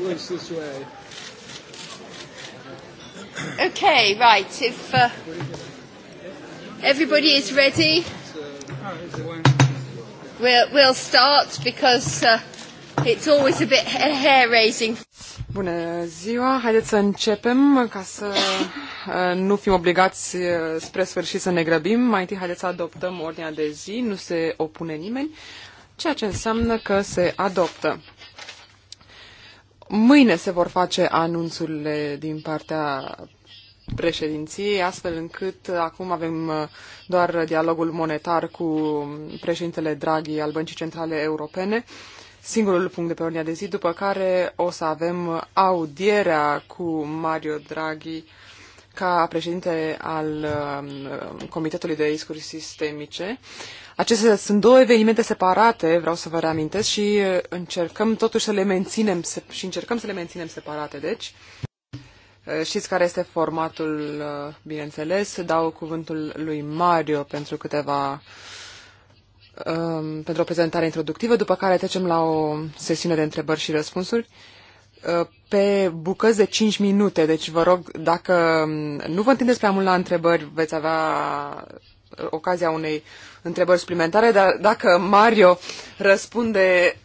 works this way. Okay, right. If uh, everybody is ready, we'll, we'll start because uh, it's always a bit hair-raising. Bună ziua, haideți să începem ca să uh, nu fim obligați uh, spre sfârșit să ne grăbim. Mai întâi haideți să adoptăm ordinea de zi, nu se opune nimeni, ceea ce înseamnă că se adoptă. Mâine se vor face anunțurile din partea președinției, astfel încât acum avem uh, doar dialogul monetar cu președintele Draghi al Băncii Centrale Europene, singurul punct de pe ordinea de zi, după care o să avem audierea cu Mario Draghi ca președinte al uh, Comitetului de Riscuri Sistemice. Acestea sunt două evenimente separate, vreau să vă reamintesc, și uh, încercăm totuși să le menținem și încercăm să le menținem separate, deci. Uh, știți care este formatul, uh, bineînțeles. Dau cuvântul lui Mario pentru câteva um, pentru o prezentare introductivă, după care trecem la o sesiune de întrebări și răspunsuri pe bucăți de 5 minute. Deci vă rog, dacă um, nu vă întindeți prea mult la întrebări, veți avea ocazia unei întrebări suplimentare, dar dacă Mario răspunde,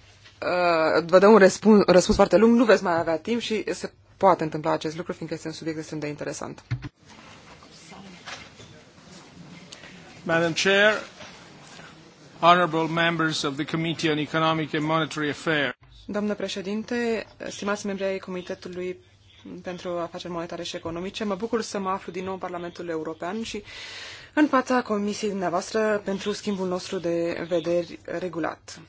uh, vă dă un răspuns, un răspuns foarte lung, nu veți mai avea timp și se poate întâmpla acest lucru, fiindcă este un subiect extrem de interesant. Madam Chair, honorable members of the Committee on Economic and Monetary Affairs. Doamnă președinte, stimați membri ai Comitetului pentru Afaceri Monetare și Economice, mă bucur să mă aflu din nou în Parlamentul European și în fața comisiei dumneavoastră pentru schimbul nostru de vederi regulat.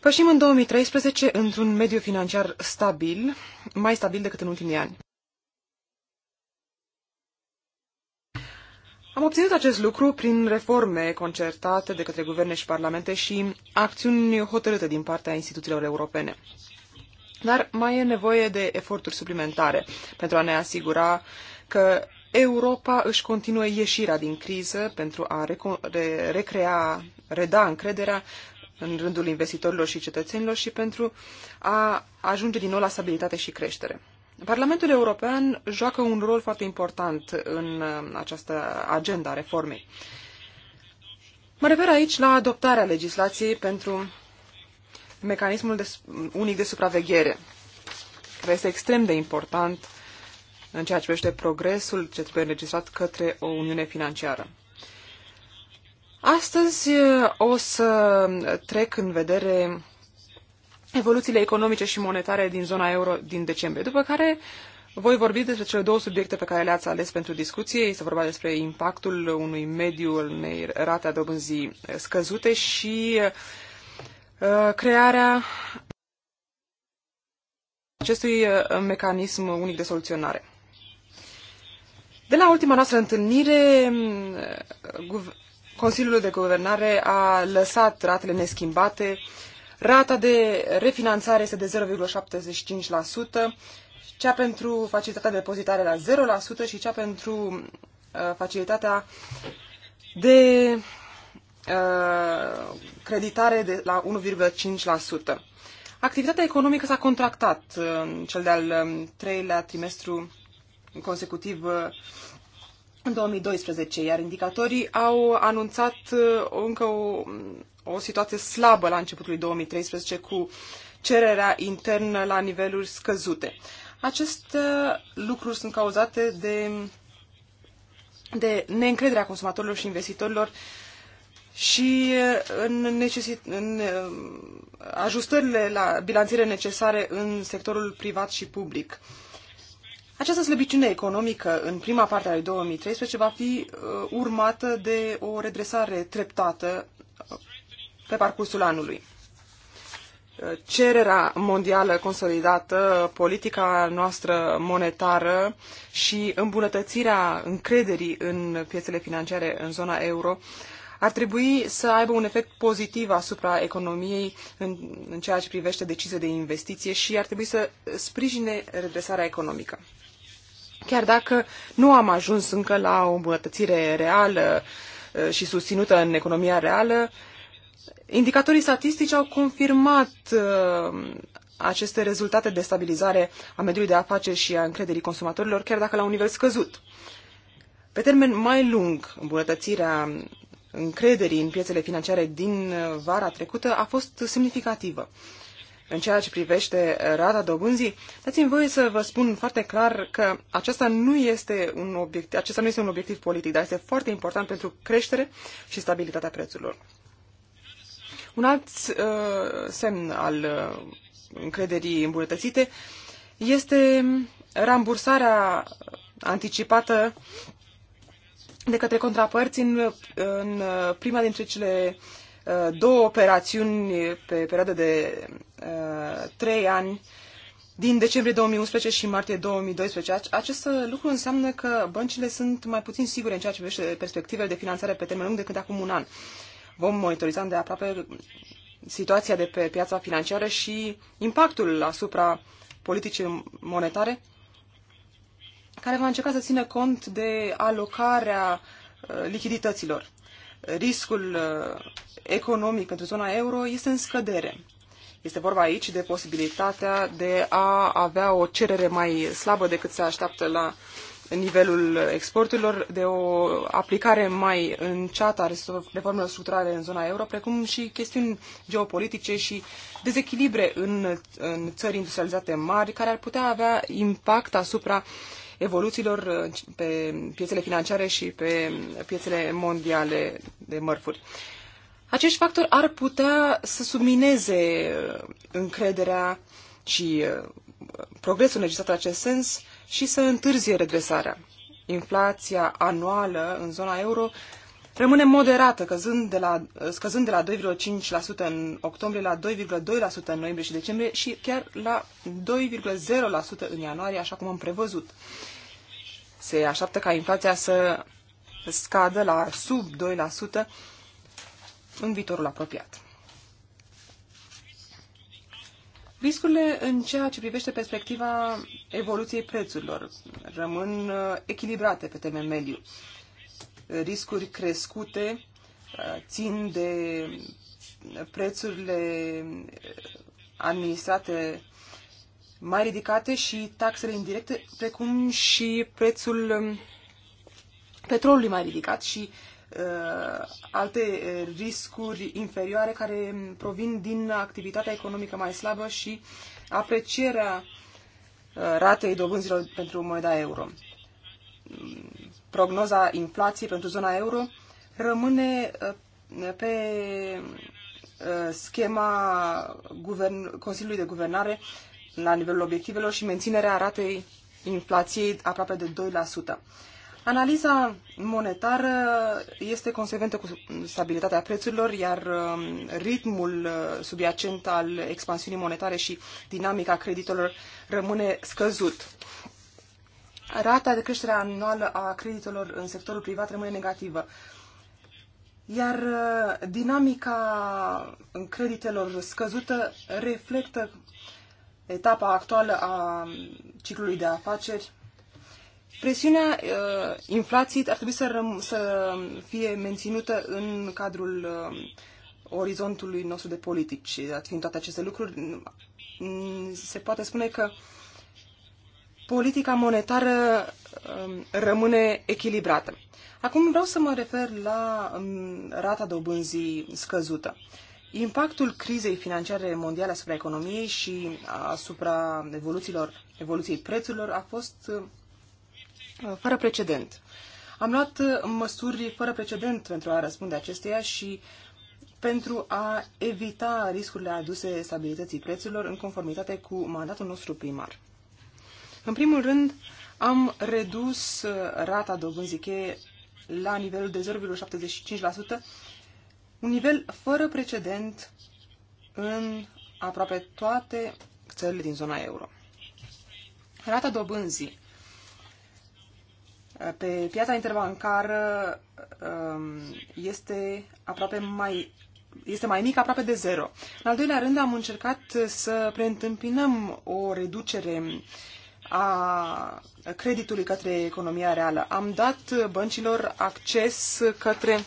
Pășim în 2013 într-un mediu financiar stabil, mai stabil decât în ultimii ani. Am obținut acest lucru prin reforme concertate de către guverne și parlamente și acțiuni hotărâte din partea instituțiilor europene. Dar mai e nevoie de eforturi suplimentare pentru a ne asigura că Europa își continuă ieșirea din criză pentru a recrea, reda încrederea în rândul investitorilor și cetățenilor și pentru a ajunge din nou la stabilitate și creștere. Parlamentul European joacă un rol foarte important în uh, această agenda reformei. Mă refer aici la adoptarea legislației pentru mecanismul de, unic de supraveghere, care este extrem de important în ceea ce privește progresul ce trebuie înregistrat către o uniune financiară. Astăzi o să trec în vedere evoluțiile economice și monetare din zona euro din decembrie, după care voi vorbi despre cele două subiecte pe care le-ați ales pentru discuție. Este vorba despre impactul unui mediu, unei rate a dobânzii scăzute și crearea acestui mecanism unic de soluționare. De la ultima noastră întâlnire, mm, Consiliul de Guvernare a lăsat ratele neschimbate. Rata de refinanțare este de 0,75%, cea pentru facilitatea de depozitare la 0% și cea pentru uh, facilitatea de uh, creditare de la 1,5%. Activitatea economică s-a contractat uh, în cel de-al um, treilea trimestru consecutiv uh, în 2012, iar indicatorii au anunțat uh, încă o, o situație slabă la începutul 2013 cu cererea internă la niveluri scăzute. Aceste uh, lucruri sunt cauzate de, de neîncrederea consumatorilor și investitorilor și în, necesit, în ajustările la bilanțiere necesare în sectorul privat și public. Această slăbiciune economică în prima parte a 2013 va fi uh, urmată de o redresare treptată uh, pe parcursul anului. Uh, cererea mondială consolidată, politica noastră monetară și îmbunătățirea încrederii în piețele financiare în zona euro ar trebui să aibă un efect pozitiv asupra economiei în, în ceea ce privește decizia de investiție și ar trebui să sprijine redresarea economică. Chiar dacă nu am ajuns încă la o îmbunătățire reală uh, și susținută în economia reală, indicatorii statistici au confirmat uh, aceste rezultate de stabilizare a mediului de afaceri și a încrederii consumatorilor, chiar dacă la un nivel scăzut. Pe termen mai lung, îmbunătățirea încrederii în piețele financiare din uh, vara trecută a fost semnificativă. În ceea ce privește rata dobânzii, dați-mi voie să vă spun foarte clar că acesta nu, este un obiectiv, acesta nu este un obiectiv politic, dar este foarte important pentru creștere și stabilitatea prețurilor. Un alt uh, semn al uh, încrederii îmbunătățite este rambursarea anticipată de către contrapărți în, uh, în uh, prima dintre cele Uh, două operațiuni pe perioadă de uh, trei ani din decembrie 2011 și martie 2012. Acest uh, lucru înseamnă că băncile sunt mai puțin sigure în ceea ce privește perspectivele de finanțare pe termen lung decât acum un an. Vom monitoriza de aproape situația de pe piața financiară și impactul asupra politicii monetare, care va încerca să țină cont de alocarea lichidităților riscul uh, economic pentru zona euro este în scădere. Este vorba aici de posibilitatea de a avea o cerere mai slabă decât se așteaptă la nivelul exporturilor, de o aplicare mai înceată a reformelor structurale în zona euro, precum și chestiuni geopolitice și dezechilibre în, în țări industrializate mari, care ar putea avea impact asupra uh, evoluțiilor uh, pe piețele financiare și pe piețele mondiale de mărfuri. Acești factori ar putea să submineze uh, încrederea și uh, progresul legislat în acest sens și să întârzie regresarea. Inflația anuală în zona euro rămâne moderată, căzând de la, scăzând de la 2,5% în octombrie la 2,2% în noiembrie și decembrie și chiar la 2,0% în ianuarie, așa cum am prevăzut. Se așteaptă ca inflația să scadă la sub 2% în viitorul apropiat. Riscurile în ceea ce privește perspectiva evoluției prețurilor rămân uh, echilibrate pe termen mediu riscuri crescute uh, țin de prețurile uh, administrate mai ridicate și taxele indirecte, precum și prețul um, petrolului mai ridicat și uh, alte uh, riscuri inferioare care um, provin din activitatea economică mai slabă și aprecierea ratei dobânzilor pentru moneda euro prognoza inflației pentru zona euro rămâne uh, pe uh, schema guvern, Consiliului de Guvernare la nivelul obiectivelor și menținerea ratei inflației aproape de 2%. Analiza monetară este consecventă cu stabilitatea prețurilor, iar um, ritmul uh, subiacent al expansiunii monetare și dinamica creditelor rămâne scăzut rata de creștere anuală a creditelor în sectorul privat rămâne negativă. Iar uh, dinamica creditelor scăzută reflectă etapa actuală a ciclului de afaceri. Presiunea uh, inflației ar trebui să, răm- să fie menținută în cadrul uh, orizontului nostru de politici. Fiind toate aceste lucruri, mm, se poate spune că uh, politica monetară um, rămâne echilibrată. Acum vreau să mă refer la um, rata dobânzii scăzută. Impactul crizei financiare mondiale asupra economiei și asupra evoluțiilor, evoluției prețurilor a fost uh, fără precedent. Am luat uh, măsuri fără precedent pentru a răspunde acesteia și pentru a evita riscurile aduse stabilității prețurilor în conformitate cu mandatul nostru primar. În primul rând, am redus uh, rata dobânzii cheie la nivelul de 0,75%, un nivel fără precedent în aproape toate țările din zona euro. Rata dobânzii uh, pe piața interbancară um, este aproape mai este mai mic, aproape de zero. În al doilea rând, am încercat să preîntâmpinăm o reducere a creditului către economia reală. Am dat băncilor acces către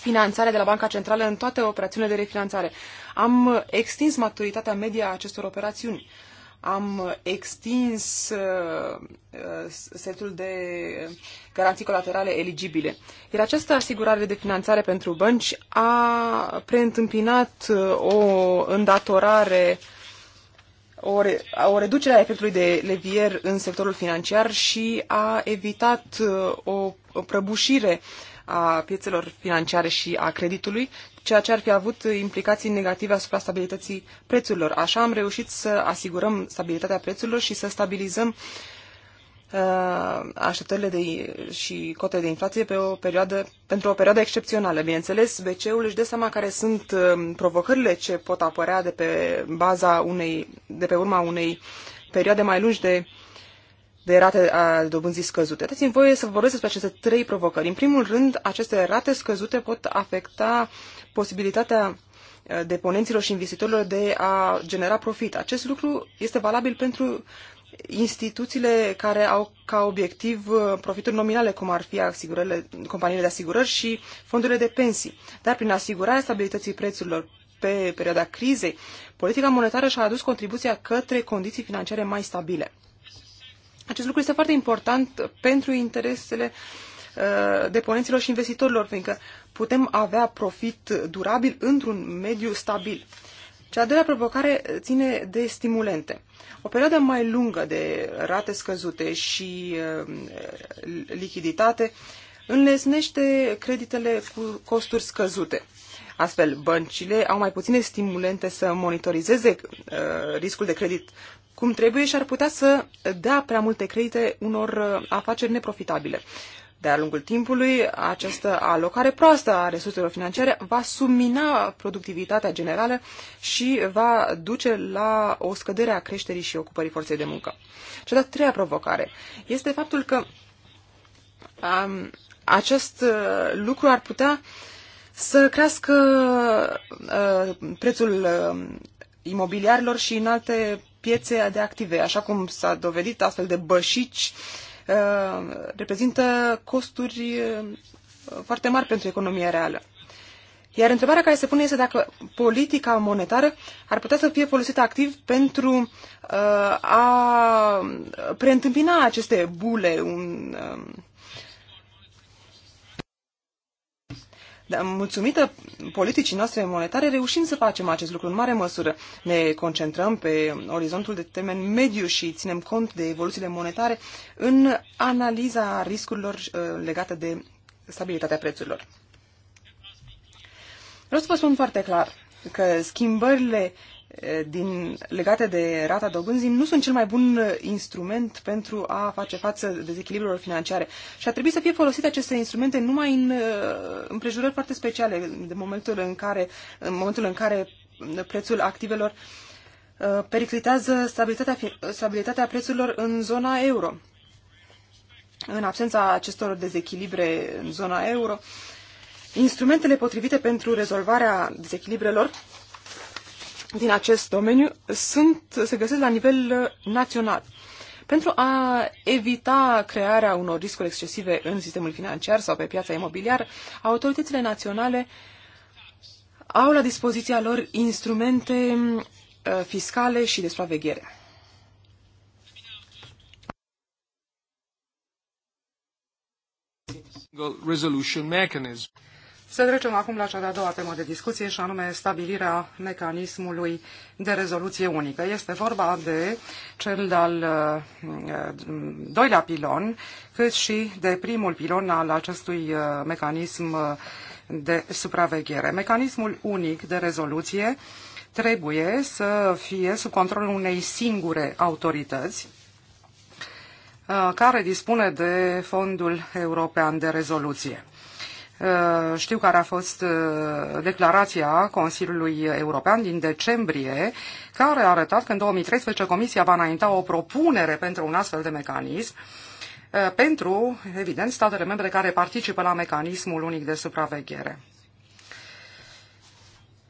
finanțare de la Banca Centrală în toate operațiunile de refinanțare. Am extins maturitatea media a acestor operațiuni. Am extins uh, uh setul de garanții colaterale eligibile. Iar această asigurare de finanțare pentru bănci a preîntâmpinat uh, o îndatorare uh, o, re, o reducere a efectului de levier în sectorul financiar și a evitat uh, o, o prăbușire a piețelor financiare și a creditului, ceea ce ar fi avut implicații negative asupra stabilității prețurilor. Așa am reușit să asigurăm stabilitatea prețurilor și să stabilizăm uh, Uh, așteptările de, și cotele de inflație pe o perioadă, pentru o perioadă excepțională. Bineînțeles, BCE-ul își dă seama care sunt um, provocările ce pot apărea de pe baza unei, de pe urma unei perioade mai lungi de de rate a dobânzii scăzute. Dați-mi voie să vorbesc despre aceste trei provocări. În primul rând, aceste rate scăzute pot afecta posibilitatea uh, deponenților și investitorilor de a genera profit. Acest lucru este valabil pentru instituțiile care au ca obiectiv uh, profituri nominale, cum ar fi asigurările, companiile de asigurări și fondurile de pensii. Dar prin asigurarea stabilității prețurilor pe perioada crizei, politica monetară și-a adus contribuția către condiții financiare mai stabile. Acest lucru este foarte important pentru interesele uh, deponenților și investitorilor, fiindcă putem avea profit durabil într-un mediu stabil. Cea de la provocare ține de stimulente. O perioadă mai lungă de rate scăzute și uh, lichiditate înlesnește creditele cu costuri scăzute. Astfel, băncile au mai puține stimulente să monitorizeze uh, riscul de credit cum trebuie și ar putea să dea prea multe credite unor uh, afaceri neprofitabile de-a lungul timpului, această alocare proastă a resurselor financiare va submina productivitatea generală și va duce la o scădere a creșterii și ocupării forței de muncă. Cea de-a treia provocare este faptul că um, acest uh, lucru ar putea să crească uh, prețul uh, imobiliarilor și în alte piețe de active. Așa cum s-a dovedit, astfel de bășici uh, Uh, reprezintă costuri uh, foarte mari pentru economia reală. Iar întrebarea care se pune este dacă politica monetară ar putea să fie folosită activ pentru uh, a preîntâmpina aceste bule, un, uh, mulțumită politicii noastre monetare, reușim să facem acest lucru în mare măsură. Ne concentrăm pe orizontul de termen mediu și ținem cont de evoluțiile monetare în analiza riscurilor uh, legate de stabilitatea prețurilor. Vreau să vă spun foarte clar că schimbările din, legate de rata dobânzii nu sunt cel mai bun instrument pentru a face față dezechilibrelor financiare. Și ar trebui să fie folosite aceste instrumente numai în uh, împrejurări foarte speciale, de momentul în care, în momentul în care prețul activelor uh, periclitează stabilitatea, stabilitatea prețurilor în zona euro. În absența acestor dezechilibre în zona euro, instrumentele potrivite pentru rezolvarea dezechilibrelor din acest domeniu sunt, se găsesc la nivel uh, național. Pentru a evita crearea unor riscuri excesive în sistemul financiar sau pe piața imobiliară, autoritățile naționale au la dispoziția lor instrumente uh, fiscale și de supraveghere. Resolution mechanism. Să trecem acum la cea de-a doua temă de discuție și anume stabilirea mecanismului de rezoluție unică. Este vorba de cel de-al uh, uh, doilea pilon, cât și de primul pilon al acestui uh, mecanism de supraveghere. Mecanismul unic de rezoluție trebuie să fie sub controlul unei singure autorități care dispune de Fondul European de Rezoluție. Uh, știu care a fost uh, declarația Consiliului European din decembrie, care a arătat că în 2013 Comisia va înainta o propunere pentru un astfel de mecanism uh, pentru, evident, statele membre care participă la mecanismul unic de supraveghere.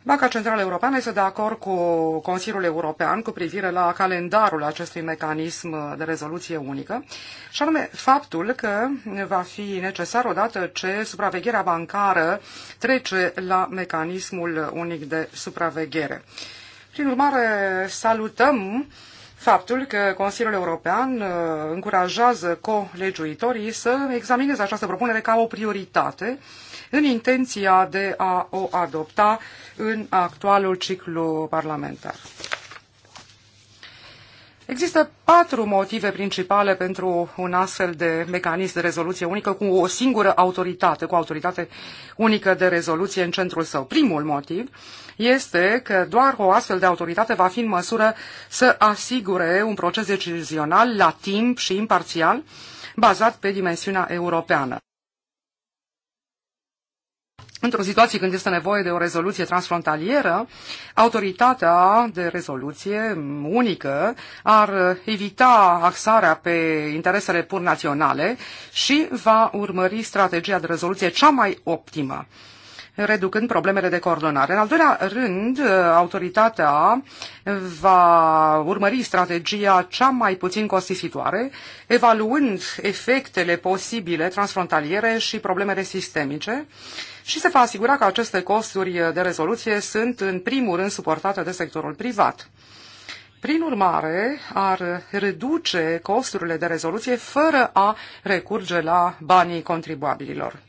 Banca Centrală Europeană este de acord cu Consiliul European cu privire la calendarul acestui mecanism de rezoluție unică, și anume faptul că va fi necesar odată ce supravegherea bancară trece la mecanismul unic de supraveghere. Prin urmare, salutăm faptul că Consiliul European uh, încurajează colegiuitorii să examineze această propunere ca o prioritate în intenția de a o adopta în actualul ciclu parlamentar. Există patru motive principale pentru un astfel de mecanism de rezoluție unică cu o singură autoritate, cu autoritate unică de rezoluție în centrul său. Primul motiv este că doar o astfel de autoritate va fi în măsură să asigure un proces decizional la timp și imparțial bazat pe dimensiunea europeană. Într-o situație când este nevoie de o rezoluție transfrontalieră, autoritatea de rezoluție unică ar evita axarea pe interesele pur naționale și va urmări strategia de rezoluție cea mai optimă reducând problemele de coordonare. În al doilea rând, autoritatea va urmări strategia cea mai puțin costisitoare, evaluând efectele posibile transfrontaliere și problemele sistemice și se va asigura că aceste costuri de rezoluție sunt în primul rând suportate de sectorul privat. Prin urmare, ar reduce costurile de rezoluție fără a recurge la banii contribuabililor.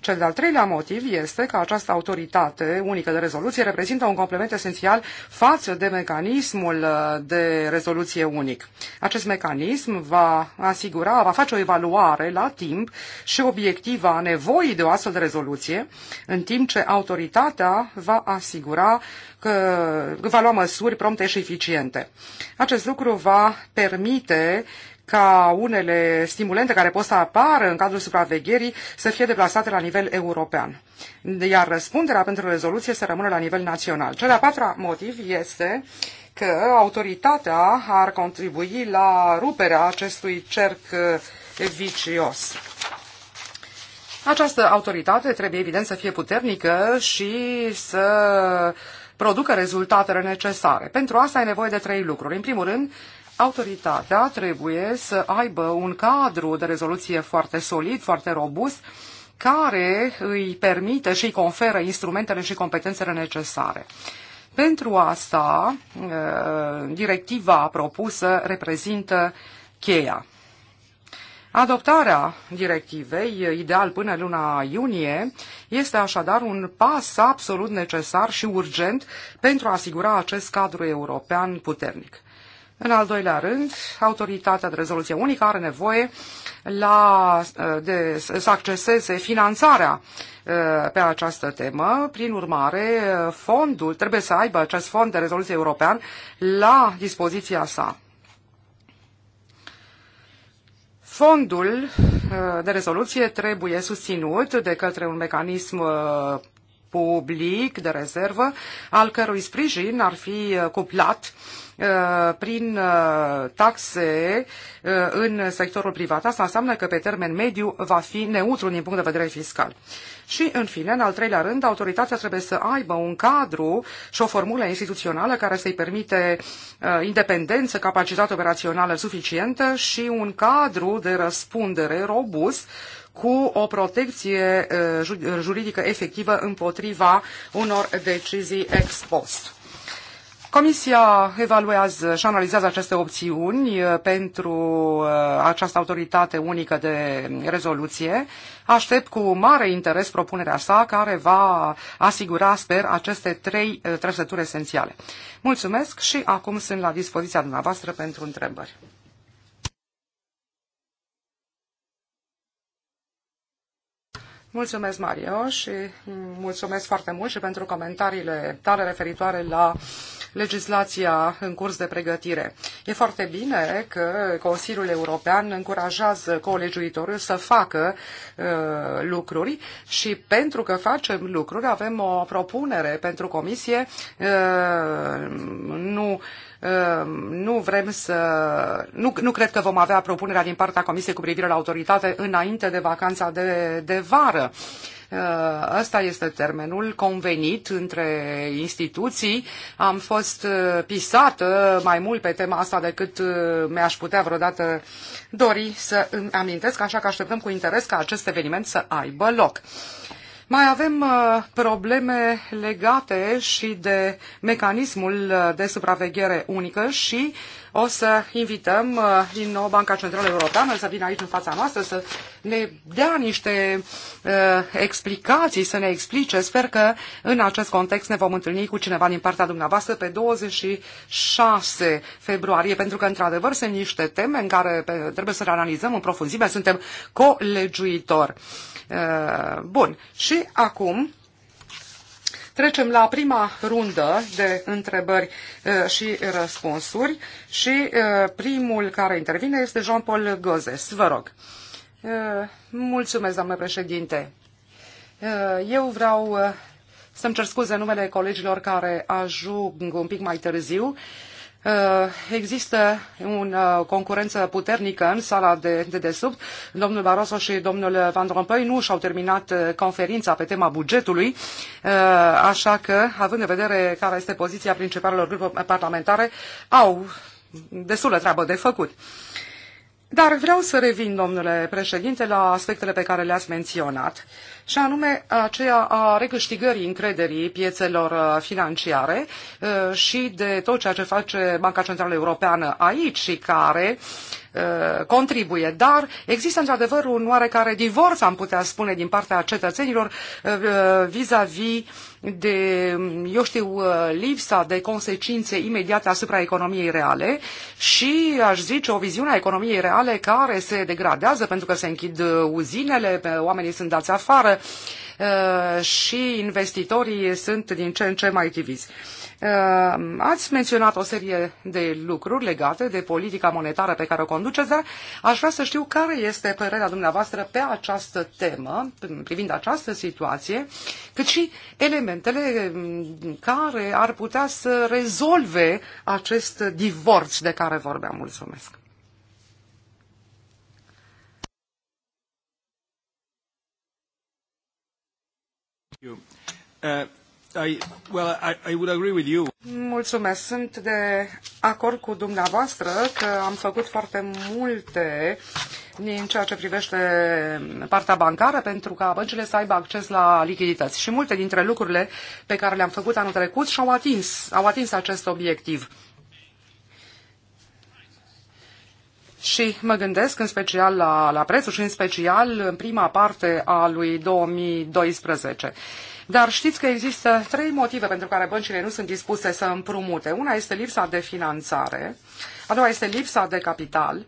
Cel de-al treilea motiv este că această autoritate unică de rezoluție reprezintă un complement esențial față de mecanismul uh, de rezoluție unic. Acest mecanism va asigura, va face o evaluare la timp și obiectiva a nevoii de o astfel de rezoluție, în timp ce autoritatea va asigura că va lua măsuri prompte și eficiente. Acest lucru va permite ca unele stimulente care pot să apară în cadrul supravegherii să fie deplasate la nivel european, iar răspunderea pentru rezoluție să rămână la nivel național. Cel de-a patra motiv este că autoritatea ar contribui la ruperea acestui cerc uh, vicios. Această autoritate trebuie evident să fie puternică și să producă rezultatele necesare. Pentru asta ai nevoie de trei lucruri. În primul rând, autoritatea trebuie să aibă un cadru de rezoluție foarte solid, foarte robust, care îi permite și îi conferă instrumentele și competențele necesare. Pentru asta, directiva propusă reprezintă cheia. Adoptarea directivei, ideal până luna iunie, este așadar un pas absolut necesar și urgent pentru a asigura acest cadru european puternic. În al doilea rând, autoritatea de rezoluție unică are nevoie la, ă, de, să acceseze finanțarea ă, pe această temă. Prin urmare, fondul trebuie să aibă acest fond de rezoluție european la dispoziția sa. Fondul ă, de rezoluție trebuie susținut de către un mecanism public de rezervă, al cărui sprijin ar fi cuplat uh, Uh, prin uh, taxe uh, în sectorul privat. Asta înseamnă că pe termen mediu va fi neutru din punct de vedere fiscal. Și, în fine, în al treilea rând, autoritatea trebuie să aibă un cadru și o formulă instituțională care să-i permite independență, capacitate operațională suficientă și un cadru de răspundere robust cu o protecție juridică efectivă împotriva unor decizii ex post. Comisia evaluează și analizează aceste opțiuni uh, pentru uh, această autoritate unică de rezoluție. Aștept cu mare interes propunerea sa care va asigura, sper, aceste trei uh, trăsături esențiale. Mulțumesc și acum sunt la dispoziția dumneavoastră pentru întrebări. Mulțumesc, Mario, și mulțumesc foarte mult și pentru comentariile tale referitoare la uh, legislația în curs de pregătire. E foarte bine că Consiliul European încurajează colegiuitorul să facă uh, lucruri și pentru că facem lucruri avem o propunere pentru Comisie. Uh, nu uh, nu vrem să... Nu, nu cred că vom avea propunerea din partea Comisiei cu privire la autoritate înainte de vacanța de, de vară. Uh, Uh, ăsta este termenul convenit între instituții. Am fost uh, pisată mai mult pe tema asta decât uh, mi-aș putea vreodată dori să amintesc, așa că așteptăm cu interes ca acest eveniment să aibă loc. Mai avem uh, probleme legate și de mecanismul uh, de supraveghere unică și o să invităm uh, din nou Banca Centrală Europeană să vină aici în fața noastră să ne dea niște uh, explicații, să ne explice. Sper că în acest context ne vom întâlni cu cineva din partea dumneavoastră pe 26 februarie, pentru că într-adevăr sunt niște teme în care trebuie să le analizăm în profunzime, suntem colegiuitori. Uh, bun. Și acum trecem la prima rundă de întrebări uh, și răspunsuri și uh, primul care intervine este Jean-Paul Gozes. Vă rog. Mulțumesc, doamnă președinte. Eu vreau să-mi cer scuze numele colegilor care ajung un pic mai târziu Uh, există o uh, concurență puternică în sala de dedesubt. Domnul Barroso și domnul Van Rompuy nu și-au terminat uh, conferința pe tema bugetului, așa că, având în vedere care este poziția principalelor grupuri parlamentare, au destulă treabă de făcut. Dar vreau să revin, domnule președinte, la aspectele pe care le-ați menționat, și anume aceea a recâștigării încrederii piețelor uh, financiare uh, și de tot ceea ce face Banca Centrală Europeană aici și care uh, contribuie. Dar există într-adevăr un oarecare divorț, am putea spune, din partea cetățenilor vis-a-vis -vis de, eu știu, uh, lipsa de consecințe imediate asupra economiei reale și, aș zice, o viziune a economiei reale care se degradează pentru că se închid uh, uzinele, oamenii sunt dați afară uh, și investitorii sunt din ce în ce mai tivizi. Uh, ați menționat o serie de lucruri legate de politica monetară pe care o conduceți, dar aș vrea să știu care este părerea dumneavoastră pe această temă, privind această situație, cât și elementele um, care ar putea să rezolve acest divorț de care vorbeam. Mulțumesc! You. Uh, I, well, I, I would agree with you. Mulțumesc. Sunt de acord cu dumneavoastră că am făcut foarte multe în ceea ce privește partea bancară pentru ca băncile să aibă acces la lichidități. Și multe dintre lucrurile pe care le-am făcut anul trecut și-au atins, au atins acest obiectiv. Și mă gândesc în special la, la prețul și în special în prima parte a lui 2012. Dar știți că există trei motive pentru care băncile nu sunt dispuse să împrumute. Una este lipsa de finanțare, a doua este lipsa de capital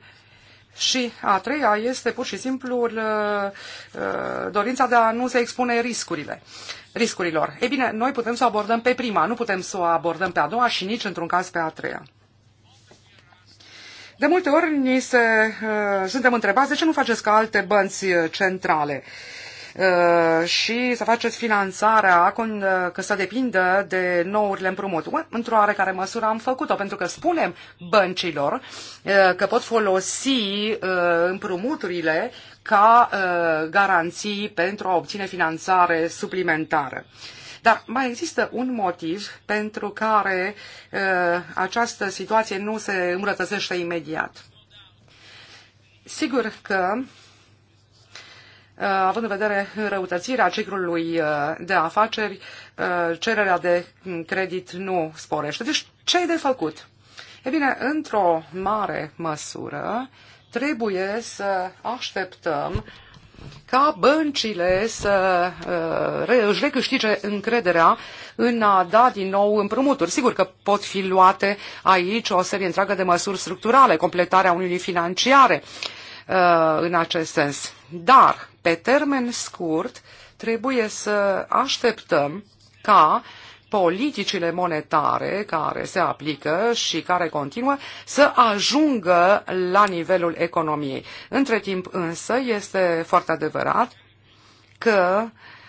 și a treia este pur și simplu uh, uh, dorința de a nu se expune riscurile, riscurilor. Ei bine, noi putem să o abordăm pe prima, nu putem să o abordăm pe a doua și nici într-un caz pe a treia. De multe ori ni se, uh, suntem întrebați de ce nu faceți ca alte bănți uh, centrale. Uh, Uh, și să faceți finanțarea uh, că să depindă de nourile împrumut. Într-o oarecare măsură am făcut-o, pentru că spunem băncilor uh, că pot folosi împrumuturile ca garanții pentru a obține finanțare suplimentară. Dar mai există un motiv pentru care această situație nu se îmbrătăsește imediat. Sigur că Uh, având în vedere înrăutățirea ciclului uh, de afaceri, uh, cererea de credit nu sporește. Deci, ce e de făcut? E bine, într-o mare măsură, trebuie să așteptăm ca băncile să uh, își recâștige încrederea în a da din nou împrumuturi. Sigur că pot fi luate aici o serie întreagă de măsuri structurale, completarea Uniunii Financiare uh, în acest sens. Dar pe termen scurt, trebuie să așteptăm ca politicile monetare care se aplică și care continuă să ajungă la nivelul economiei. Între timp însă este foarte adevărat că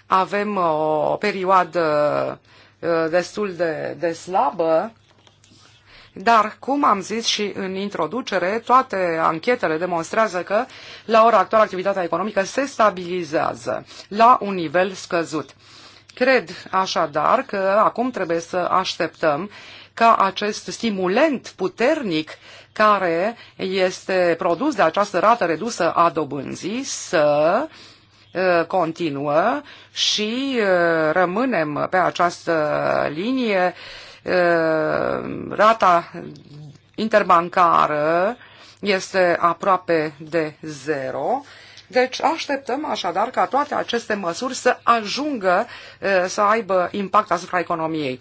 avem o perioadă uh, destul de, de slabă dar, cum am zis și în introducere, toate anchetele demonstrează că la ora actuală activitatea economică se stabilizează la un nivel scăzut. Cred așadar că acum trebuie să așteptăm ca acest stimulent puternic care este produs de această rată redusă a dobânzii să uh, continuă și uh, rămânem pe această linie Uh, rata interbancară este aproape de zero. Deci așteptăm așadar ca toate aceste măsuri să ajungă uh, să aibă impact asupra economiei.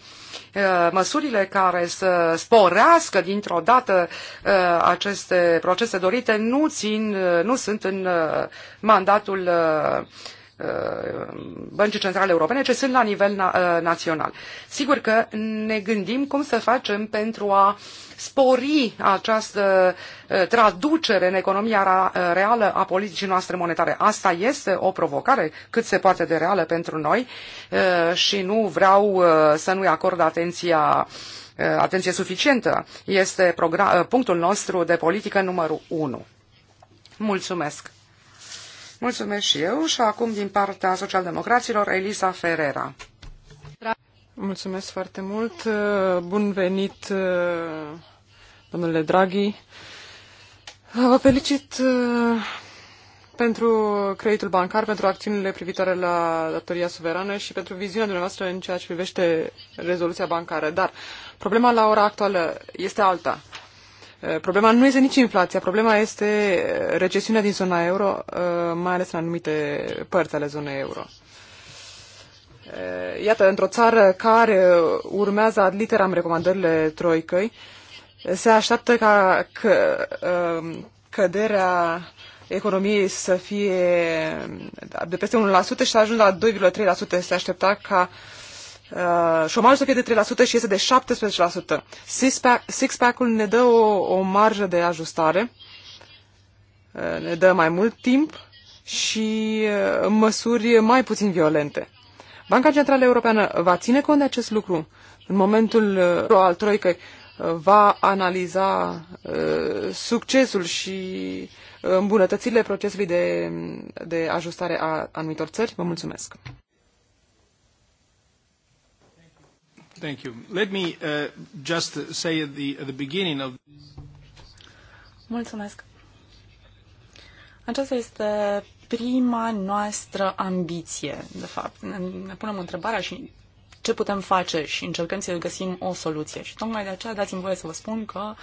Uh, măsurile care să sporească dintr-o dată aceste procese dorite nu, țin, nu sunt în mandatul Uh, băncii centrale europene, ce sunt la nivel na- uh, național. Sigur că ne gândim cum să facem pentru a spori această uh, traducere în economia reală a politicii noastre monetare. Asta este o provocare cât se poate de reală pentru noi și nu vreau să nu-i acord atenția atenție suficientă. Este punctul nostru de politică numărul 1. Mulțumesc. Mulțumesc și eu și acum din partea socialdemocraților Elisa Ferrera. Mulțumesc foarte mult. Bun venit, domnule Draghi. Vă felicit pentru creditul bancar, pentru acțiunile privitoare la datoria suverană și pentru viziunea dumneavoastră în ceea ce privește rezoluția bancară. Dar problema la ora actuală este alta. Eh, problema nu este nici inflația, problema este eh, recesiunea din zona euro, eh, mai ales în anumite părți ale zonei euro. Iată, într-o țară care urmează ad literam recomandările troicăi, se așteaptă ca că, căderea economiei să fie de peste 1% și să ajungă la 2,3%. Se aștepta ca uh, Uh, șomajul să fie de 3% și este de 17%. Six-pack-ul ne dă o, o marjă de ajustare, uh, ne dă mai mult timp și uh, măsuri mai puțin violente. Banca Centrală Europeană va ține cont de acest lucru în momentul al troicăi, va analiza uh, succesul și îmbunătățirile procesului de, de ajustare a anumitor țări. Vă mulțumesc! Thank you. Let me uh, just say at the beginning of... Mulțumesc. Aceasta este prima noastră ambiție, de fapt. Ne, ne punem întrebarea și ce putem face și încercăm să găsim o soluție. Și tocmai de aceea dați-mi voie să vă spun că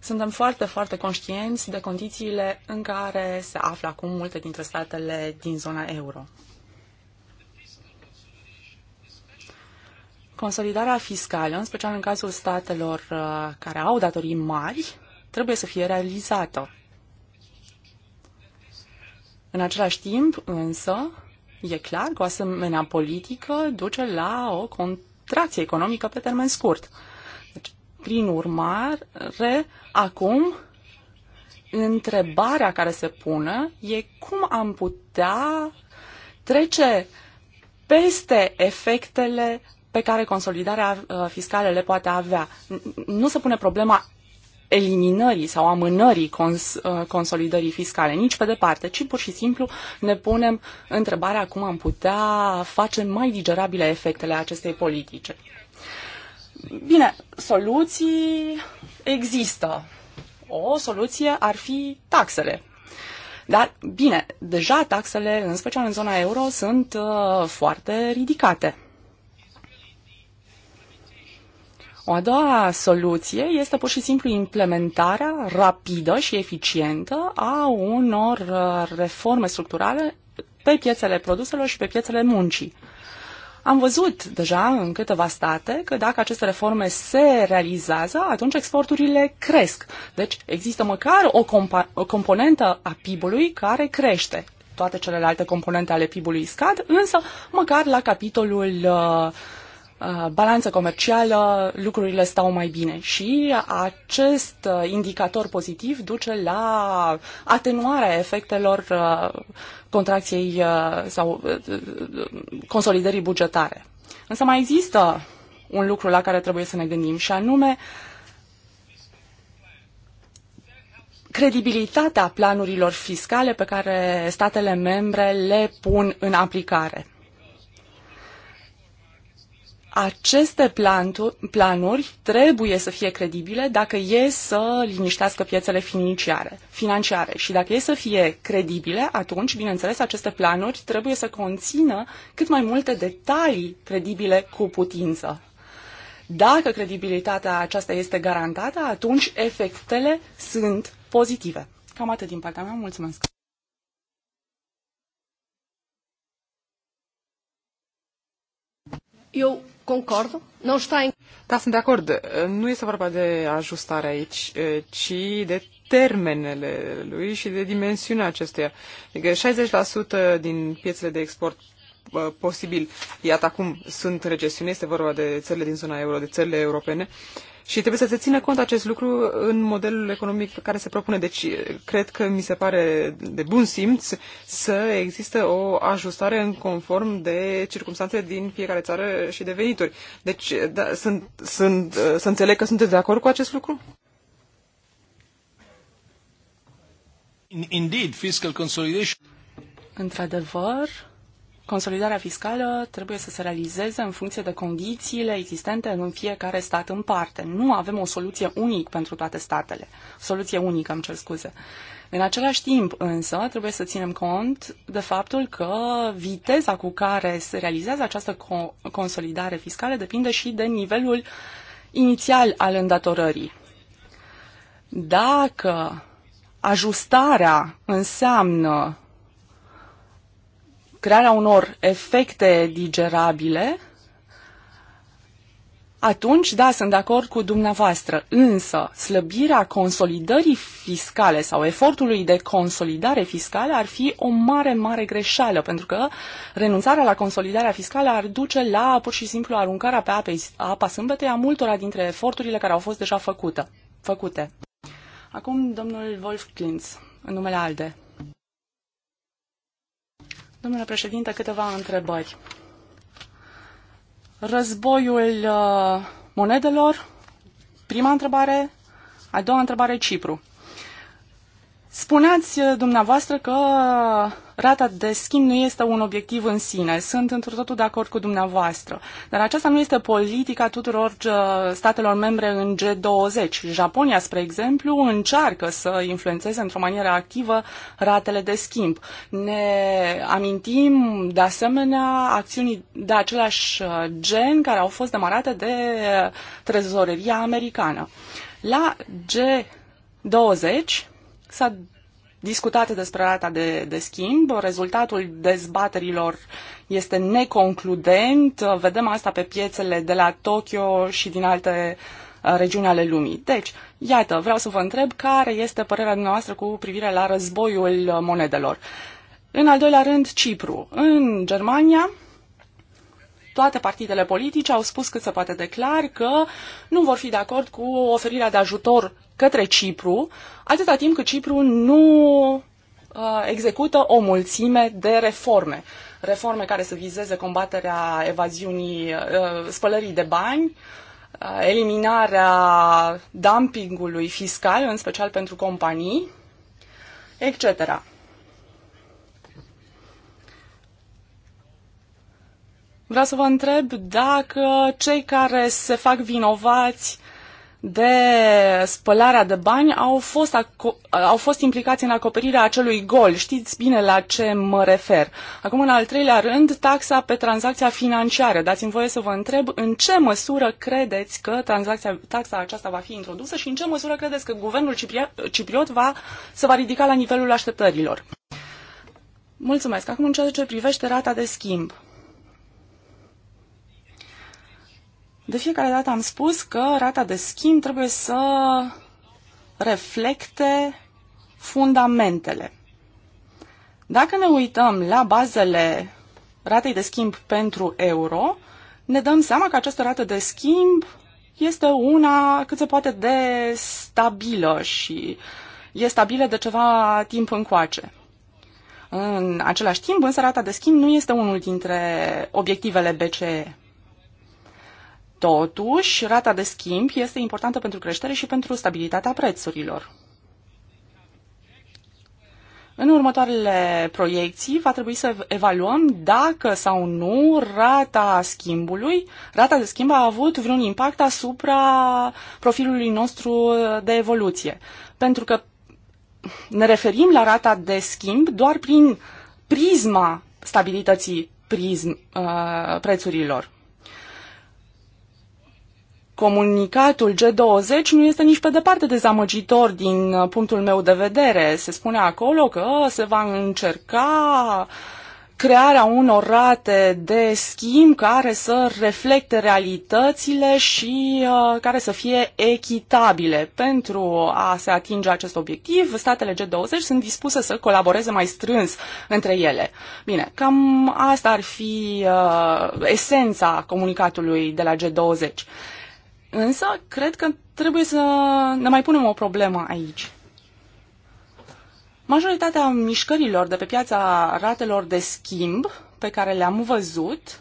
suntem foarte, foarte conștienți de condițiile în care se află acum multe dintre statele din zona euro. Consolidarea fiscală, în special în cazul statelor uh, care au datorii mari, trebuie să fie realizată. În același timp, însă, e clar că o asemenea politică duce la o contracție economică pe termen scurt. Deci, prin urmare, acum, întrebarea care se pune e cum am putea trece peste efectele pe care consolidarea uh, fiscală le poate avea. Nu se pune problema eliminării sau amânării cons- uh, consolidării fiscale, nici pe departe, ci pur și simplu ne punem întrebarea cum am putea face mai digerabile efectele acestei politice. Bine, soluții există. O soluție ar fi taxele. Dar, bine, deja taxele, în special în zona euro, sunt uh, foarte ridicate. O a doua soluție este pur și simplu implementarea rapidă și eficientă a unor uh, reforme structurale pe piețele produselor și pe piețele muncii. Am văzut deja în câteva state că dacă aceste reforme se realizează, atunci exporturile cresc. Deci există măcar o, o componentă a PIB-ului care crește. Toate celelalte componente ale PIB-ului scad, însă măcar la capitolul uh, Uh, balanță comercială lucrurile stau mai bine și acest uh, indicator pozitiv duce la atenuarea efectelor uh, contracției sau consolidării bugetare. Însă mai există un lucru la care trebuie să ne gândim și anume credibilitatea planurilor fiscale pe care statele membre le pun în aplicare aceste planuri trebuie să fie credibile dacă e să liniștească piețele financiare, financiare. Și dacă e să fie credibile, atunci, bineînțeles, aceste planuri trebuie să conțină cât mai multe detalii credibile cu putință. Dacă credibilitatea aceasta este garantată, atunci efectele sunt pozitive. Cam atât din partea mea. Mulțumesc! Eu Concordo. Não está em... Da, sunt de acord. Nu este vorba de ajustare aici, ci de termenele lui și de dimensiunea acesteia. Adică 60% din piețele de export posibil, iată acum sunt recesiune, este vorba de țările din zona euro, de țările europene, uh, și trebuie să se țină cont acest lucru în modelul economic pe care se propune. Deci, cred că mi se pare de bun simț să există o ajustare în conform de circunstanțe din fiecare țară și de venituri. Deci, da, sunt, sunt, să înțeleg că sunteți de acord cu acest lucru? Indeed, fiscal consolidation. Într-adevăr, Consolidarea fiscală trebuie să se realizeze în funcție de condițiile existente în fiecare stat în parte. Nu avem o soluție unică pentru toate statele. Soluție unică, îmi cer scuze. În același timp, însă, trebuie să ținem cont de faptul că viteza cu care se realizează această co- consolidare fiscală depinde și de nivelul inițial al îndatorării. Dacă ajustarea înseamnă crearea unor efecte digerabile, atunci, da, sunt de acord cu dumneavoastră, însă slăbirea consolidării fiscale sau efortului de consolidare fiscală ar fi o mare, mare greșeală, pentru că renunțarea la consolidarea fiscală ar duce la pur și simplu aruncarea pe ape, apa sâmbetei a multora dintre eforturile care au fost deja făcută, făcute. Acum, domnul Wolf Klintz, în numele ALDE. Domnule președinte, câteva întrebări. Războiul uh, monedelor, prima întrebare, a doua întrebare, Cipru. Spuneați eh, dumneavoastră că rata de schimb nu este un obiectiv în sine. Sunt într totul de acord cu dumneavoastră. Dar aceasta nu este politica tuturor eh, statelor membre în G20. Japonia, spre exemplu, încearcă să influențeze într-o manieră activă ratele de schimb. Ne amintim, de asemenea, acțiunii de același eh, gen care au fost demarate de trezoreria americană. La G20 S-a discutat despre rata de, de schimb, rezultatul dezbaterilor este neconcludent, vedem asta pe piețele de la Tokyo și din alte uh, regiuni ale lumii. Deci, iată, vreau să vă întreb care este părerea noastră cu privire la războiul monedelor. În al doilea rând, Cipru. În Germania, toate partidele politice au spus cât se poate de clar că nu vor fi de acord cu oferirea de ajutor către Cipru, atâta timp cât Cipru nu uh, execută o mulțime de reforme. Reforme care să vizeze combaterea evaziunii, uh, spălării de bani, uh, eliminarea dumpingului fiscal, în special pentru companii, etc. Vreau să vă întreb dacă cei care se fac vinovați de spălarea de bani au fost, au fost implicați în acoperirea acelui gol. Știți bine la ce mă refer. Acum, în al treilea rând, taxa pe tranzacția financiară. Dați-mi voie să vă întreb în ce măsură credeți că tranzacția, taxa aceasta va fi introdusă și în ce măsură credeți că guvernul cipriot va, se va ridica la nivelul așteptărilor. Mulțumesc. Acum, în ceea ce privește rata de schimb. De fiecare dată am spus că rata de schimb trebuie să reflecte fundamentele. Dacă ne uităm la bazele ratei de schimb pentru euro, ne dăm seama că această rată de schimb este una cât se poate de stabilă și e stabilă de ceva timp încoace. În același timp, însă, rata de schimb nu este unul dintre obiectivele BCE. Totuși, rata de schimb este importantă pentru creștere și pentru stabilitatea prețurilor. În următoarele proiecții va trebui să evaluăm dacă sau nu rata schimbului, rata de schimb a avut vreun impact asupra profilului nostru de evoluție. Pentru că ne referim la rata de schimb doar prin prisma stabilității prism, uh, prețurilor comunicatul G20 nu este nici pe departe dezamăgitor din uh, punctul meu de vedere. Se spune acolo că se va încerca crearea unor rate de schimb care să reflecte realitățile și uh, care să fie echitabile. Pentru a se atinge acest obiectiv, statele G20 sunt dispuse să colaboreze mai strâns între ele. Bine, cam asta ar fi uh, esența comunicatului de la G20. Însă, cred că trebuie să ne mai punem o problemă aici. Majoritatea mișcărilor de pe piața ratelor de schimb pe care le-am văzut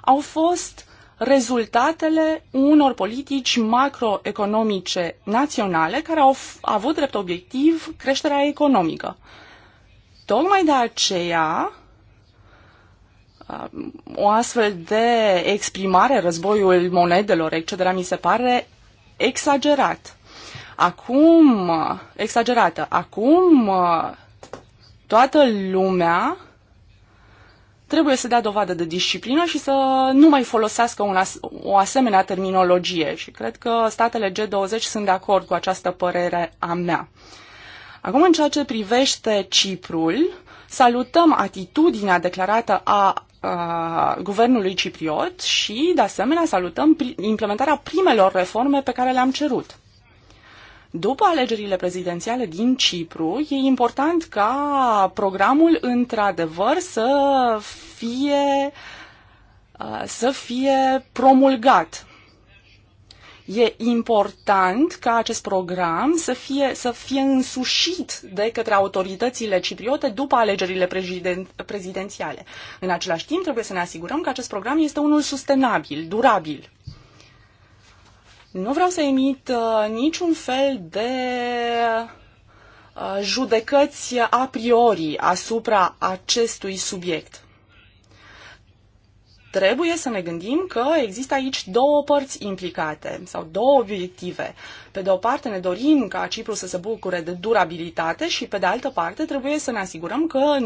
au fost rezultatele unor politici macroeconomice naționale care au avut drept obiectiv creșterea economică. Tocmai de aceea, o astfel de exprimare, războiul monedelor, etc., mi se pare exagerat. Acum, exagerată, acum toată lumea trebuie să dea dovadă de disciplină și să nu mai folosească un as- o asemenea terminologie. Și cred că statele G20 sunt de acord cu această părere a mea. Acum, în ceea ce privește Ciprul, salutăm atitudinea declarată a Uh, guvernului cipriot și, de asemenea, salutăm implementarea primelor reforme pe care le-am cerut. După alegerile prezidențiale din Cipru, e important ca programul, într-adevăr, să fie, uh, să fie promulgat E important ca acest program să fie, să fie însușit de către autoritățile cipriote după alegerile preziden, prezidențiale. În același timp, trebuie să ne asigurăm că acest program este unul sustenabil, durabil. Nu vreau să emit uh, niciun fel de uh, judecăți a priori asupra acestui subiect trebuie să ne gândim că există aici două părți implicate sau două obiective. Pe de o parte ne dorim ca Cipru să se bucure de durabilitate și pe de altă parte trebuie să ne asigurăm că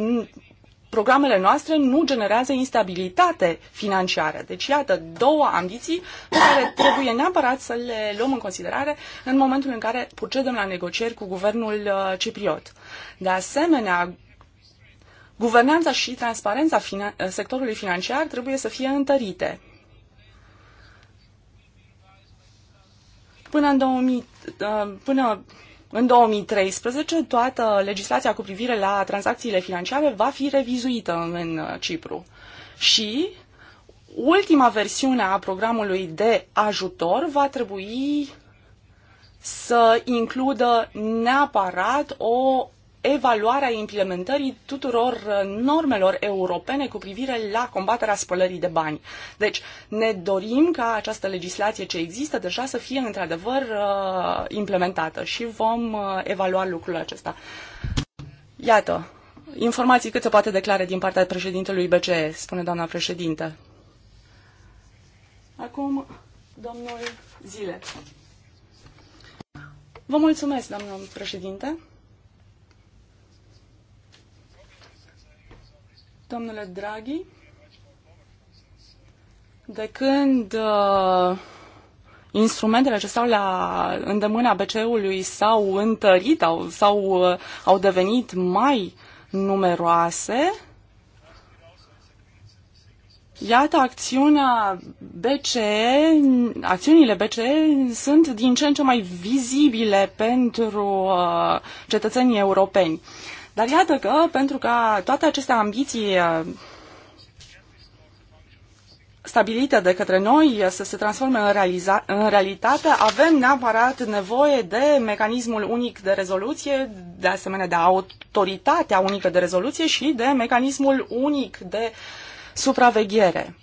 programele noastre nu generează instabilitate financiară. Deci, iată, două ambiții pe care trebuie neapărat să le luăm în considerare în momentul în care procedăm la negocieri cu guvernul uh, cipriot. De asemenea, guvernanța și transparența finan- sectorului financiar trebuie să fie întărite. Până în, 2000, uh, până în 2013, toată legislația cu privire la tranzacțiile financiare va fi revizuită în uh, Cipru. Și ultima versiune a programului de ajutor va trebui să includă neapărat o evaluarea implementării tuturor uh, normelor europene cu privire la combaterea spălării de bani. Deci, ne dorim ca această legislație ce există deja să fie într-adevăr uh, implementată și vom uh, evalua lucrul acesta. Iată, informații cât se poate declare din partea președintelui BCE, spune doamna președinte. Acum, domnul Zile. Vă mulțumesc, doamnă președinte. domnule Draghi, de când uh, instrumentele ce stau la îndemâna BCE-ului s-au întărit, au, sau uh, au devenit mai numeroase, Iată, acțiunea BCE, acțiunile BCE sunt din ce în ce mai vizibile pentru uh, cetățenii europeni. Uh, dar iată că, pentru că toate aceste ambiții uh, stabilite de către noi uh, să se transforme în, realiza- în realitate, avem neapărat nevoie de mecanismul unic de rezoluție, de asemenea de autoritatea unică de rezoluție și de mecanismul unic de supraveghere.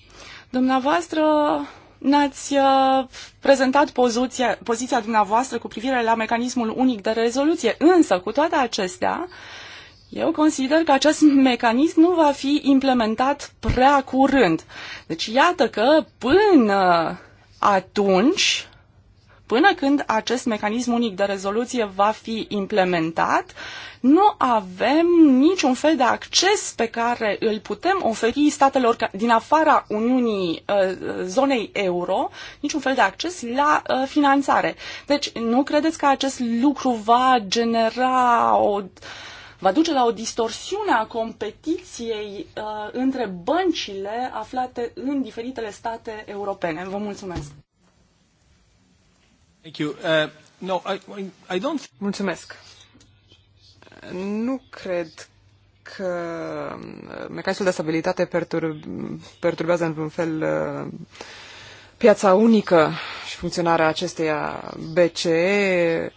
Dumneavoastră ne-ați uh, prezentat poziția, poziția dumneavoastră cu privire la mecanismul unic de rezoluție, însă cu toate acestea, eu consider că acest mecanism nu va fi implementat prea curând. Deci iată că până atunci, până când acest mecanism unic de rezoluție va fi implementat, nu avem niciun fel de acces pe care îl putem oferi statelor din afara Uniunii ă, zonei euro, niciun fel de acces la ă, finanțare. Deci nu credeți că acest lucru va genera o va duce la o distorsiune a competiției uh, între băncile aflate în diferitele state europene. Vă mulțumesc! Thank you. Uh, no, I, I don't... Mulțumesc! Nu cred că uh, mecanismul de stabilitate pertur- perturbează într-un fel uh, piața unică și funcționarea acesteia BCE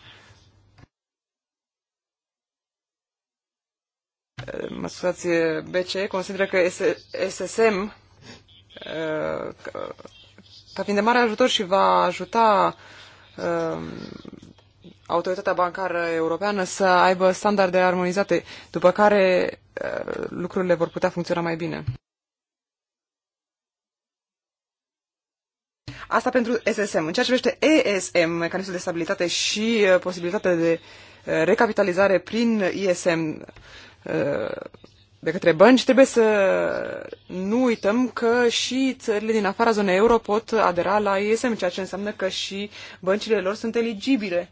mă scuzați, BCE consideră că SSM uh, va fi de mare ajutor și va ajuta uh, autoritatea bancară europeană să aibă standarde armonizate, după care uh, lucrurile vor putea funcționa mai bine. Asta pentru SSM. În ceea ce privește ESM, mecanismul de stabilitate și posibilitatea de recapitalizare prin ISM, de către bănci, trebuie să nu uităm că și țările din afara zonei euro pot adera la ESM, ceea ce înseamnă că și băncile lor sunt eligibile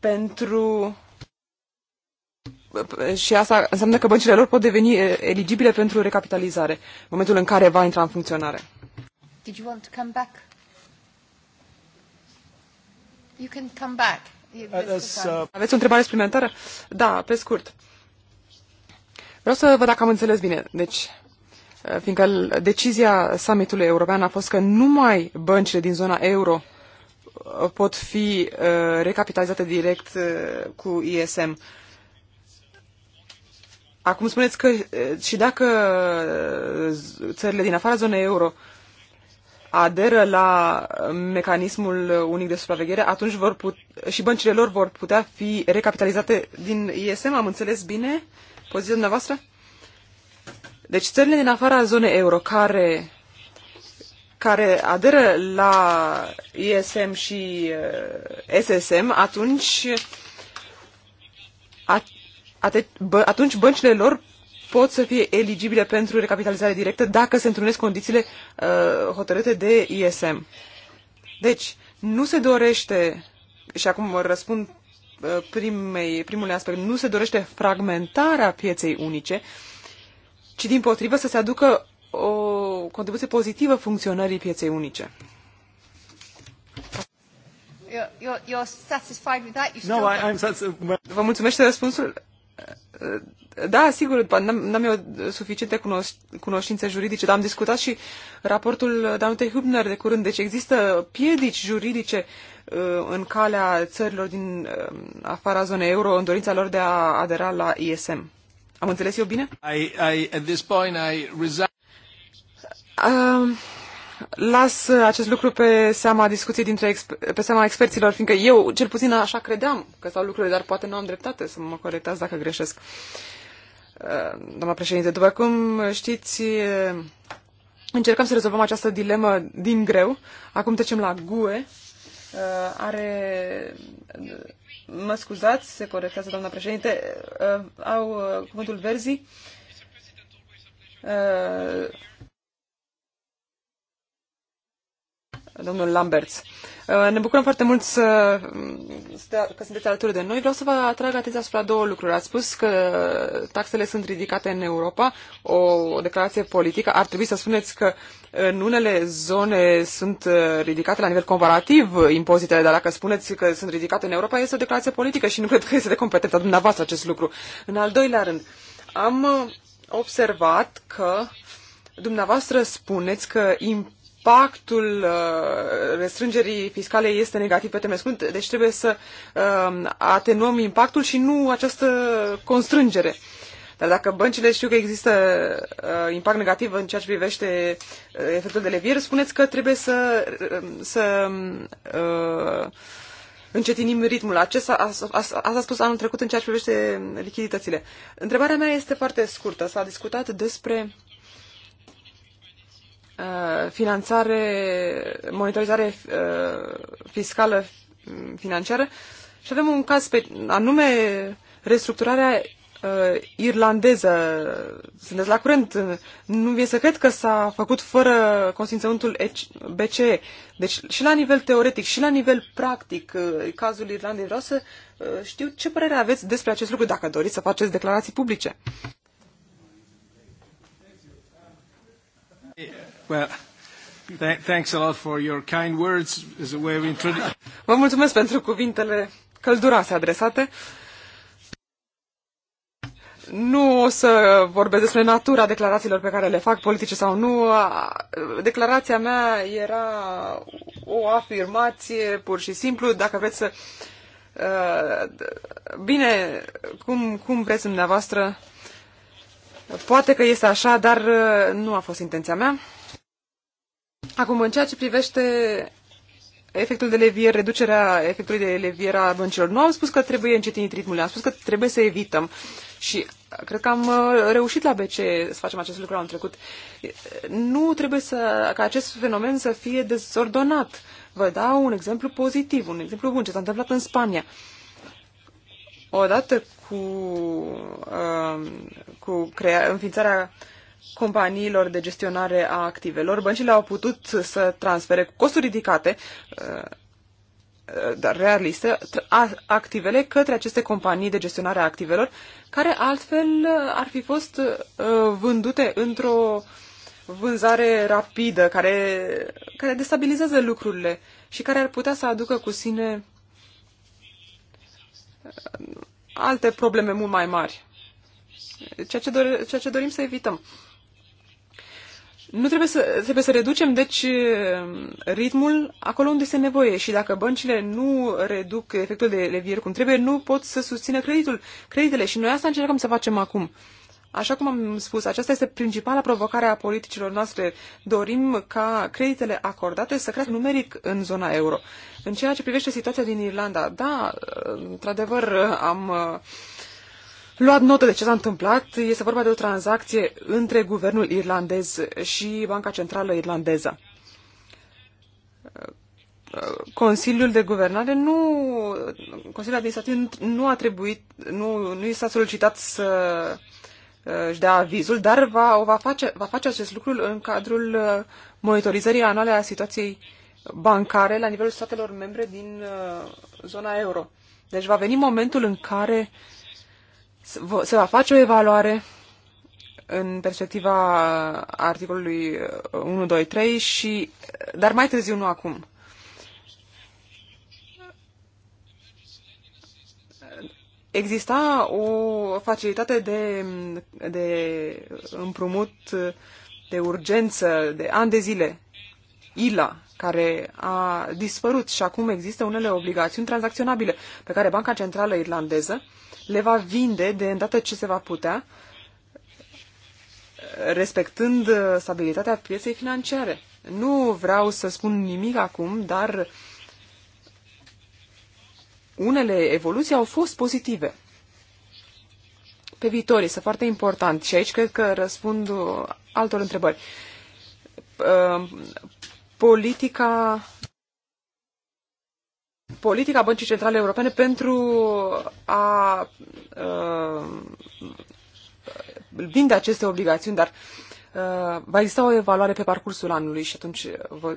pentru și asta înseamnă că băncile lor pot deveni eligibile pentru recapitalizare, în momentul în care va intra în funcționare. Did you want to come back? You can come back. Uh, Aveți o întrebare suplimentară? Da, pe scurt. Uh, Vreau să văd dacă am înțeles bine. Deci, uh, fiindcă decizia summitului european a fost că numai băncile din zona euro uh, pot fi uh, recapitalizate direct cu ISM. Acum spuneți că și dacă țările din afara zonei euro aderă la mecanismul unic de supraveghere, atunci vor put- și băncile lor vor putea fi recapitalizate din ISM, am înțeles bine? Uh, poziția dumneavoastră? Deci țările din afara zonei euro care, care aderă la ISM și uh, SSM, atunci, at, bă, atunci băncile lor pot să fie eligibile pentru recapitalizare directă dacă se întrunesc condițiile uh, hotărâte de ISM. Deci, nu se dorește, și acum răspund Uh, primei, primului aspect, nu se dorește fragmentarea pieței unice, ci din potrivă să se aducă o contribuție pozitivă funcționării pieței unice. You're, you're satisfied with that? No, I, I'm Vă mulțumesc de răspunsul? Uh, da, sigur, n-am eu suficiente cunoștințe juridice, dar am discutat și raportul Danute Hübner de curând. Deci există piedici juridice Uh, în calea țărilor din uh, afara zonei euro în dorința lor de a adera la ISM. Am înțeles eu bine? I, I, at this point I uh, las acest lucru pe seama discuției dintre pe seama experților, fiindcă eu cel puțin așa credeam că stau lucrurile, dar poate nu am dreptate să mă corectați dacă greșesc. Uh, doamna președinte, după cum știți, uh, încercăm să rezolvăm această dilemă din greu. Acum trecem la GUE. Uh, are mă scuzați, se corectează doamna președinte, uh, au uh, cuvântul verzii. domnul Lamberts. Uh, ne bucurăm foarte mult să, că sunteți alături de noi. Vreau să vă atrag atenția asupra două lucruri. Ați spus că taxele sunt ridicate în Europa, o declarație politică. Ar trebui să spuneți că în unele zone sunt uh, ridicate la nivel comparativ uh, impozitele, dar dacă spuneți că sunt ridicate în Europa, este o declarație politică și nu cred că este de competența dumneavoastră acest lucru. În al doilea rând, am observat că dumneavoastră spuneți că impozitele impactul uh, restrângerii fiscale este negativ pe termen scurt, deci trebuie să uh, atenuăm impactul și nu această constrângere. Dar dacă băncile știu că există uh, impact negativ în ceea ce privește uh, efectul de levier, spuneți că trebuie să, uh, să um, uh, încetinim ritmul. Acesta, asta a spus anul trecut în ceea ce privește lichiditățile. Întrebarea mea este foarte scurtă. S-a discutat despre uh, Uh, finanțare, monitorizare uh, fiscală mm, financiară și avem un caz pe, anume restructurarea uh, irlandeză. Sunteți la curent? Nu vine să cred că s-a făcut fără consimțământul BCE. Deci și la nivel teoretic și la nivel practic, uh, cazul Irlandei vreau să uh, știu ce părere aveți despre acest lucru, dacă doriți să faceți declarații publice. Well, th- thanks a lot for your kind words as a way of Vă mulțumesc pentru cuvintele călduroase adresate. Nu o să vorbesc despre natura declarațiilor pe care le fac, politice sau nu. Declarația mea era o afirmație pur și simplu. Dacă vreți să... Bine, cum, cum vreți dumneavoastră, Poate că este așa, dar nu a fost intenția mea. Acum, în ceea ce privește efectul de levier, reducerea efectului de levier a băncilor, nu am spus că trebuie încetinit ritmul, am spus că trebuie să evităm. Și cred că am uh, reușit la BC să facem acest lucru anul trecut. Nu trebuie să, ca acest fenomen să fie dezordonat. Vă dau un exemplu pozitiv, un exemplu bun, ce s-a întâmplat în Spania. Odată cu, uh, cu crea- înființarea uh, companiilor de gestionare a activelor. Băncile au putut să transfere cu costuri ridicate, dar uh, uh, realiste, uh, activele către aceste companii de gestionare a activelor, care altfel ar fi fost vândute într-o vânzare rapidă, care, care destabilizează lucrurile și care ar putea să aducă cu sine alte probleme mult mai mari. Ceea ce, dor, ceea ce dorim să evităm. Nu trebuie să, trebuie să reducem, deci, ritmul acolo unde este nevoie și dacă băncile nu reduc efectul de levier cum trebuie, nu pot să susțină creditul, creditele și noi asta încercăm să facem acum. Așa cum am spus, aceasta este principala provocare a politicilor noastre. Dorim ca creditele acordate să crească numeric în zona euro. În ceea ce privește situația din Irlanda, da, într-adevăr, am uh, luat notă de ce s-a întâmplat. Este vorba de o tranzacție între guvernul irlandez și Banca Centrală Irlandeză. Consiliul de Guvernare nu, Consiliul Administrativ nu a trebuit, nu, nu i s-a solicitat să uh, își dea avizul, dar va, o va, face, va face acest lucru în cadrul uh, monitorizării anuale a situației bancare la nivelul statelor membre din uh, zona euro. Deci va veni momentul în care se va face o evaluare în perspectiva uh, articolului 1, 2, 3 și, uh, dar mai târziu, nu acum. Exista o facilitate de, de împrumut de urgență de ani de zile, ILA, care a dispărut și acum există unele obligațiuni tranzacționabile pe care Banca Centrală Irlandeză le va vinde de îndată ce se va putea, respectând uh, stabilitatea pieței financiare. Nu vreau să spun nimic acum, dar unele evoluții au fost pozitive. Pe viitor este foarte important și aici cred că răspund uh, altor întrebări. Uh, politica politica Băncii Centrale Europene pentru a uh, vinde aceste obligațiuni, dar uh, va exista o evaluare pe parcursul anului și atunci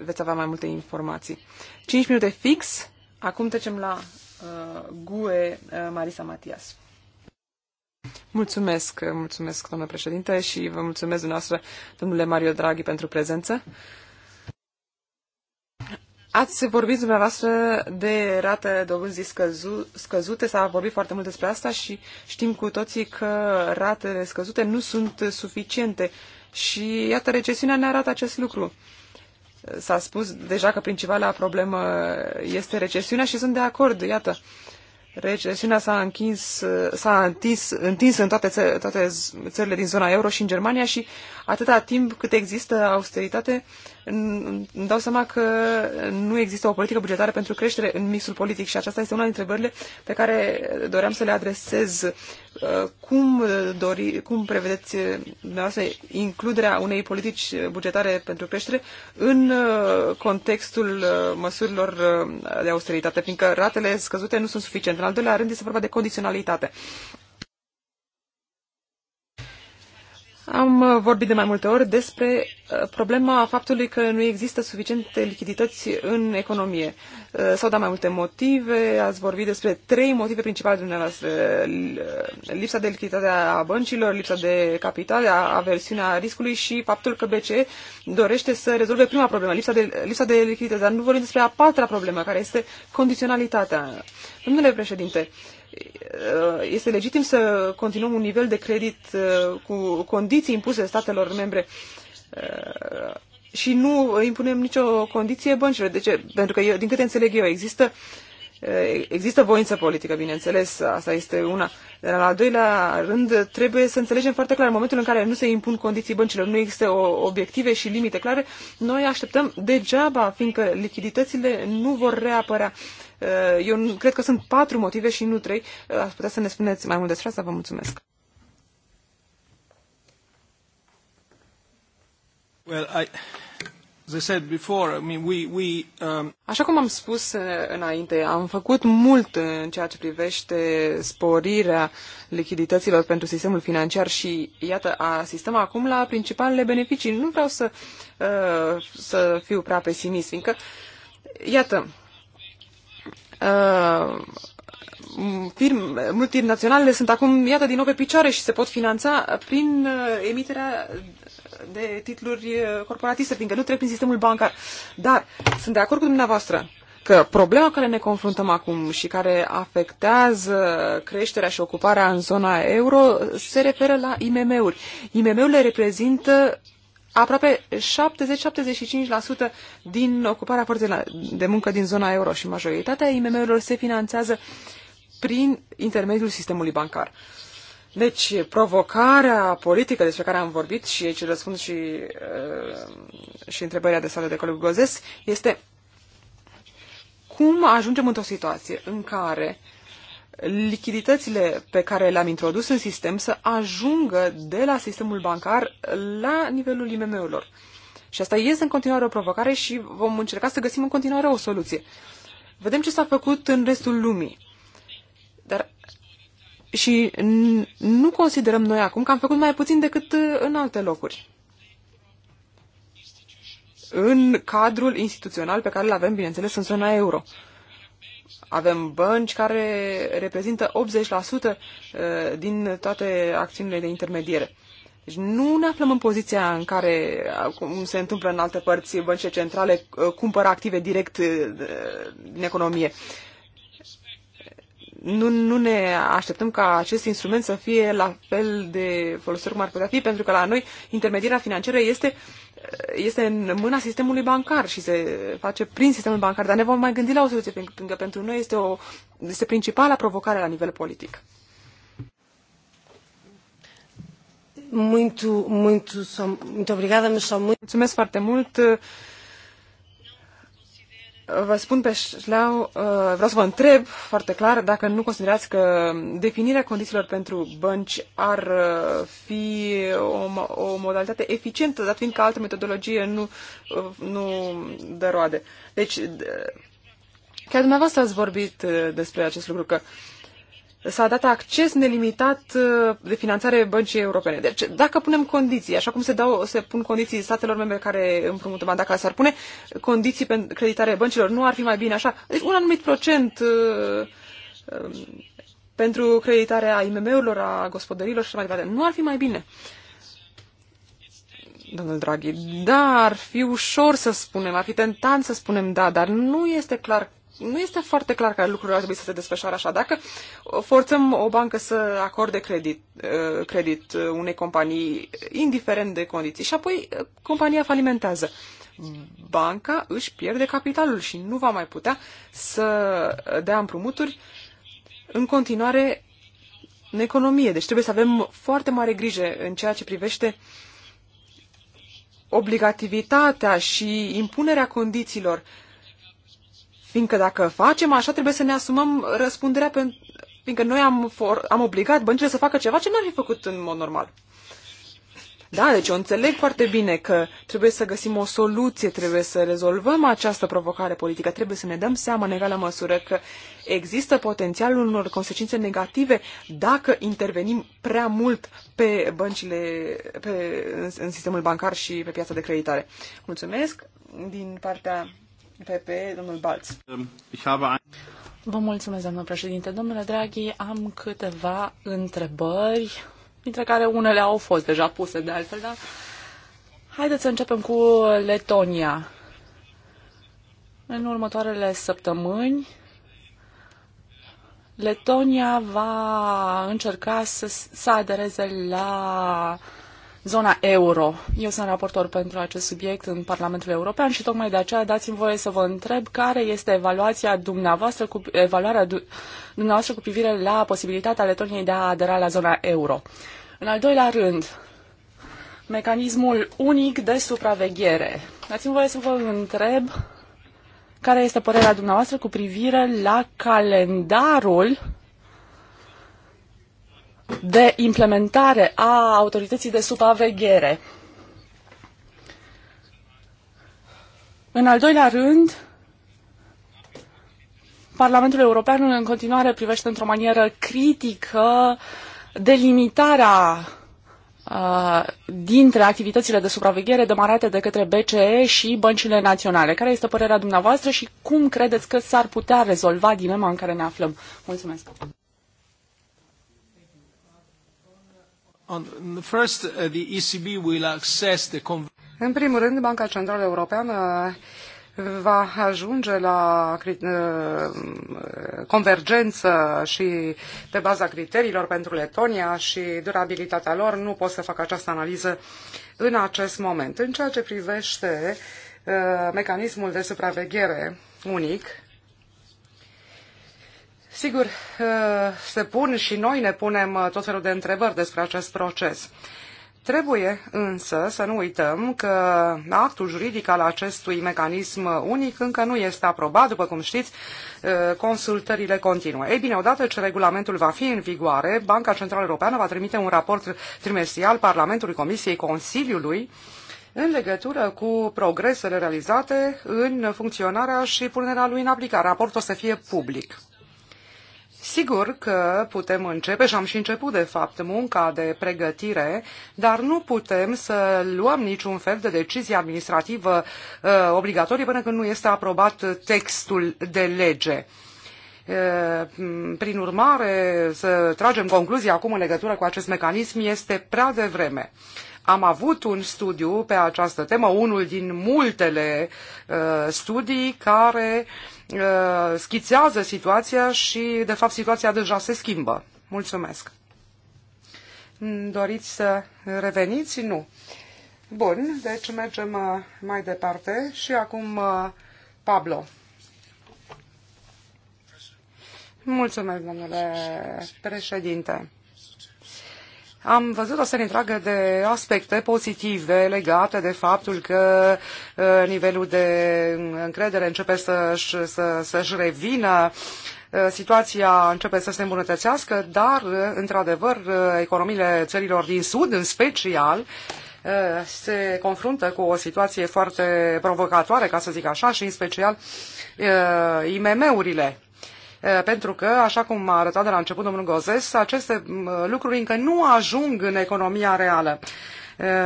veți avea mai multe informații. 5 minute fix. Acum trecem la uh, GUE uh, Marisa Matias. Mulțumesc, mulțumesc, domnule președinte, și vă mulțumesc dumneavoastră, domnule Mario Draghi, pentru prezență. Uh, Ați vorbit dumneavoastră de rate dobânzii scăzu, scăzute, s-a vorbit foarte mult despre asta și știm cu toții că ratele scăzute nu sunt suficiente. Și iată, recesiunea ne arată acest lucru. S-a spus deja că principala problemă este recesiunea și sunt de acord, iată. Recesiunea s-a închis, s-a întins, întins în toate, țări, toate țările din zona euro și în Germania și atâta timp cât există austeritate, uh, îmi dau seama că nu există o politică bugetară pentru creștere în mixul politic și aceasta este una dintre întrebările pe care doream să le adresez. Uh, cum, dori, cum prevedeți uh, dumneavoastră includerea unei politici bugetare pentru creștere în uh, contextul măsurilor de austeritate, fiindcă ratele scăzute nu sunt suficiente. În al doilea rând este vorba de condiționalitate. Am uh, vorbit de mai multe ori despre uh, problema faptului că nu există suficiente lichidități în economie. Uh, s-au dat mai multe motive, ați vorbit despre trei motive principale dumneavoastră. Lipsa de lichiditate a băncilor, lipsa de capital, aversiunea riscului și faptul că BCE dorește să rezolve prima problemă, lipsa de, lipsa de lichiditate. Dar nu vorbim despre a patra problemă, care este condiționalitatea. Domnule președinte, este legitim să continuăm un nivel de credit uh, cu condiții impuse statelor membre uh, și nu impunem nicio condiție băncilor. De ce? Pentru că, eu, din câte înțeleg eu, există, uh, există voință politică, bineînțeles, asta este una. Dar, la al doilea rând, trebuie să înțelegem foarte clar, în momentul în care nu se impun condiții băncilor, nu există o, obiective și limite clare, noi așteptăm degeaba, fiindcă lichiditățile nu vor reapărea. Uh, eu cred că sunt patru motive și nu trei. Uh, ați putea să ne spuneți mai mult despre asta? Vă mulțumesc. Well, I... Um, Așa cum am spus uh, înainte, am făcut mult în ceea ce privește sporirea lichidităților pentru sistemul financiar și, iată, asistăm acum la principalele beneficii. Nu vreau să, să fiu prea pesimist, fiindcă, iată, uh, firme, multinaționalele sunt acum, iată, din nou pe picioare și se pot finanța prin uh, emiterea de titluri uh, corporatiste, fiindcă nu trec prin sistemul bancar. Dar sunt de acord cu dumneavoastră că problema care ne confruntăm acum și care afectează creșterea și ocuparea în zona euro se referă la IMM-uri. IMM-urile reprezintă aproape 70-75% din ocuparea forței de muncă din zona euro și majoritatea IMM-urilor se finanțează prin intermediul sistemului bancar. Deci, provocarea politică despre care am vorbit și aici răspund și, uh, și întrebarea de sală de colegul Gozes este cum ajungem într-o situație în care lichiditățile pe care le-am introdus în sistem să ajungă de la sistemul bancar la nivelul IMM-urilor. Și asta este în continuare o provocare și vom încerca să găsim în continuare o soluție. Vedem ce s-a făcut în restul lumii. Dar și nu considerăm noi acum că am făcut mai puțin decât uh, în alte locuri. În cadrul instituțional pe care îl avem, bineînțeles, în zona euro. Avem bănci care reprezintă 80% uh, din toate acțiunile de intermediere. Deci nu ne aflăm în poziția în care, uh, cum se întâmplă în alte părți, băncile centrale uh, cumpără active direct din economie nu, nu ne așteptăm ca acest instrument să fie la fel de folositor cum ar putea fi, pentru că la noi intermedierea financiară este, este în mâna sistemului bancar și se face prin sistemul bancar, dar ne vom mai gândi la o soluție, pentru că pentru noi este, o, este principala provocare la nivel politic. Muito, muito, muito obrigada, mas só muito. Mulțumesc foarte mult vă spun pe șleau, uh, vreau să vă întreb foarte clar dacă nu considerați că definirea condițiilor pentru bănci ar uh, fi o, o modalitate eficientă, dat fiindcă altă metodologie nu, uh, nu dă roade. Deci, chiar dumneavoastră ați vorbit despre acest lucru, că uh, s-a dat acces nelimitat uh, de finanțare băncii europene. Deci, dacă punem condiții, așa cum se, dau, se pun condiții statelor membre care împrumută bani, dacă s-ar pune condiții pentru creditare băncilor, nu ar fi mai bine așa? Deci, un anumit procent uh, um, pentru creditarea IMM-urilor, a gospodărilor și așa mai departe. Nu ar fi mai bine. Domnul Draghi, da, ar fi ușor să spunem, ar fi tentant să spunem da, dar nu este clar nu este foarte clar că lucrurile ar trebui să se desfășoare așa. Dacă forțăm o bancă să acorde credit, uh, credit uh, unei companii, indiferent de condiții, și apoi uh, compania falimentează, banca își pierde capitalul și nu va mai putea să dea împrumuturi în continuare în economie. Deci trebuie să avem foarte mare grijă în ceea ce privește obligativitatea și impunerea condițiilor Fiindcă dacă facem așa, trebuie să ne asumăm răspunderea, pentru fiindcă noi am, for, am obligat băncile să facă ceva ce n-ar fi făcut în mod normal. Da, deci eu înțeleg foarte bine că trebuie să găsim o soluție, trebuie să rezolvăm această provocare politică, trebuie să ne dăm seama în egală măsură că există potențialul unor consecințe negative dacă intervenim prea mult pe băncile, pe, în, în sistemul bancar și pe piața de creditare. Mulțumesc din partea PPE, domnul Balț. Vă mulțumesc, doamnă președinte. Domnule Draghi, am câteva întrebări, dintre care unele au fost deja puse de altfel, dar haideți să începem cu Letonia. În următoarele săptămâni, Letonia va încerca să, să adereze la uh, zona euro. Eu sunt raportor pentru acest subiect în Parlamentul European și tocmai de aceea dați-mi voie să vă întreb care este evaluația dumneavoastră cu, evaluarea dumneavoastră cu privire la posibilitatea Letoniei de a adera la zona euro. În al doilea rând, mecanismul unic de supraveghere. Dați-mi voie să vă întreb care este părerea dumneavoastră cu privire la calendarul de implementare a autorității de supraveghere. În al doilea rând, Parlamentul European în continuare privește într-o manieră critică delimitarea dintre activitățile de supraveghere demarate de către BCE și băncile naționale. Care este părerea dumneavoastră și cum credeți că s-ar putea rezolva dilema în care ne aflăm? Mulțumesc! Uh, în primul rând, Banca Centrală Europeană uh, va ajunge la uh, convergență și pe baza criteriilor pentru Letonia și durabilitatea lor. Nu pot să fac această analiză în acest moment. În ceea ce privește mecanismul de supraveghere unic, Sigur, uh, se pun și noi ne punem uh, tot felul de întrebări despre acest proces. Trebuie însă să nu uităm că actul juridic al acestui mecanism unic încă nu este aprobat, după cum știți, uh, consultările continuă. Ei bine, odată ce regulamentul va fi în vigoare, Banca Centrală Europeană va trimite un raport trimestrial Parlamentului Comisiei Consiliului în legătură cu progresele realizate în funcționarea și punerea lui în aplicare. Raportul o să fie public. Sigur că putem începe și am și început, de fapt, munca de pregătire, dar nu putem să luăm niciun fel de decizie administrativă uh, obligatorie până când nu este aprobat textul de lege. Uh, prin urmare, să tragem concluzia acum în legătură cu acest mecanism este prea devreme. Am avut un studiu pe această temă, unul din multele uh, studii care uh, schițează situația și, de fapt, situația deja se schimbă. Mulțumesc. Doriți să reveniți? Nu. Bun, deci mergem uh, mai departe și acum uh, Pablo. Mulțumesc, domnule președinte. Am văzut o serie întreagă de aspecte pozitive legate de faptul că uh, nivelul de încredere începe să-și, să, să-și revină, uh, situația începe să se îmbunătățească, dar, uh, într-adevăr, economiile țărilor din Sud, în special, se confruntă cu o situație foarte provocatoare, ca să zic așa, și în special IMM-urile pentru că, așa cum a arătat de la început domnul Gozes, aceste lucruri încă nu ajung în economia reală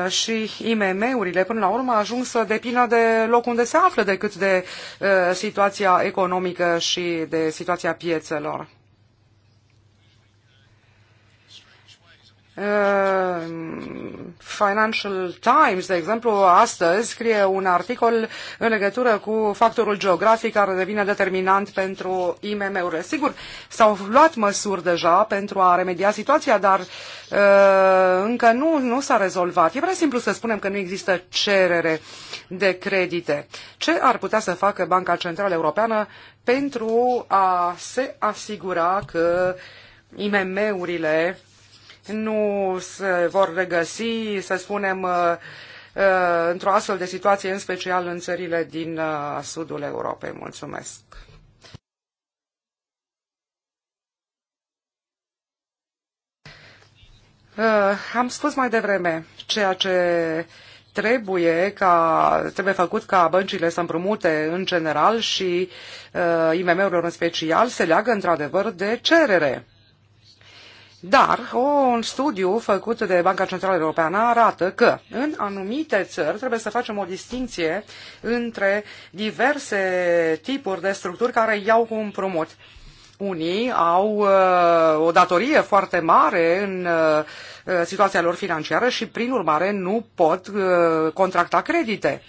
și IMM-urile până la urmă ajung să depină de loc unde se află decât de situația economică și de situația piețelor. Uh, Financial Times, de exemplu, astăzi scrie un articol în legătură cu factorul geografic care devine determinant pentru IMM-urile. Sigur, s-au luat măsuri deja pentru a remedia situația, dar uh, încă nu, nu s-a rezolvat. E prea simplu să spunem că nu există cerere de credite. Ce ar putea să facă Banca Centrală Europeană pentru a se asigura că IMM-urile nu se vor regăsi, să spunem, uh, uh, într-o astfel de situație, în special în țările din uh, sudul Europei. Mulțumesc! Am spus mai devreme ceea ce trebuie, ca, trebuie făcut ca băncile să împrumute în general și uh, IMM-urilor în special se leagă într-adevăr de cerere. Dar o, un studiu făcut de Banca Centrală Europeană arată că în anumite țări trebuie să facem o distinție între diverse tipuri de structuri care iau cu împrumut. Unii au uh, o datorie foarte mare în uh, uh, situația lor financiară și, prin urmare, nu pot uh, contracta credite.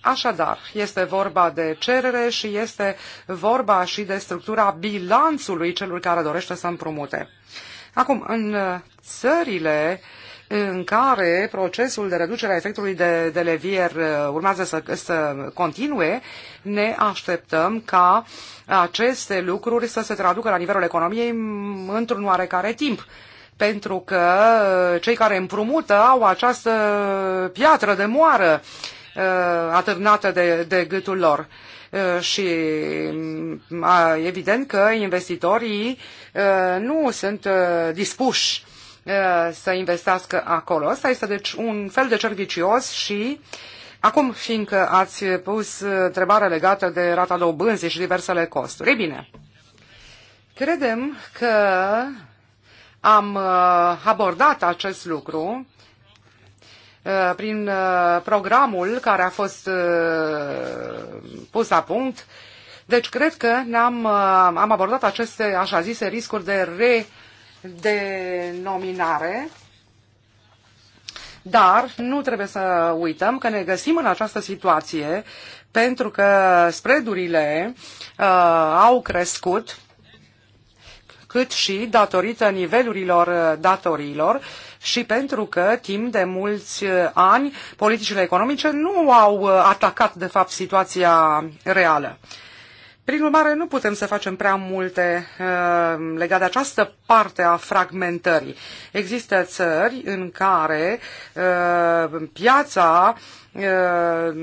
Așadar, este vorba de cerere și este vorba și de structura bilanțului celor care dorește să împrumute. Acum, în uh, țările în care procesul de reducere a efectului de, de levier uh, urmează să, să continue, ne așteptăm ca aceste lucruri să se traducă la nivelul economiei într-un oarecare timp pentru că uh, cei care împrumută au această piatră de moară atârnată de, de gâtul lor. Eh, și mm, evident că investitorii eh, nu sunt eh, dispuși să investească acolo. Asta este deci un fel de cerc vicios și acum fiindcă ați pus întrebarea legată de rata dobânzii și diversele costuri. Ei bine, credem că am abordat acest lucru Uh, prin uh, programul care a fost uh, pus la punct. Deci cred că ne-am am abordat aceste, așa zise, riscuri de redenominare, dar nu trebuie să uităm că ne găsim în această situație pentru că spredurile uh, au crescut cât și datorită nivelurilor datorilor și pentru că timp de mulți uh, ani politicile economice nu au uh, atacat de fapt situația reală. Prin urmare, nu putem să facem prea multe uh, legate de această parte a fragmentării. Există țări în care uh, piața uh, Uh,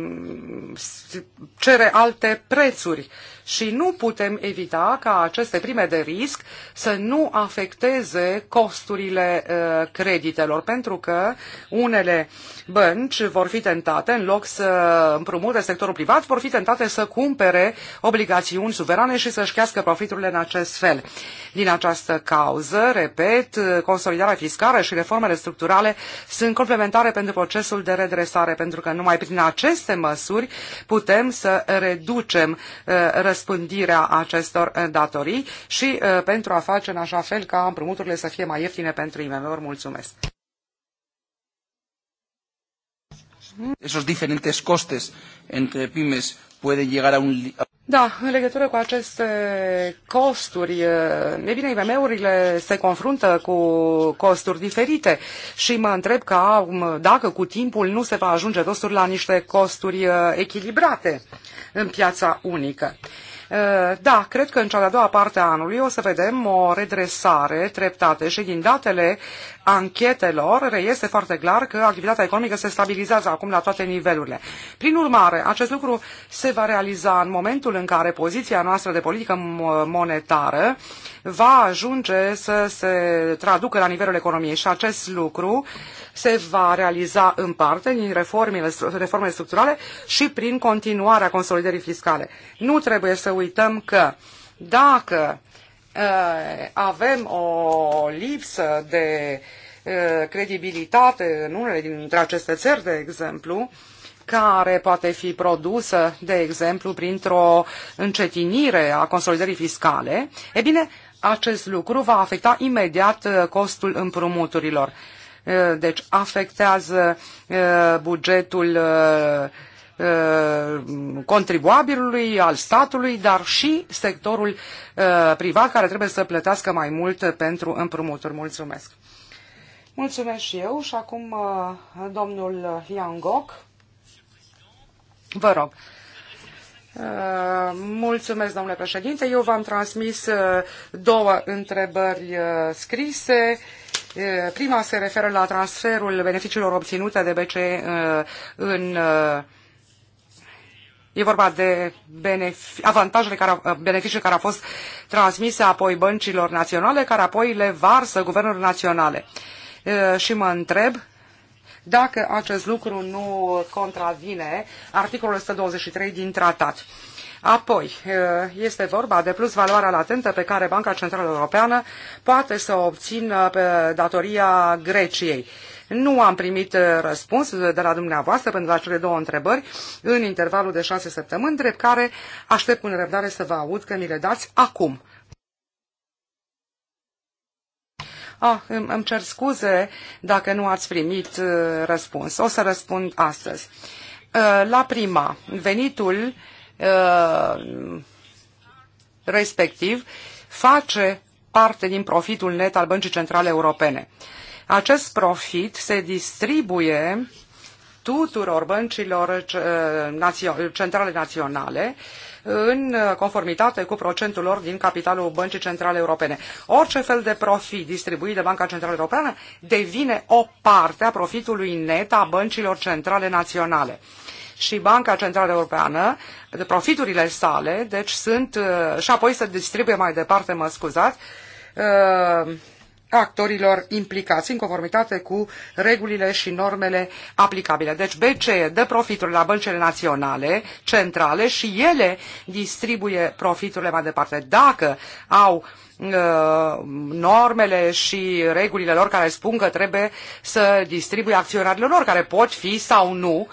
cere alte prețuri și nu putem evita ca aceste prime de risc să nu afecteze costurile uh, creditelor, pentru că unele bănci vor fi tentate, în loc să împrumute sectorul privat, vor fi tentate să cumpere obligațiuni suverane și să-și crească profiturile în acest fel. Din această cauză, repet, consolidarea fiscală și reformele structurale sunt complementare pentru procesul de redresare, pentru că numai prin aceste măsuri putem să reducem uh, răspândirea acestor uh, datorii și uh, pentru a face în așa fel ca împrumuturile să fie mai ieftine pentru IMM-uri. Mulțumesc! Esos diferentes costes entre pymes pueden llegar a un... Da, în legătură cu aceste costuri, e bine, IMM-urile se confruntă cu costuri diferite și mă întreb că, dacă cu timpul nu se va ajunge dosuri la niște costuri echilibrate în piața unică. Da, cred că în cea de-a doua parte a anului o să vedem o redresare treptată și din datele anchetelor reiese foarte clar că activitatea economică se stabilizează acum la toate nivelurile. Prin urmare, acest lucru se va realiza în momentul în care poziția noastră de politică monetară va ajunge să se traducă la nivelul economiei și acest lucru se va realiza în parte din reformele, reformele structurale și prin continuarea consolidării fiscale. Nu trebuie să uităm că dacă Uh, avem o lipsă de uh, credibilitate în unele dintre aceste țări, de exemplu, care poate fi produsă, de exemplu, printr-o încetinire a consolidării fiscale, e bine, acest lucru va afecta imediat uh, costul împrumuturilor. Deci afectează bugetul Uh, contribuabilului, al statului, dar și sectorul uh, privat care trebuie să plătească mai mult pentru împrumuturi. Mulțumesc! Mulțumesc și eu și acum uh, domnul Ian Goc. Vă rog. Mulțumesc, domnule președinte. Eu v-am transmis două întrebări scrise. Prima se referă la transferul beneficiilor obținute de BCE în E vorba de avantajele care uh, beneficiile care au fost transmise apoi băncilor naționale, care apoi le varsă guvernul naționale. E, și mă întreb dacă acest lucru nu contravine articolul 123 din tratat. Apoi, este vorba de plus valoarea latentă pe care Banca Centrală Europeană poate să o obțină pe datoria Greciei. Nu am primit uh, răspuns de la dumneavoastră pentru la cele două întrebări în intervalul de șase săptămâni, drept care aștept cu nerăbdare să vă aud că mi le dați acum. Ah, îmi, cer scuze dacă nu ați primit uh, răspuns. O să răspund astăzi. Uh, la prima, venitul respectiv face parte din profitul net al Băncii Centrale Europene. Uh, acest profit se distribuie tuturor băncilor centrale naționale în conformitate cu procentul lor din capitalul Băncii Centrale Europene. Orice fel de profit distribuit de Banca Centrală Europeană devine o parte a profitului net a băncilor centrale naționale. Și Banca Centrală Europeană, de profiturile sale, deci sunt, uh, și apoi se distribuie mai departe, mă scuzați, uh, actorilor implicați în conformitate cu regulile și normele aplicabile. Deci BCE dă profituri la băncile naționale, centrale și ele distribuie profiturile mai departe. Dacă au uh, normele și regulile lor care spun că trebuie să distribuie acționarilor lor, care pot fi sau nu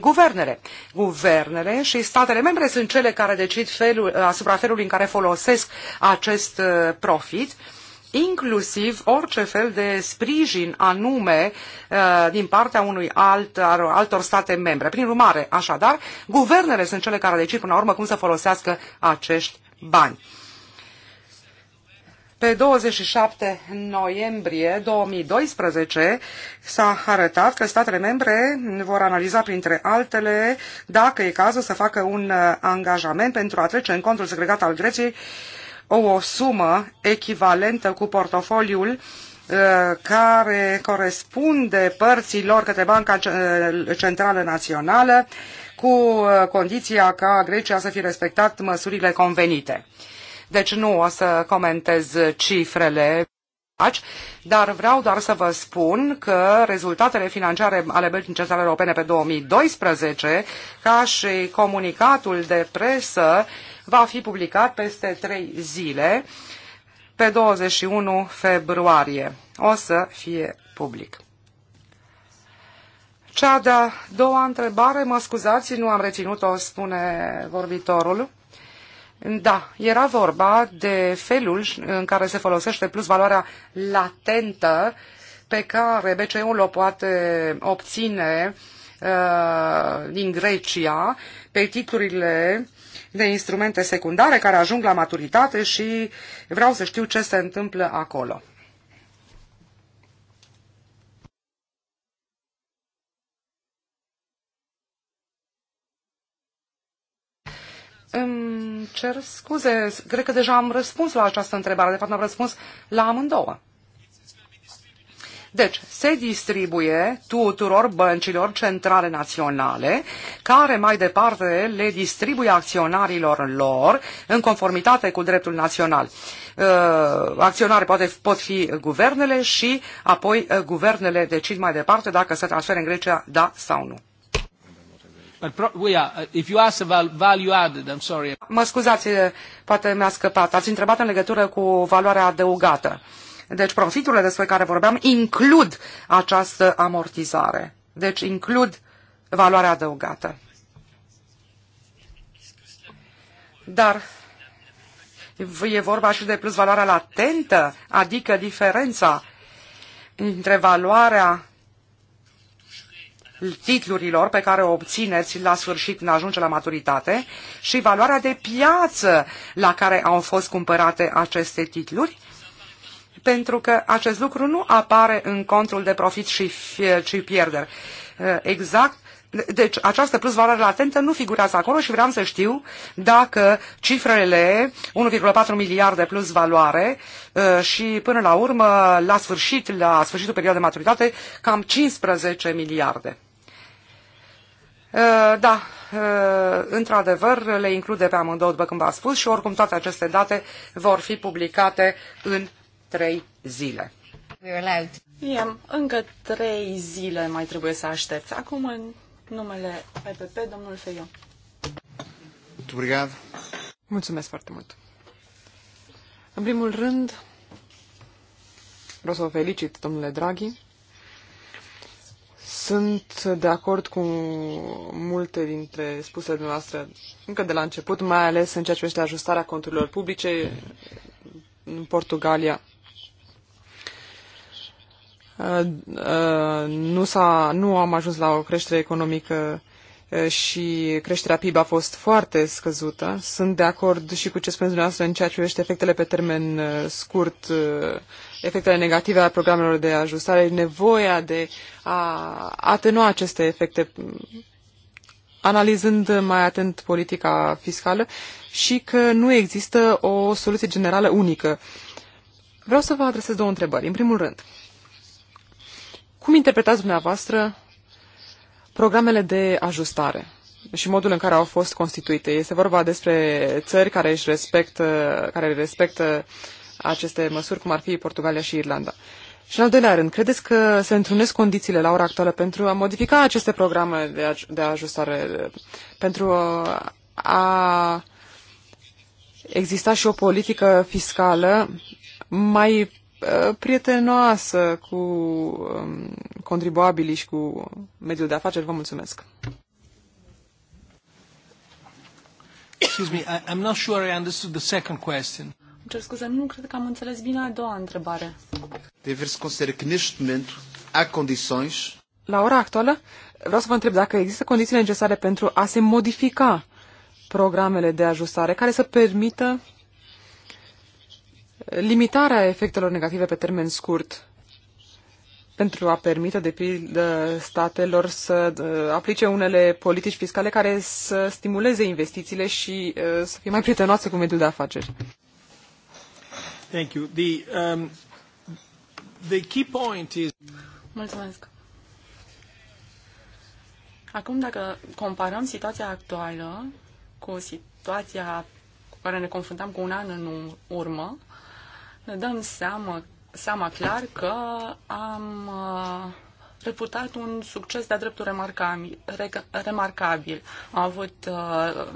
guvernele. Guvernele și statele membre sunt cele care decid felul, asupra felului în care folosesc acest uh, profit inclusiv orice fel de sprijin anume uh, din partea unui alt, altor state membre. Prin urmare, așadar, guvernele sunt cele care decid până la urmă cum să folosească acești bani. Pe 27 noiembrie 2012 s-a arătat că statele membre vor analiza printre altele dacă e cazul să facă un uh, angajament pentru a trece în contul segregat al Greciei o sumă echivalentă cu portofoliul uh, care corespunde părților către Banca uh, Centrală Națională cu uh, condiția ca Grecia să fi respectat măsurile convenite. Deci nu o să comentez cifrele, dar vreau doar să vă spun că rezultatele financiare ale Băncii Centrale Europene pe 2012, ca și comunicatul de presă, va fi publicat peste trei zile, pe 21 februarie. O să fie public. Cea de-a doua întrebare, mă scuzați, nu am reținut-o, spune vorbitorul. Da, era vorba de felul în care se folosește plus valoarea latentă pe care BCE-ul o poate obține uh, din Grecia pe titlurile de instrumente secundare care ajung la maturitate și vreau să știu ce se întâmplă acolo. Îmi cer scuze, cred că deja am răspuns la această întrebare, de fapt am răspuns la amândouă. Deci, se distribuie tuturor băncilor centrale naționale, care mai departe le distribuie acționarilor lor în conformitate cu dreptul național. Uh, Acționari poate, pot fi guvernele și apoi uh, guvernele decid mai departe dacă se transferă în Grecia, da sau nu. Mă scuzați, poate mi-a scăpat. Ați întrebat în legătură cu valoarea adăugată. Uh, deci profiturile despre care vorbeam includ această amortizare. Deci includ valoarea adăugată. Dar e vorba și de plus valoarea latentă, adică diferența între valoarea titlurilor pe care o obțineți la sfârșit când ajunge la maturitate și valoarea de piață la care au fost cumpărate aceste titluri pentru că acest lucru nu apare în contul de profit și, și pierderi. Eh, exact deci această plus valoare latentă nu figurează acolo și vreau să știu dacă cifrele 1,4 miliarde plus valoare eh, și până la urmă, la sfârșit, la sfârșitul perioadei de maturitate, cam 15 miliarde. Eh, da, într-adevăr, le include pe amândouă, după cum v-am spus, și oricum toate aceste date vor fi publicate în trei zile. I-am încă trei zile mai trebuie să aștept. Acum în numele PPP, domnul Feion. Mulțumesc foarte mult. În primul rând, vreau să vă felicit, domnule Draghi. Sunt de acord cu multe dintre spusele dumneavoastră încă de la început, mai ales în ceea ce privește ajustarea conturilor publice în Portugalia nu, s-a, nu am ajuns la o creștere economică și creșterea PIB a fost foarte scăzută. Sunt de acord și cu ce spuneți dumneavoastră în ceea ce privește efectele pe termen scurt, efectele negative ale programelor de ajustare, nevoia de a atenua aceste efecte analizând mai atent politica fiscală și că nu există o soluție generală unică. Vreau să vă adresez două întrebări. În primul rând, cum interpretați dumneavoastră programele de ajustare și modul în care au fost constituite? Este vorba despre țări care își respectă, care respectă aceste măsuri, cum ar fi Portugalia și Irlanda. Și în al doilea rând, credeți că se întrunesc condițiile la ora actuală pentru a modifica aceste programe de, aj- de ajustare, pentru a exista și o politică fiscală mai Uh, prietenoasă cu um, contribuabilii și cu mediul de afaceri. Vă mulțumesc. Excuse me, I, I'm not sure I understood the second question. Îmi cer scuze, nu cred că am înțeles bine a doua întrebare. De se consideră că acest moment, há condições la ora actuală, vreau să vă întreb dacă există condițiile necesare pentru a se modifica programele de ajustare care să permită limitarea efectelor negative pe termen scurt pentru a permite, de pildă, statelor să uh, aplice unele politici fiscale care să stimuleze investițiile și uh, să fie mai prietenoase cu mediul de afaceri. Thank you. The, um, the key point is... Mulțumesc. Acum, dacă comparăm situația actuală cu situația cu care ne confruntam cu un an în urmă, ne dăm seama, seama clar că am uh, reputat un succes de-a dreptul remarcabil. Am avut uh,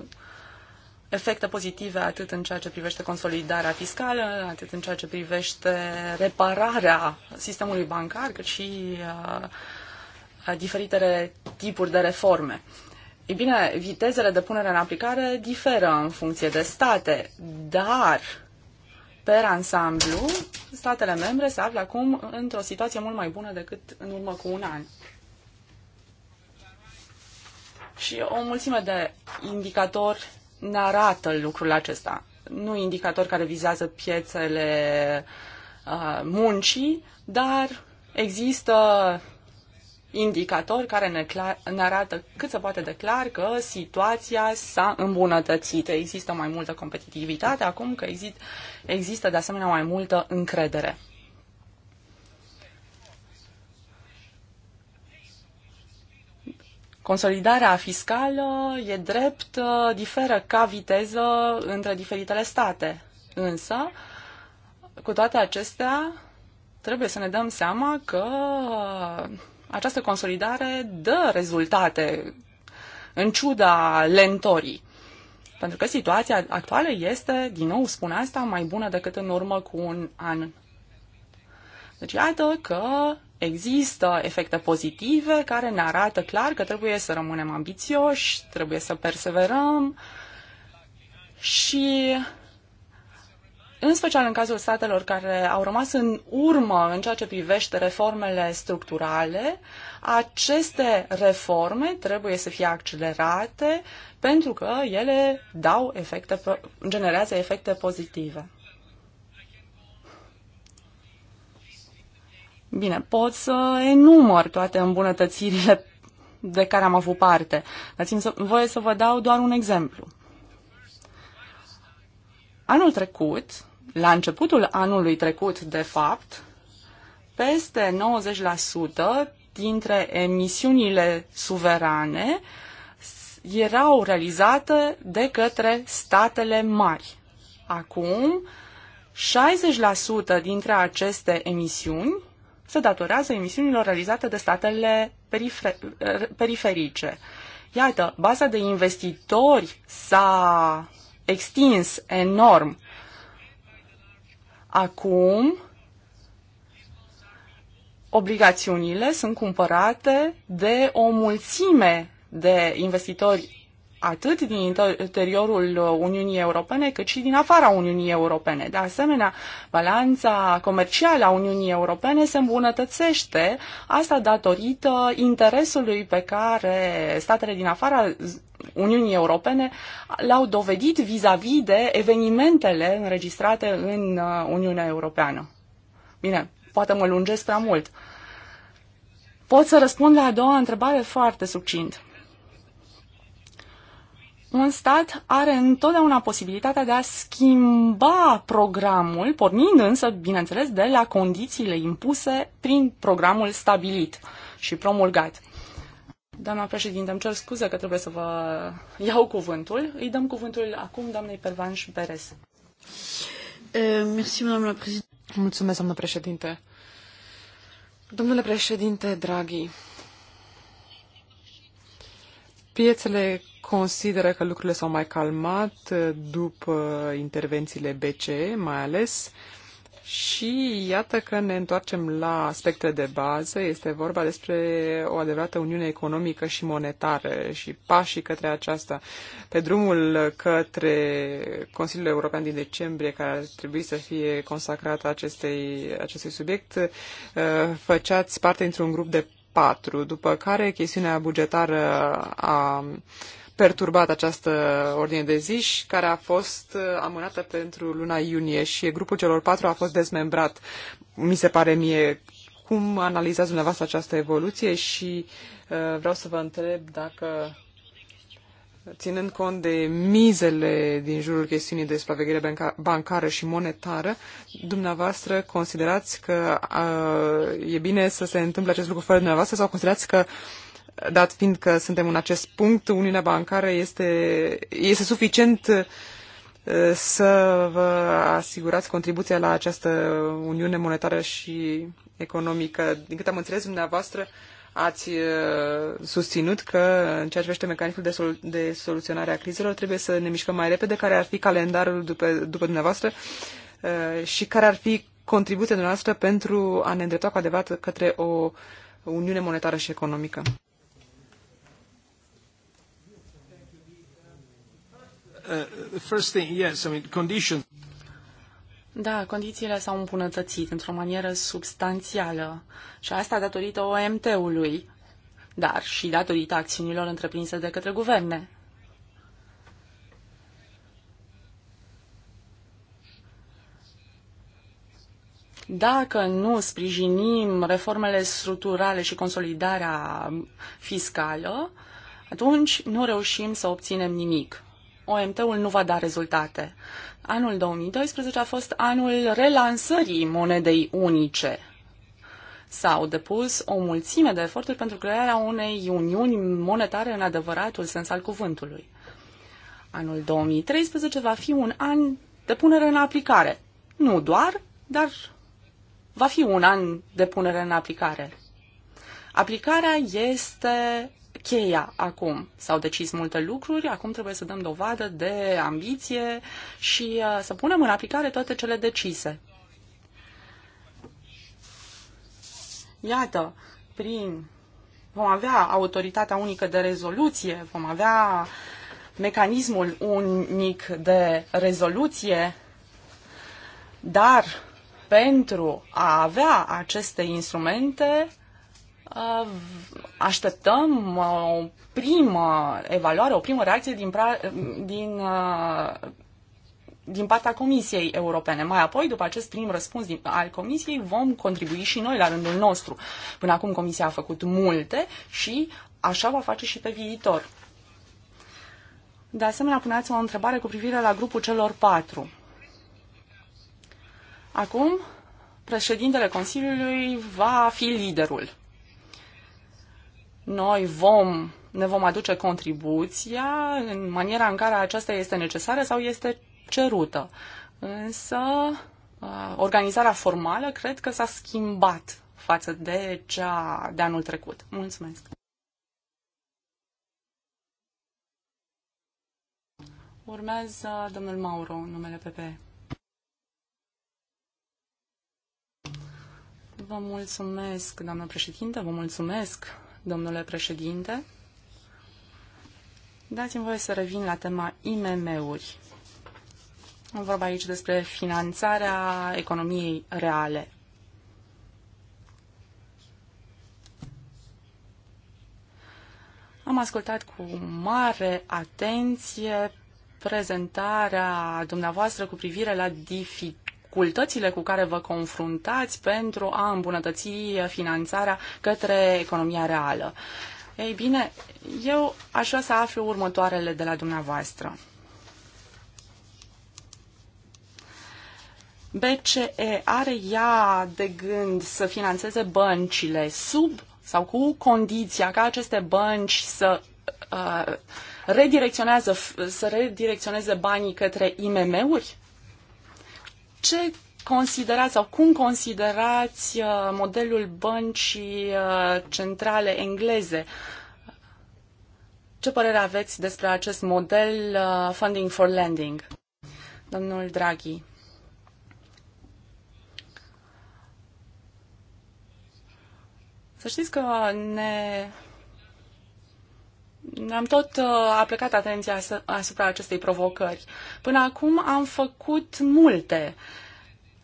efecte pozitive atât în ceea ce privește consolidarea fiscală, atât în ceea ce privește repararea sistemului bancar, cât și uh, diferitele tipuri de reforme. Ei bine, vitezele de punere în aplicare diferă în funcție de state, dar uh, Per ansamblu, statele membre se află acum într-o situație mult mai bună decât în urmă cu un an. Și o mulțime de indicatori ne arată lucrul acesta. Nu indicatori care vizează piețele uh, muncii, dar există indicatori care ne, clar, ne arată cât se poate de clar că situația s-a îmbunătățit. Există mai multă competitivitate acum, că exist, există de asemenea mai multă încredere. Consolidarea fiscală e drept, diferă ca viteză între diferitele state. Însă, cu toate acestea, trebuie să ne dăm seama că această consolidare dă rezultate în ciuda lentorii. Pentru că situația actuală este, din nou spun asta, mai bună decât în urmă cu un an. Deci iată că există efecte pozitive care ne arată clar că trebuie să rămânem ambițioși, trebuie să perseverăm și în special în cazul statelor care au rămas în urmă în ceea ce privește reformele structurale, aceste reforme trebuie să fie accelerate pentru că ele dau efecte, generează efecte pozitive. Bine, pot să enumăr toate îmbunătățirile de care am avut parte. Dați-mi voie să vă dau doar un exemplu. Anul trecut, la începutul anului trecut, de fapt, peste 90% dintre emisiunile suverane erau realizate de către statele mari. Acum, 60% dintre aceste emisiuni se datorează emisiunilor realizate de statele periferice. Iată, baza de investitori s-a extins enorm Acum, obligațiunile sunt cumpărate de o mulțime de investitori atât din interiorul Uniunii Europene, cât și din afara Uniunii Europene. De asemenea, balanța comercială a Uniunii Europene se îmbunătățește, asta datorită interesului pe care statele din afara Uniunii Europene l-au dovedit vis-a-vis -vis de evenimentele înregistrate în uh, Uniunea Europeană. Bine, poate mă lungesc prea mult. Pot să răspund la a doua întrebare foarte succint un stat are întotdeauna posibilitatea de a schimba programul, pornind însă, bineînțeles, de la condițiile impuse prin programul stabilit și promulgat. Doamna președinte, îmi cer scuze că trebuie să vă iau cuvântul. Îi dăm cuvântul acum doamnei Pervanș Perez. Eh, Mulțumesc, doamnă președinte. Domnule președinte Draghi, Piețele consideră că lucrurile s-au mai calmat uh, după intervențiile BCE, mai ales și iată că ne întoarcem la aspecte de bază. Este vorba despre o adevărată uniune economică și monetară și pașii către aceasta. Pe drumul către Consiliul European din decembrie, care ar trebui să fie consacrat acestei, acestui subiect, uh, făceați parte dintr-un grup de 4, după care chestiunea bugetară a perturbat această ordine de zi și care a fost amânată pentru luna iunie și grupul celor patru a fost dezmembrat, mi se pare mie. Cum analizați dumneavoastră această evoluție și uh, vreau să vă întreb dacă ținând cont de mizele din jurul chestiunii de supraveghere banca bancară și monetară, dumneavoastră considerați că uh, e bine să se întâmple acest lucru fără dumneavoastră sau considerați că dat fiind că suntem în acest punct, Uniunea Bancară este, este suficient să vă asigurați contribuția la această Uniune Monetară și Economică. Din câte am înțeles, dumneavoastră uh, ați uh, susținut că în ceea ce vește mecanismul de, de soluționare a crizelor trebuie să ne mișcăm mai repede, care ar fi calendarul după, după dumneavoastră uh, și care ar fi contribuția dumneavoastră pentru a ne îndrepta cu adevărat către o uniune monetară și economică. Uh, first thing, yes, I mean, conditions. Da, condițiile s-au îmbunătățit într-o manieră substanțială și asta datorită OMT-ului, dar și datorită acțiunilor întreprinse de către guverne. Dacă nu sprijinim reformele structurale și consolidarea fiscală, atunci nu reușim să obținem nimic. OMT-ul nu va da rezultate. Anul 2012 a fost anul relansării monedei unice. S-au depus o mulțime de eforturi pentru crearea unei uniuni monetare în adevăratul sens al cuvântului. Anul 2013 va fi un an de punere în aplicare. Nu doar, dar va fi un an de punere în aplicare. Aplicarea este cheia acum. S-au decis multe lucruri, acum trebuie să dăm dovadă de ambiție și uh, să punem în aplicare toate cele decise. Iată, prin vom avea autoritatea unică de rezoluție, vom avea mecanismul unic de rezoluție, dar pentru a avea aceste instrumente, Uh, așteptăm uh, o primă evaluare, o primă reacție din, pra- din, uh, din partea Comisiei Europene. Mai apoi, după acest prim răspuns din, al Comisiei, vom contribui și noi la rândul nostru. Până acum Comisia a făcut multe și așa va face și pe viitor. De asemenea, puneați o întrebare cu privire la grupul celor patru. Acum, președintele Consiliului va fi liderul. Noi vom, ne vom aduce contribuția în maniera în care aceasta este necesară sau este cerută. Însă, organizarea formală cred că s-a schimbat față de cea de anul trecut. Mulțumesc! Urmează domnul Mauro, numele PPE. Vă mulțumesc, doamnă președinte, vă mulțumesc, domnule președinte. Dați-mi voie să revin la tema IMM-uri. Am vorba aici despre finanțarea economiei reale. Am ascultat cu mare atenție prezentarea dumneavoastră cu privire la difi- dificultățile cu care vă confruntați pentru a îmbunătăți finanțarea către economia reală. Ei bine, eu aș vrea să aflu următoarele de la dumneavoastră. BCE are ea de gând să financeze băncile sub sau cu condiția ca aceste bănci să uh, redirecționează, să redirecționeze banii către IMM-uri? ce considerați sau cum considerați uh, modelul băncii uh, centrale engleze? Ce părere aveți despre acest model uh, Funding for Lending? Domnul Draghi. Să știți că ne am tot uh, aplicat atenția asupra acestei provocări. Până acum am făcut multe.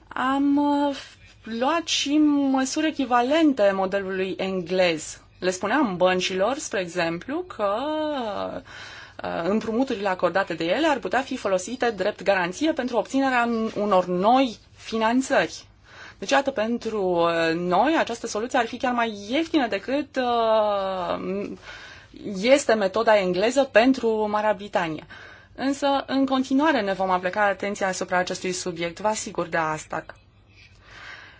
Am uh, luat și măsuri echivalente modelului englez. Le spuneam băncilor, spre exemplu, că uh, împrumuturile acordate de ele ar putea fi folosite drept garanție pentru obținerea unor noi finanțări. Deci, iată, pentru noi această soluție ar fi chiar mai ieftină decât uh, este metoda engleză pentru Marea Britanie. Însă, în continuare ne vom apleca atenția asupra acestui subiect, vă asigur de asta.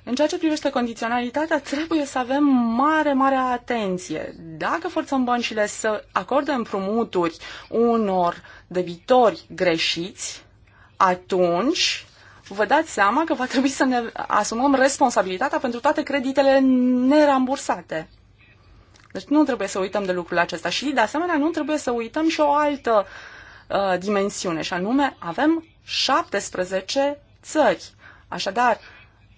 În ceea ce privește condiționalitatea, trebuie să avem mare, mare atenție. Dacă forțăm băncile să acorde împrumuturi unor debitori greșiți, atunci vă dați seama că va trebui să ne asumăm responsabilitatea pentru toate creditele nerambursate. Deci nu trebuie să uităm de lucrul acesta și, de asemenea, nu trebuie să uităm și o altă uh, dimensiune, și anume avem 17 țări. Așadar,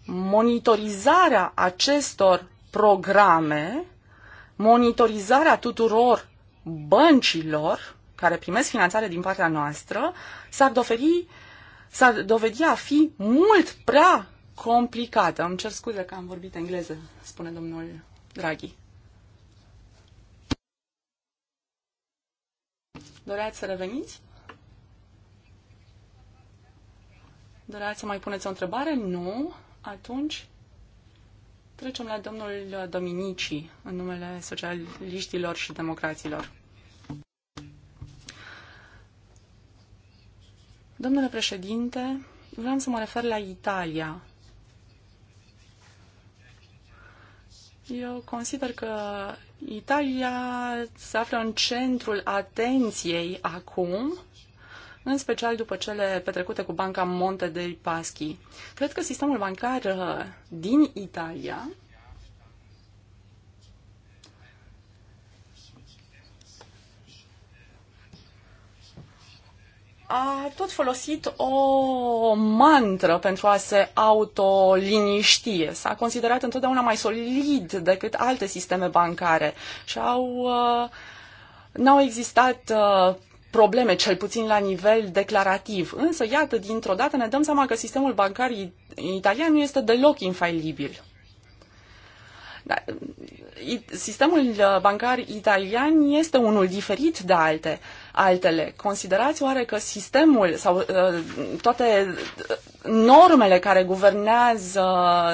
monitorizarea acestor programe, monitorizarea tuturor băncilor care primesc finanțare din partea noastră, s-ar doferi, s-ar dovedi a fi mult prea complicată. Îmi cer scuze că am vorbit engleză, spune domnul Draghi. Doreați să reveniți? Doreați să mai puneți o întrebare? Nu. Atunci trecem la domnul Dominici în numele socialiștilor și democraților. Domnule președinte, vreau să mă refer la Italia. Eu consider că Italia se află în centrul atenției acum, în special după cele petrecute cu Banca Monte dei Paschi. Cred că sistemul bancar uh, din Italia a tot folosit o mantră pentru a se autoliniști. S-a considerat întotdeauna mai solid decât alte sisteme bancare și au, uh, n-au existat uh, probleme, cel puțin la nivel declarativ. Însă, iată, dintr-o dată ne dăm seama că sistemul bancar italian nu este deloc infailibil. Da, sistemul uh, bancar italian este unul diferit de alte altele. Considerați oare că sistemul sau uh, toate uh, normele care guvernează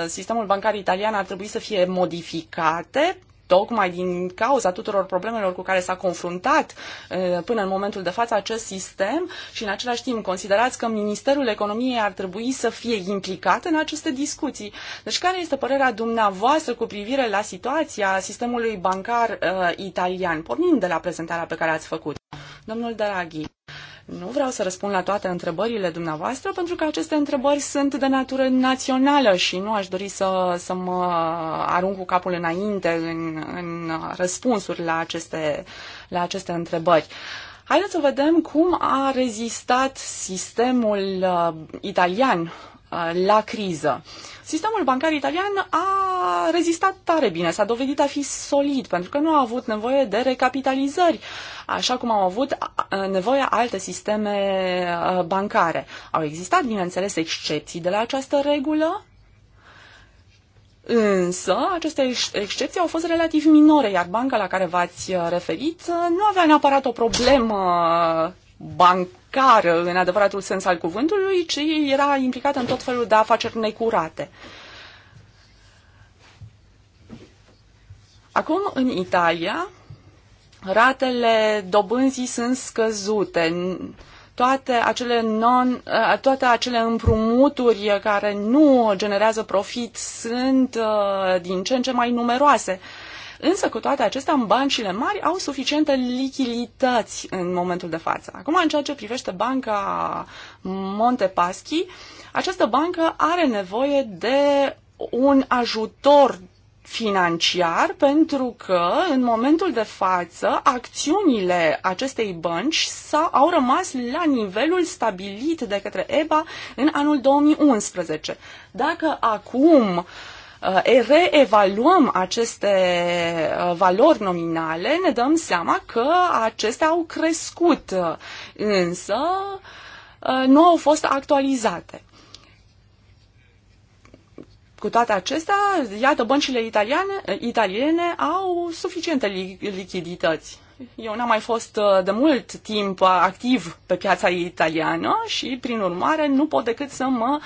sistemul bancar italian ar trebui să fie modificate tocmai din cauza tuturor problemelor cu care s-a confruntat până în momentul de față acest sistem și în același timp considerați că Ministerul Economiei ar trebui să fie implicat în aceste discuții. Deci care este părerea dumneavoastră cu privire la situația sistemului bancar uh, italian, pornind de la prezentarea pe care ați făcut? Domnul Draghi. Nu vreau să răspund la toate întrebările dumneavoastră, pentru că aceste întrebări sunt de natură națională și nu aș dori să, să mă arunc cu capul înainte în, în răspunsuri la aceste, la aceste întrebări. Haideți să vedem cum a rezistat sistemul uh, italian Uh, la criză. Sistemul bancar italian a rezistat tare bine, s-a dovedit a fi solid, pentru că nu a avut nevoie de recapitalizări, așa cum au avut nevoie alte sisteme uh, bancare. Au existat, bineînțeles, excepții de la această regulă, Însă, aceste excepții au fost relativ minore, iar banca la care v-ați uh, referit nu avea neapărat o problemă bancară bancară în adevăratul sens al cuvântului, ci era implicată în tot felul de afaceri necurate. Acum, în Italia, ratele dobânzii sunt scăzute. Toate acele, non, toate acele împrumuturi care nu generează profit sunt uh, din ce în ce mai numeroase. Uh, Însă, cu toate acestea, băncile mari au suficientă lichidități în momentul de față. Acum, în ceea ce privește banca Montepaschi, această bancă are nevoie de un ajutor financiar pentru că în momentul de față acțiunile acestei bănci s-au, au rămas la nivelul stabilit de către EBA în anul 2011. Dacă acum uh, Uh, reevaluăm aceste uh, valori nominale, ne dăm seama că acestea au crescut, uh, însă nu au fost actualizate. Cu toate acestea, iată, băncile italiane, italiene au suficiente lichidități. Eu n-am mai fost de mult timp activ pe piața italiană și, prin urmare, nu pot decât să mă uh,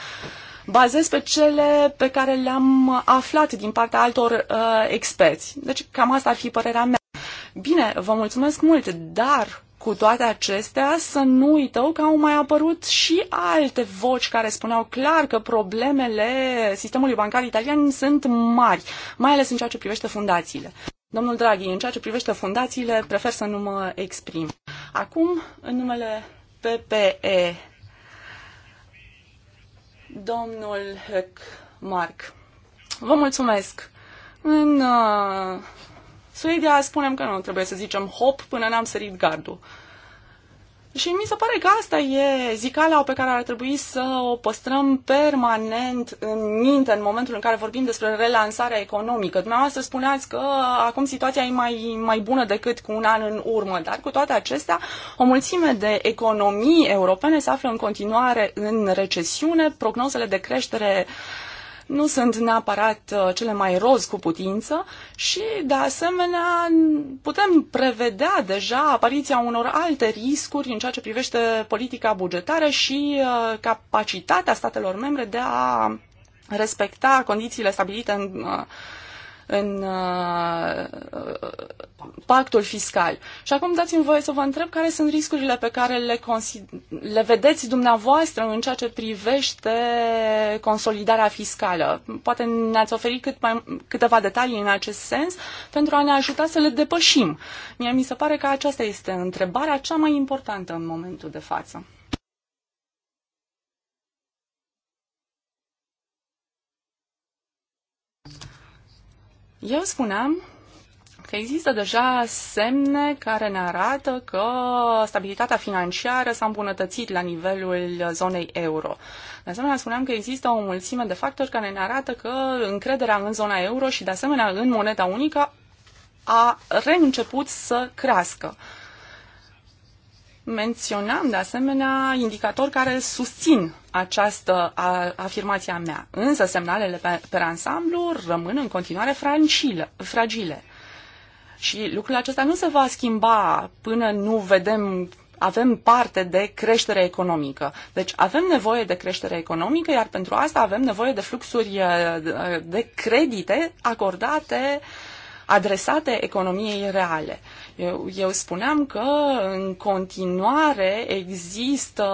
bazez pe cele pe care le-am aflat din partea altor uh, experți. Deci cam asta ar fi părerea mea. Bine, vă mulțumesc mult, dar cu toate acestea, să nu uităm că au mai apărut și alte voci care spuneau clar că problemele sistemului bancar italian sunt mari, mai ales în ceea ce privește fundațiile. Domnul Draghi, în ceea ce privește fundațiile, prefer să nu mă exprim. Acum, în numele PPE Domnul Hec Mark, vă mulțumesc. În uh, Suedia spunem că nu trebuie să zicem hop până n-am sărit gardul. Și mi se pare că asta e zicala pe care ar trebui să o păstrăm permanent în minte în momentul în care vorbim despre relansarea economică. Dumneavoastră spuneați că acum situația e mai, mai bună decât cu un an în urmă, dar cu toate acestea, o mulțime de economii europene se află în continuare în recesiune, prognozele de creștere uh, nu sunt neapărat uh, cele mai roz cu putință și, de asemenea, putem prevedea deja apariția unor alte riscuri în ceea ce privește politica bugetară și uh, capacitatea statelor membre de a respecta condițiile stabilite în, uh, în pactul fiscal. Și acum dați-mi voie să vă întreb care sunt riscurile pe care le, le vedeți dumneavoastră în ceea ce privește consolidarea fiscală. Poate ne-ați oferit cât mai, câteva detalii în acest sens pentru a ne ajuta să le depășim. Mie mi se pare că aceasta este întrebarea cea mai importantă în momentul de față. Eu spuneam că există deja semne care ne arată că stabilitatea financiară s-a îmbunătățit la nivelul zonei euro. De asemenea, spuneam că există o mulțime de factori care ne arată că încrederea în zona euro și, de asemenea, în moneda unică a reînceput să crească. Menționam, de asemenea, indicatori care susțin această afirmație a mea, însă semnalele pe, pe ansamblu rămân în continuare fragile. fragile. Și lucrul acesta nu se va schimba până nu vedem avem parte de creștere economică. Deci avem nevoie de creștere economică, iar pentru asta avem nevoie de fluxuri eh, de credite acordate uh, adresate economiei reale. Eu, eu spuneam că în continuare există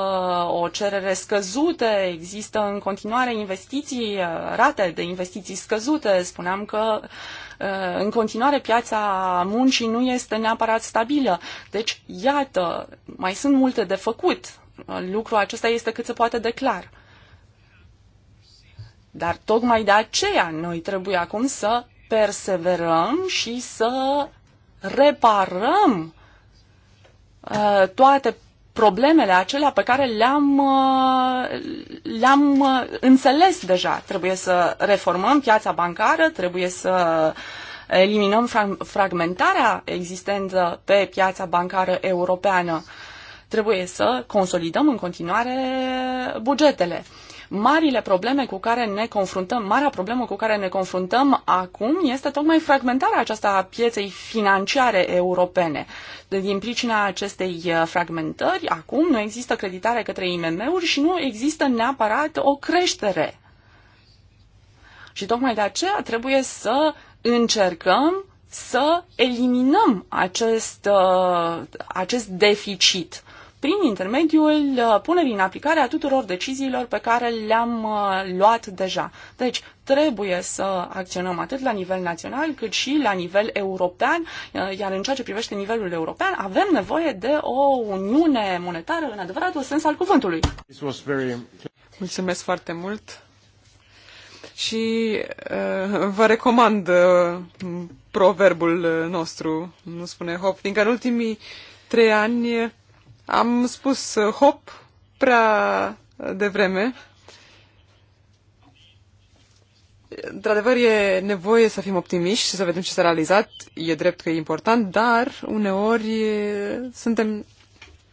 o cerere scăzută, există în continuare investiții, uh, rate de investiții scăzute. Spuneam că uh, în continuare piața muncii nu este neapărat stabilă. Deci, iată, mai sunt multe de făcut. Lucrul acesta este cât se poate de clar. Dar tocmai de aceea noi trebuie acum să perseverăm și să reparăm uh, toate problemele acelea pe care le-am, uh, le-am uh, înțeles deja. Trebuie să reformăm piața bancară, trebuie să eliminăm fragmentarea existentă pe piața bancară europeană. Trebuie să consolidăm în continuare bugetele. Marile probleme cu care ne confruntăm, marea problemă cu care ne confruntăm acum este tocmai fragmentarea aceasta a pieței financiare europene. Din pricina acestei uh, fragmentări, acum nu există creditare către IMM-uri și nu există neapărat o creștere. Și tocmai de aceea trebuie să încercăm să eliminăm acest, uh, acest deficit prin intermediul uh, punerii în aplicare a tuturor deciziilor pe care le-am uh, luat deja. Deci, trebuie să acționăm atât la nivel național cât și la nivel european, uh, iar în ceea ce privește nivelul european, avem nevoie de o uniune monetară în adevăratul sens al cuvântului. Mulțumesc foarte mult și uh, vă recomand uh, proverbul nostru, nu spune Hop, fiindcă în ultimii trei ani am spus uh, hop prea devreme. Într-adevăr, e nevoie să fim optimiști și să vedem ce s-a realizat. E drept că e important, dar uneori suntem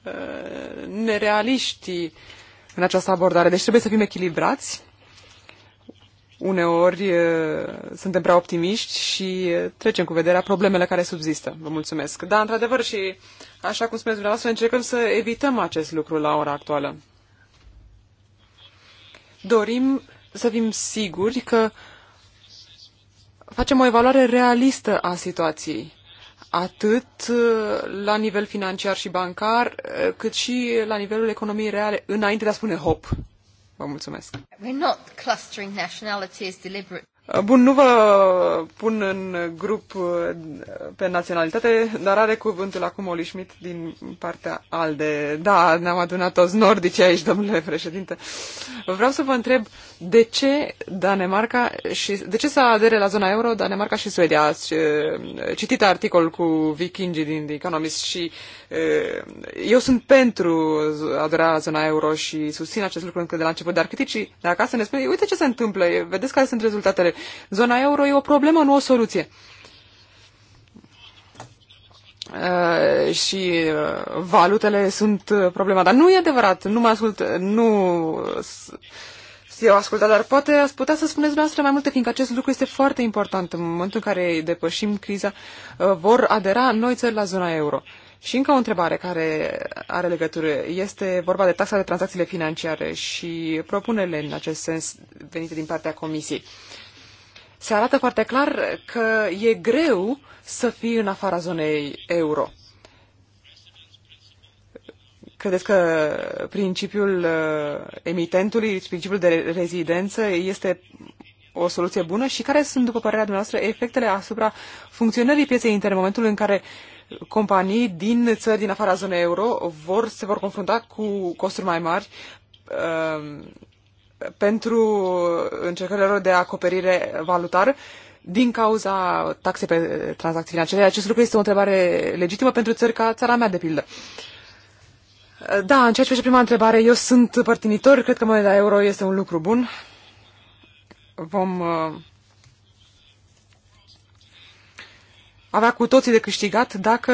uh, nerealiști în această abordare. Deci trebuie să fim echilibrați uneori uh, suntem prea optimiști și uh, trecem cu vederea problemele care subzistă. Vă mulțumesc. Da, într-adevăr și, așa cum spuneți dumneavoastră, încercăm să evităm acest lucru la ora actuală. Dorim să fim siguri că facem o evaluare realistă a situației, atât uh, la nivel financiar și bancar, cât și la nivelul economiei reale, înainte de a spune hop. Vă mulțumesc. We're not clustering nationalities deliberately. Uh, bun, nu vă pun în grup uh, pe naționalitate, dar are cuvântul acum Oli Schmidt din partea ALDE. Da, ne-am adunat toți nordici aici, domnule președinte. Vreau să vă întreb de ce Danemarca și de ce să adere la zona euro Danemarca și Suedia? Ați uh, citit articol cu vikingi din The Economist și eu sunt pentru aderarea la zona euro și susțin acest lucru încă de la început, dar criticii de acasă ne spun, uite ce se întâmplă, vedeți care sunt rezultatele zona euro e o problemă, nu o soluție. Uh, și uh, valutele sunt uh, problema. Dar nu e adevărat, nu mă ascult, nu eu ascultat, dar poate ați putea să spuneți dumneavoastră mai multe, fiindcă acest lucru este foarte important. În momentul în care depășim criza, uh, vor adera noi țări la zona euro. Și încă o întrebare care are legătură. Este vorba de taxa de tranzacțiile financiare și propunerile în acest sens venite din partea Comisiei. Uh, se arată foarte clar că e greu să fii în afara zonei euro. Credeți că principiul uh, emitentului, principiul de rezidență este o soluție bună și care sunt, după părerea dumneavoastră, efectele asupra funcționării pieței interne în momentul în care companii din țări din afara zonei euro vor, se vor confrunta cu costuri mai mari uh, pentru încercările lor de acoperire valutară din cauza taxei pe tranzacții financiare. Acest lucru este o întrebare legitimă pentru țări ca țara mea, de pildă. Da, în ceea ce face prima întrebare, eu sunt părtinitor, cred că moneda euro este un lucru bun. Vom uh, avea cu toții de câștigat dacă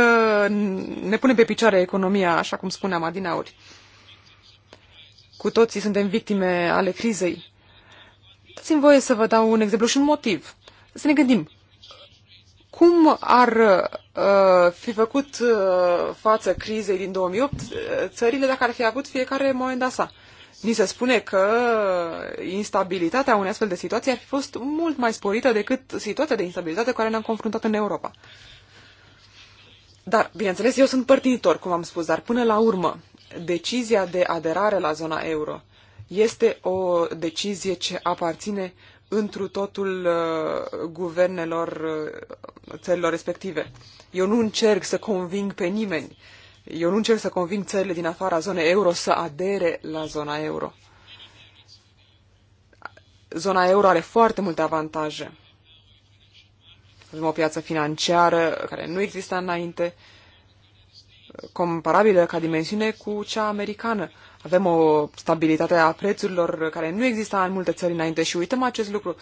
ne punem pe picioare economia, așa cum spuneam adinauri. ori cu toții suntem victime ale crizei. Dați-mi voie să vă dau un exemplu și un motiv. Să ne gândim. Cum ar uh, fi făcut uh, față crizei din 2008 uh, țările dacă ar fi avut fiecare moment sa? Ni se spune că instabilitatea unei astfel de situații ar fi fost mult mai sporită decât situația de instabilitate cu care ne-am confruntat în Europa. Dar, bineînțeles, eu sunt părtinitor, cum am spus, dar până la urmă, decizia de aderare la zona euro este o decizie ce aparține întru totul uh, guvernelor uh, țărilor respective. Eu nu încerc să conving pe nimeni. Eu nu încerc să conving țările din afara zonei euro să adere la zona euro. Zona euro are foarte multe avantaje. Avem o piață financiară care nu exista înainte, uh, comparabilă ca dimensiune cu cea americană. Avem o stabilitate a prețurilor care nu exista în multe țări înainte și uităm acest lucru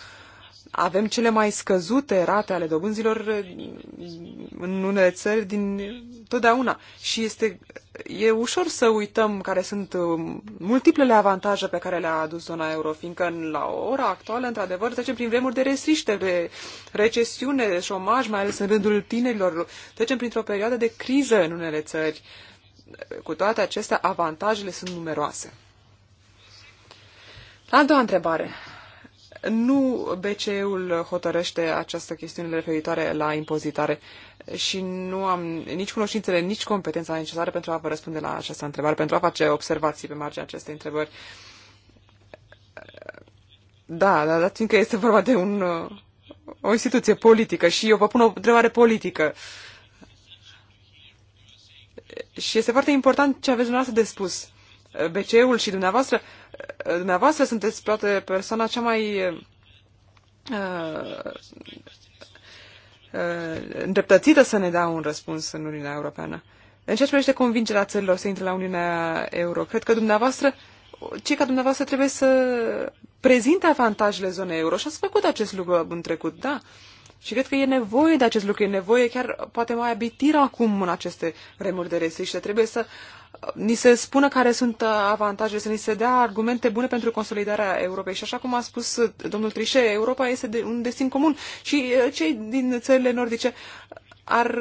avem cele mai scăzute rate ale dobânzilor eh, în unele țări din totdeauna. Și este, e ușor să uităm care sunt eh, multiplele avantaje pe care le-a adus zona euro, fiindcă în, la ora actuală, într-adevăr, trecem prin vremuri de restriște, de recesiune, de șomaj, mai ales în rândul tinerilor. Trecem printr-o perioadă de criză în unele țări. Cu toate acestea, avantajele sunt numeroase. A doua întrebare nu BCE-ul hotărăște această chestiune referitoare la impozitare și nu am nici cunoștințele, nici competența necesară pentru a vă răspunde la această întrebare, pentru a face observații pe marginea acestei întrebări. Da, dar dat fiindcă este vorba de un, uh, o instituție politică și eu vă pun o întrebare politică. Și este foarte important ce aveți dumneavoastră de spus. BCE-ul și dumneavoastră, dumneavoastră sunteți poate persoana cea mai uh, uh, îndreptățită să ne dea un răspuns în Uniunea Europeană. În ceea ce privește convingerea țărilor să intre la Uniunea Euro, cred că dumneavoastră, cei ca dumneavoastră trebuie să prezinte avantajele zonei euro și ați făcut acest lucru în trecut, da. Și cred că e nevoie de acest lucru, e nevoie chiar poate mai abitir acum în aceste vremuri de restriște. Trebuie să ni se spună care sunt uh, avantajele, să ni se dea argumente bune pentru consolidarea Europei. Și așa cum a spus uh, domnul Trișe, Europa este de un destin comun și uh, cei din țările nordice ar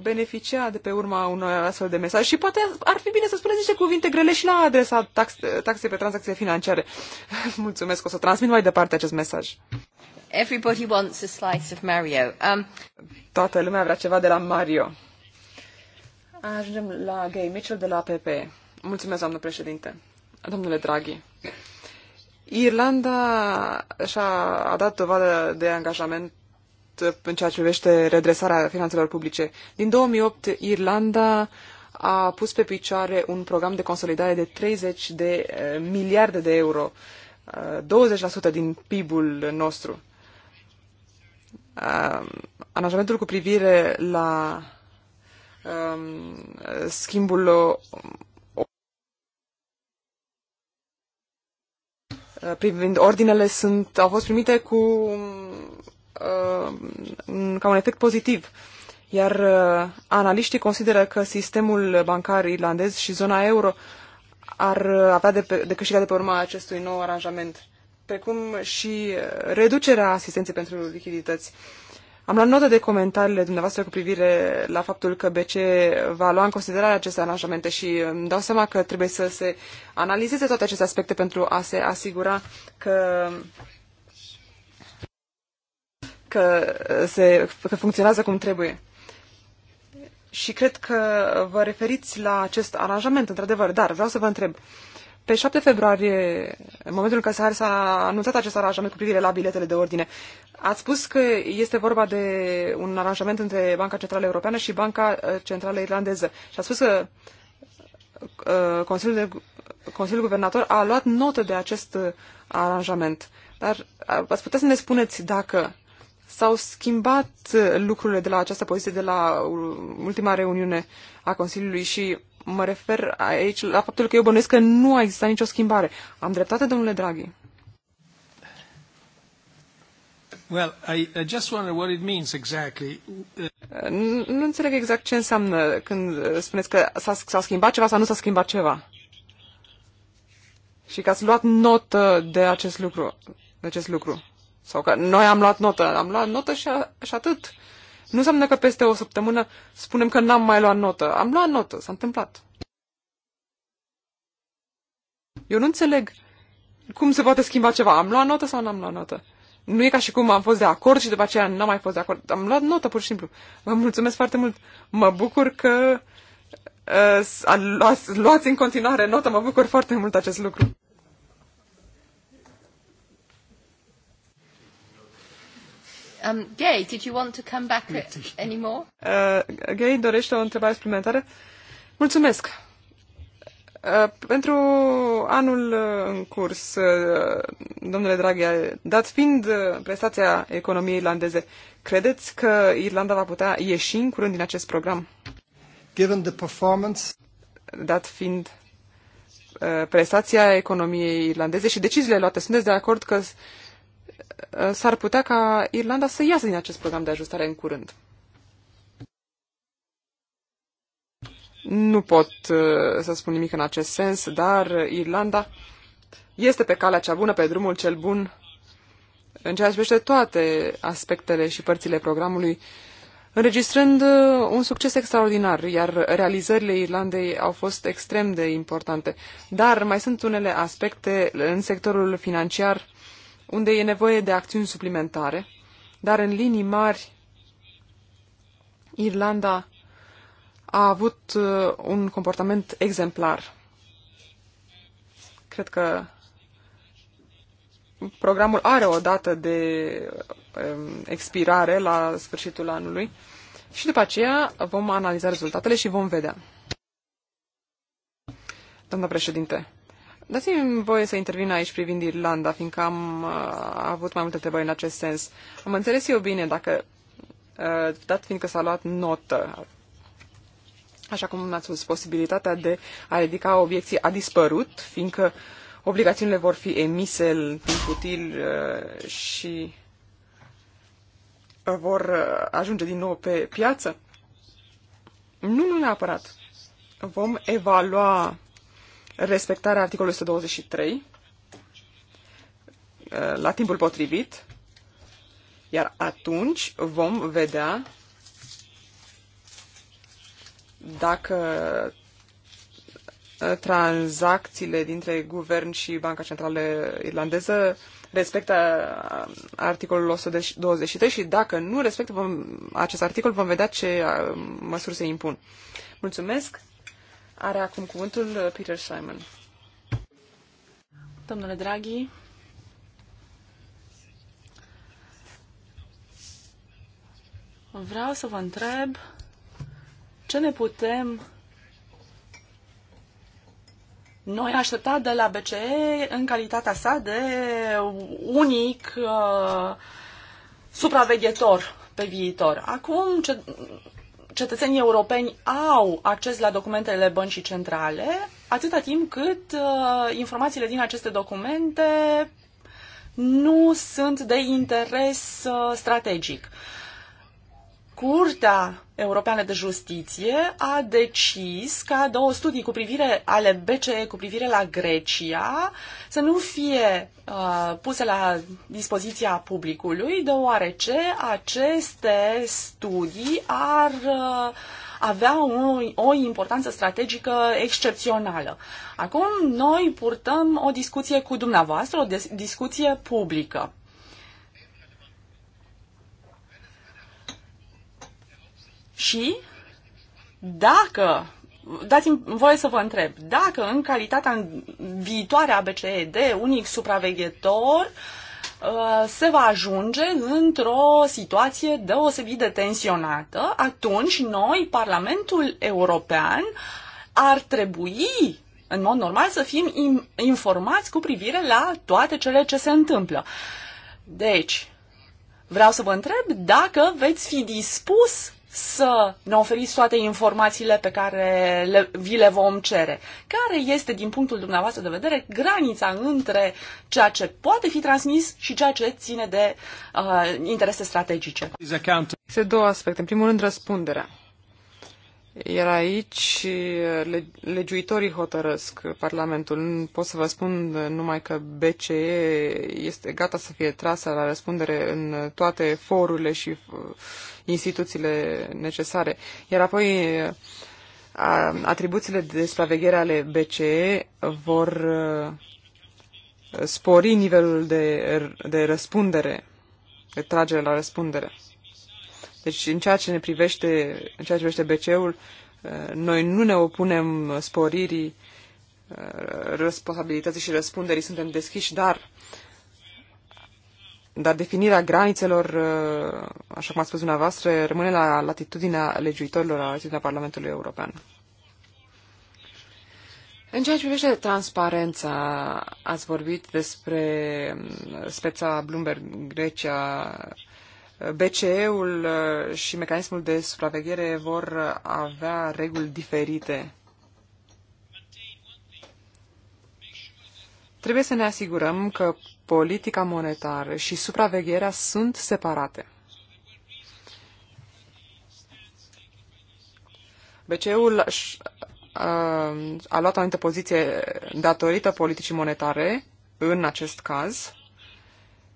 beneficia de pe urma unui astfel de mesaj și poate ar fi bine să spuneți niște cuvinte grele și la adresa tax, taxei pe tranzacție financiare. Mulțumesc, o să transmit mai departe acest mesaj. Everybody wants a slice of Mario. Um... Toată lumea vrea ceva de la Mario. Ajungem la Gay Mitchell de la PP. Mulțumesc, doamnă președinte. Domnule Draghi, Irlanda și-a a dat dovadă de angajament în ceea ce privește redresarea finanțelor publice. Din 2008, Irlanda a pus pe picioare un program de consolidare de 30 de eh, miliarde de euro, 20% eh, din PIB-ul nostru. Eh, angajamentul cu privire la Um, schimbul uh, privind ordinele sunt, au fost primite cu um, ca un efect pozitiv. Iar uh, analiștii consideră că sistemul bancar irlandez și zona euro ar uh, avea de, pe, de câștigat de pe urma acestui nou aranjament, precum și reducerea asistenței pentru lichidități. Uh, am luat notă de comentariile dumneavoastră cu privire la faptul că BC va lua în considerare aceste aranjamente și îmi dau seama că trebuie să se analizeze toate aceste aspecte pentru a se asigura că că, se, că funcționează cum trebuie. Și cred că vă referiți la acest aranjament, într-adevăr, dar vreau să vă întreb, uh, pe 7 februarie, în momentul în care s-a anunțat acest aranjament cu privire la biletele de ordine, ați spus că este vorba de un aranjament între Banca Centrală Europeană și Banca uh, Centrală Irlandeză. Și a spus că uh, Consiliul, de, Consiliul Guvernator a luat notă de acest uh, aranjament. Dar ați putea să ne spuneți dacă s-au schimbat lucrurile de la această poziție de la ultima reuniune a Consiliului și mă refer aici la faptul că eu bănuiesc că nu a existat nicio schimbare. Am dreptate, domnule Draghi? Well, I, I just wonder what it means exactly. Nu, înțeleg exact ce înseamnă când uh, spuneți că s-a, schimbat ceva sau nu s-a schimbat ceva. Și că ați luat notă de acest lucru. De acest lucru. Sau că noi am luat notă. Am luat notă și, a, și atât. Uh, nu înseamnă că peste o săptămână spunem că n-am mai luat notă. Am luat notă, s-a întâmplat. Eu nu înțeleg cum se poate schimba ceva. Am luat notă sau n-am luat notă? Nu e ca și cum am fost de acord și după aceea n-am mai fost de acord. Am luat notă, pur și simplu. Vă mulțumesc foarte mult. Mă bucur că uh, luați, luați în continuare notă. Mă bucur foarte mult acest lucru. Um, Gay, did you want to come back anymore? Uh, Gay, dorește o întrebare suplimentară? Mulțumesc! Uh, pentru anul uh, în curs, uh, domnule Draghi, dat fiind prestația economiei irlandeze, credeți că Irlanda va putea ieși în curând din acest program? Given the performance... Dat fiind prestația economiei irlandeze și deciziile luate, sunteți de acord că s-ar putea ca Irlanda să iasă din acest program de ajustare în curând. Nu pot uh, să spun nimic în acest sens, dar Irlanda este pe calea cea bună, pe drumul cel bun, în ceea ce privește toate aspectele și părțile programului, înregistrând uh, un succes extraordinar, iar realizările Irlandei au fost extrem de importante. Dar mai sunt unele aspecte în sectorul financiar unde e nevoie de acțiuni suplimentare, dar în linii mari Irlanda a avut uh, un comportament exemplar. Cred că programul are o dată de um, expirare la sfârșitul anului și după aceea vom analiza rezultatele și vom vedea. Doamna președinte, Dați-mi voie să intervin aici privind Irlanda, fiindcă am uh, avut mai multe întrebări în acest sens. Am înțeles eu bine, dacă, uh, dat fiindcă s-a luat notă, așa cum ați spus, posibilitatea de a ridica obiecții a dispărut, fiindcă obligațiunile vor fi emise în timp util uh, și uh, vor uh, ajunge din nou pe piață? Nu, nu neapărat. Vom evalua respectarea articolului 123 uh, la timpul potrivit, iar atunci vom vedea dacă uh, tranzacțiile dintre guvern și Banca Centrală Irlandeză respectă uh, articolul 123 și dacă nu respectă vom, acest articol, vom vedea ce măsuri se impun. Mulțumesc! Are acum cuvântul uh, Peter Simon. Domnule Draghi, vreau să vă întreb ce ne putem noi aștepta de la BCE în calitatea sa de unic uh, supraveghetor pe viitor. Acum, ce, cetățenii europeni au acces la documentele băncii centrale, atâta timp cât uh, informațiile din aceste documente nu sunt de interes uh, strategic. Curtea Europeană de Justiție a decis ca două studii cu privire ale BCE cu privire la Grecia să nu fie uh, puse la dispoziția publicului, deoarece aceste studii ar uh, avea o, o importanță strategică excepțională. Acum noi purtăm o discuție cu dumneavoastră, o discuție publică. Și dacă dați-mi voie să vă întreb, dacă în calitatea viitoare a BCE de unic supraveghetor uh, se va ajunge într-o situație deosebit de tensionată, atunci noi, Parlamentul European, ar trebui în mod normal să fim informați cu privire la toate cele ce se întâmplă. Deci, vreau să vă întreb dacă veți fi dispus să ne oferiți toate informațiile pe care le, vi le vom cere. Care este, din punctul dumneavoastră de vedere, granița între ceea ce poate fi transmis și ceea ce ține de uh, interese strategice? Este două aspecte. În primul rând, răspunderea. Iar aici uh, le, legiuitorii hotărăsc Parlamentul. Nu pot să vă spun uh, numai că BCE este gata să fie trasă la răspundere în uh, toate forurile și instituțiile necesare. Iar apoi atribuțiile de supraveghere ale BCE vor uh, spori nivelul de, de răspundere, de tragere la răspundere. Deci în ceea ce ne privește, în ceea ce privește BCE-ul, uh, noi nu ne opunem sporirii uh, responsabilității și răspunderii, suntem deschiși, dar dar definirea granițelor, uh, așa cum a spus dumneavoastră, rămâne la latitudinea legiuitorilor, la latitudinea Parlamentului European. În ceea ce privește transparența, ați vorbit despre um, speța Bloomberg Grecia, BCE-ul uh, și mecanismul de supraveghere vor avea reguli diferite. Trebuie să ne asigurăm că politica monetară și supravegherea sunt separate. BCE-ul uh, a luat o anumită poziție datorită politicii monetare în acest caz,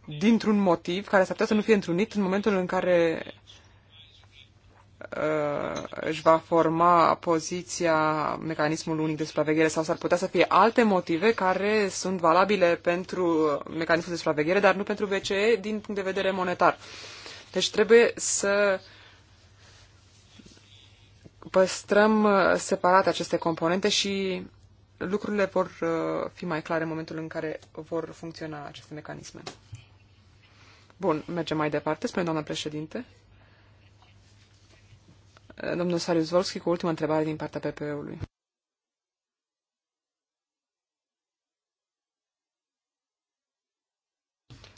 dintr-un motiv care s-ar putea să nu fie întrunit în momentul în care uh, își va forma poziția mecanismul unic de supraveghere sau s-ar putea să fie alte motive care sunt valabile pentru mecanismul de supraveghere, dar nu pentru BCE din punct de vedere monetar. Deci trebuie să păstrăm uh, separate aceste componente și lucrurile vor uh, fi mai clare în momentul în care vor funcționa aceste mecanisme. Bun, mergem mai departe spre doamna președinte domnul Sarius Volski cu ultima întrebare din partea PPE-ului.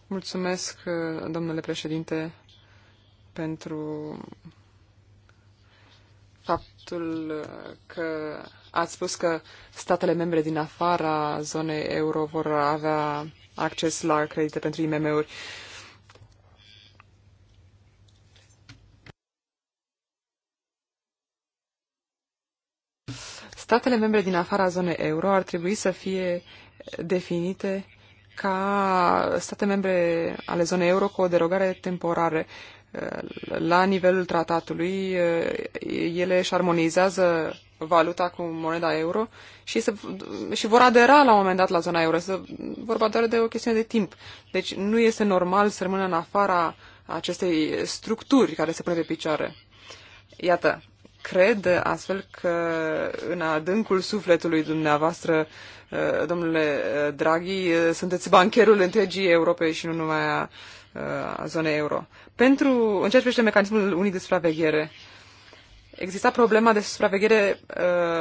Mulțumesc, domnule președinte, pentru faptul că ați spus că statele membre din afara zonei euro vor avea acces la credite pentru IMM-uri. Uh, Statele membre din afara zonei euro ar trebui să fie definite ca state membre ale zonei euro cu o derogare temporară. La nivelul tratatului, ele își armonizează valuta cu moneda euro și, se, și vor adera la un moment dat la zona euro. Este vorba doar de o chestiune de timp. Deci nu este normal să rămână în afara acestei structuri care se pune pe picioare. Iată, cred astfel că în adâncul sufletului dumneavoastră, uh, domnule uh, Draghi, uh, sunteți bancherul întregii Europei și nu numai a, a zonei euro. Pentru, în ceea ce privește mecanismul unic de supraveghere, Exista problema de supraveghere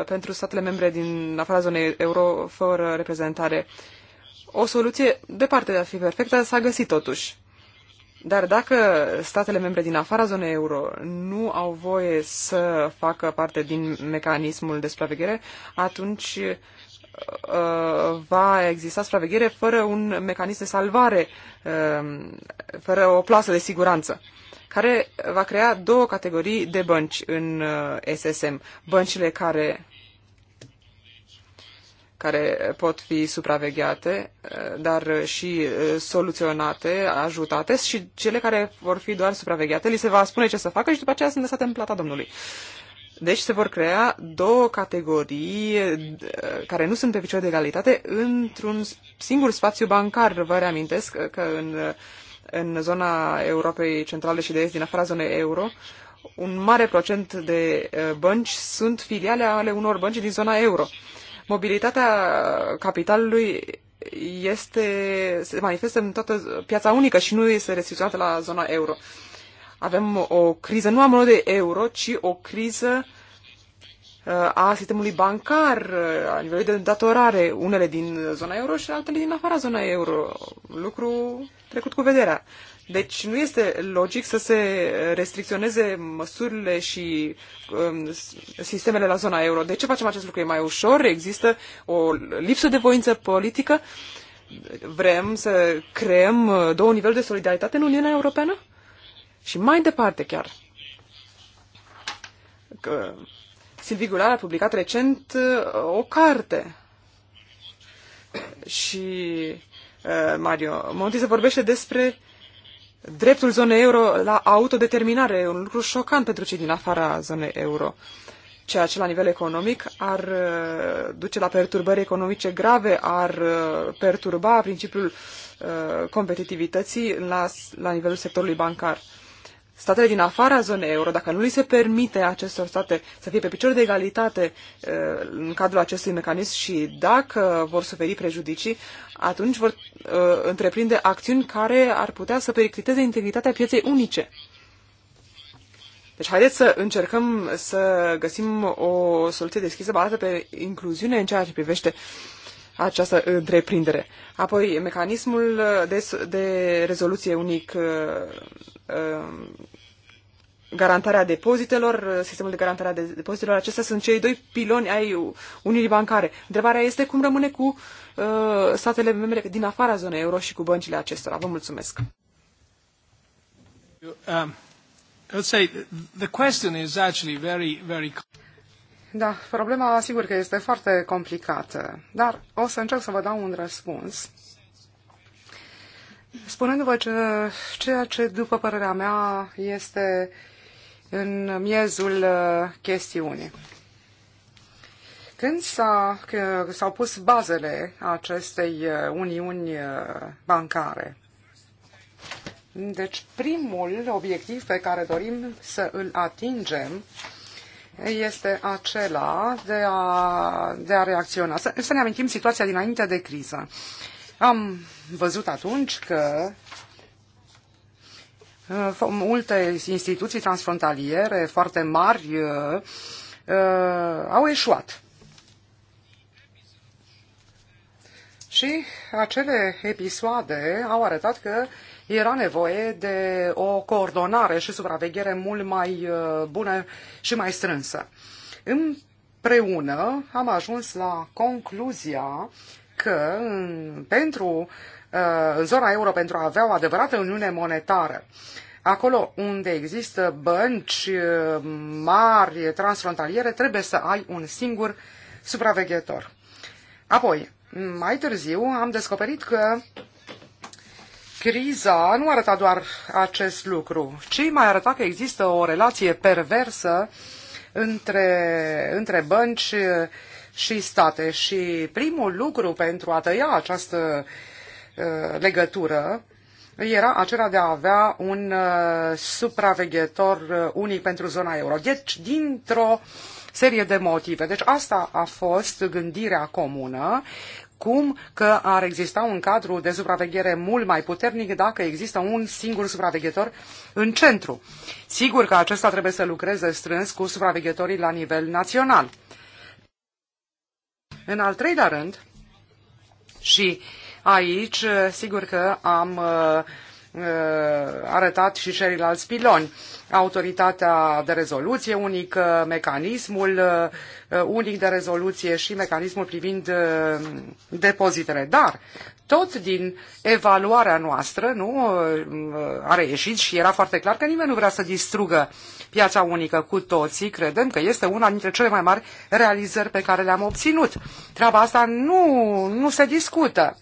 pentru statele membre din afara zonei euro fără reprezentare. O soluție departe de a fi perfectă s-a găsit totuși. Dar dacă statele membre din afara zonei euro nu au voie să facă parte din mecanismul de supraveghere, atunci uh, va exista supraveghere fără un mecanism de salvare, um, fără o plasă de siguranță, care va crea două categorii de bănci în uh, SSM. Băncile care care pot fi supravegheate, eh, dar și eh, soluționate, ajutate și cele care vor fi doar supravegheate, li se va spune ce să facă și după aceea sunt lăsate în plata Domnului. Deci se vor crea două categorii eh, care nu sunt pe picior de egalitate într-un singur spațiu bancar. Vă reamintesc că în, în zona Europei Centrale și de Est, din afara zonei euro, un mare procent de bănci sunt filiale ale unor bănci din zona euro. Mobilitatea capitalului este, se manifestă în toată piața unică și nu este restricționată la zona euro. Avem o criză, nu am de euro, ci o criză uh, a sistemului bancar, uh, a nivelului de datorare, unele din zona euro și altele din afara zona euro. Lucru trecut cu vederea. Deci nu este logic să se restricționeze măsurile și um, sistemele la zona euro. De ce facem acest lucru? E mai ușor, există o lipsă de voință politică. Vrem să creăm două niveluri de solidaritate în Uniunea Europeană? Și mai departe chiar. Că Silvi Gular a publicat recent uh, o carte și uh, Mario Monti se vorbește despre dreptul zonei euro la autodeterminare. E un lucru șocant pentru cei din afara zonei euro. Ceea ce la nivel economic ar uh, duce la perturbări economice grave, ar uh, perturba principiul uh, competitivității la, la nivelul sectorului bancar statele din afara zonei euro, dacă nu li se permite acestor state să fie pe picior de egalitate eh, în cadrul acestui mecanism și dacă vor suferi prejudicii, atunci vor eh, întreprinde acțiuni care ar putea să pericliteze integritatea pieței unice. Deci haideți să încercăm să găsim o soluție deschisă bazată pe incluziune în ceea ce privește uh, această întreprindere. Apoi, mecanismul de, de rezoluție unic, uh, uh, garantarea depozitelor, uh, sistemul de garantare a depozitelor, acestea sunt cei doi piloni ai Uniunii Bancare. Întrebarea este cum rămâne cu statele membre din afara zonei euro și cu băncile acestora. Vă mulțumesc. Um, say the question is actually very, very da, problema sigur că este foarte complicată, dar o să încerc să vă dau un răspuns spunându-vă ce, ceea ce, după părerea mea, este în miezul uh, chestiunii. Când s-au pus bazele acestei uh, uniuni uh, bancare, deci primul obiectiv pe care dorim să îl atingem este acela de a, de a reacționa. Să, să ne amintim situația dinainte de criză. Am văzut atunci că uh, multe instituții transfrontaliere foarte mari uh, uh, au eșuat. Și acele episoade au arătat că uh, era nevoie de o coordonare și supraveghere mult mai uh, bună și mai strânsă. Împreună am ajuns la concluzia că pentru, uh, în zona euro pentru a avea o adevărată uniune monetară, acolo unde există bănci uh, mari, transfrontaliere, trebuie să ai un singur supraveghetor. Apoi, mai târziu am descoperit că criza nu arăta doar acest lucru, ci mai arăta că există o relație perversă între, între bănci și state. Și primul lucru pentru a tăia această uh, legătură era acela de a avea un uh, supraveghetor uh, unic pentru zona euro. Deci, dintr-o serie de motive. Deci asta a fost gândirea comună acum că ar exista un cadru de supraveghere mult mai puternic dacă există un singur supraveghetor în centru. Sigur că acesta trebuie să lucreze strâns cu supraveghetorii la nivel național. În al treilea rând, și aici, sigur că am uh, Uh, arătat și ceilalți piloni. Autoritatea de rezoluție unică, mecanismul uh, unic de rezoluție și mecanismul privind uh, depozitele. Dar tot din evaluarea noastră nu a reieșit și era foarte clar că nimeni nu vrea să distrugă piața unică cu toții. Credem că este una dintre cele mai mari realizări pe care le-am obținut. Treaba asta nu, nu se discută.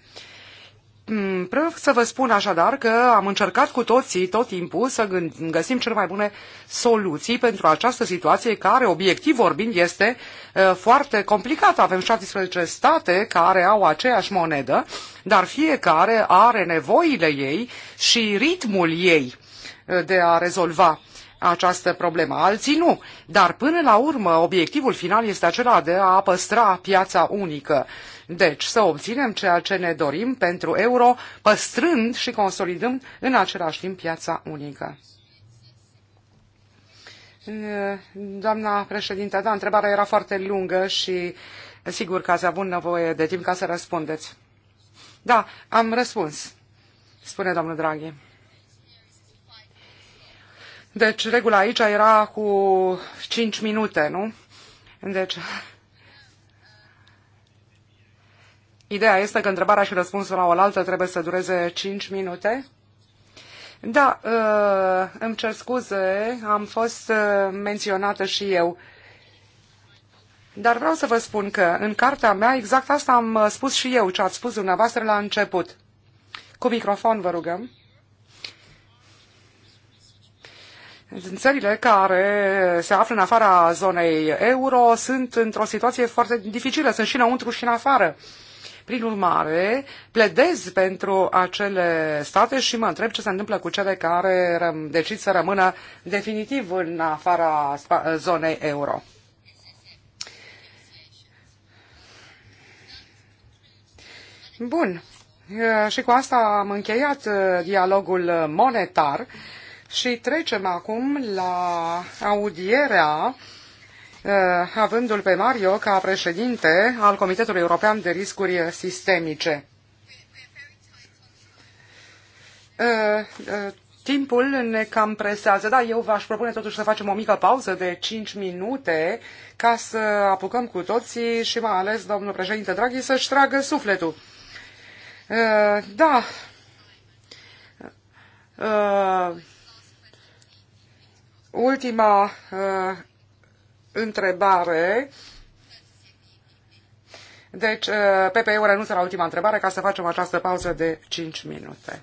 Mm, Prăv să vă spun așadar că am încercat cu toții tot timpul să găsim cele mai bune soluții pentru această situație care, obiectiv vorbind, este uh, foarte complicată. Avem 17 state care au aceeași monedă, dar fiecare are nevoile ei și ritmul ei uh, de a rezolva această problemă. Alții nu, dar până la urmă obiectivul final este acela de a păstra piața unică deci, să obținem ceea ce ne dorim pentru euro, păstrând și consolidând în același timp piața unică. Doamna președinte, da, întrebarea era foarte lungă și sigur că ați avut nevoie de timp ca să răspundeți. Da, am răspuns, spune domnul Draghi. Deci, regula aici era cu 5 minute, nu? Deci, Ideea este că întrebarea și răspunsul la oaltă trebuie să dureze 5 minute. Da, uh, îmi cer scuze, am fost uh, menționată și eu. Dar vreau să vă spun că în cartea mea exact asta am uh, spus și eu, ce ați spus dumneavoastră la început. Cu microfon vă rugăm. În țările care se află în afara zonei euro sunt într-o situație foarte dificilă, sunt și înăuntru și în afară. Uh, prin urmare, pledez pentru acele state și mă întreb ce se întâmplă cu cele care decid să rămână definitiv în afara zonei euro. Bun. Și cu asta am încheiat uh, dialogul monetar și trecem acum la audierea Eh, avându-l pe Mario ca președinte al Comitetului European de Riscuri Sistemice. Eh, eh, timpul ne cam presează, da, eu v-aș propune totuși să facem o mică pauză de 5 minute ca să apucăm cu toții și mai ales domnul președinte Draghi să-și tragă sufletul. Da, ultima întrebare. Deci, uh, PPE-ul renunță la ultima întrebare ca să facem această pauză de 5 minute.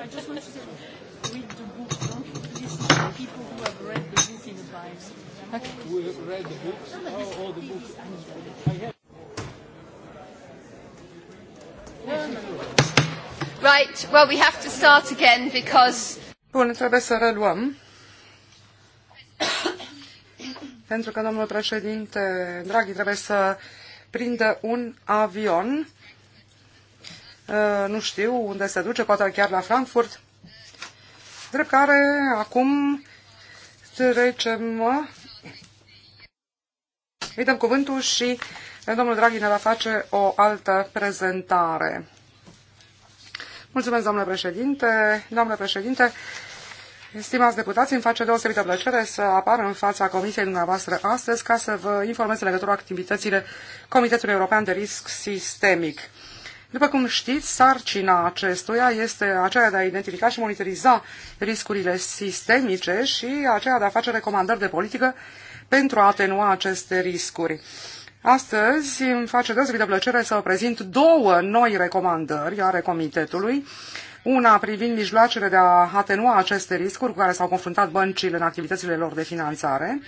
I just want to read the book. people who have read the book in advance. Okay. have read the books? Oh, all the books. I have. Right, well we have to start again because... Bun, trebuie să reluăm. Pentru că domnul președinte Draghi trebuie să prindă un avion Uh, nu știu unde se duce, poate chiar la Frankfurt. Drept care, acum trecem, uh, îi dăm cuvântul și uh, domnul Draghi ne va face o altă prezentare. Mulțumesc, domnule președinte. Domnule președinte, Stimați deputați, îmi face deosebită plăcere să apar în fața comisiei dumneavoastră astăzi ca să vă informez legătură cu activitățile Comitetului European de Risc Sistemic. După cum știți, sarcina acestuia este aceea de a identifica și monitoriza riscurile sistemice și aceea de a face recomandări de politică pentru a atenua aceste riscuri. Astăzi îmi face de plăcere să vă prezint două noi recomandări ale Comitetului una privind mijloacele de a atenua aceste riscuri cu care s-au confruntat băncile în activitățile lor de finanțare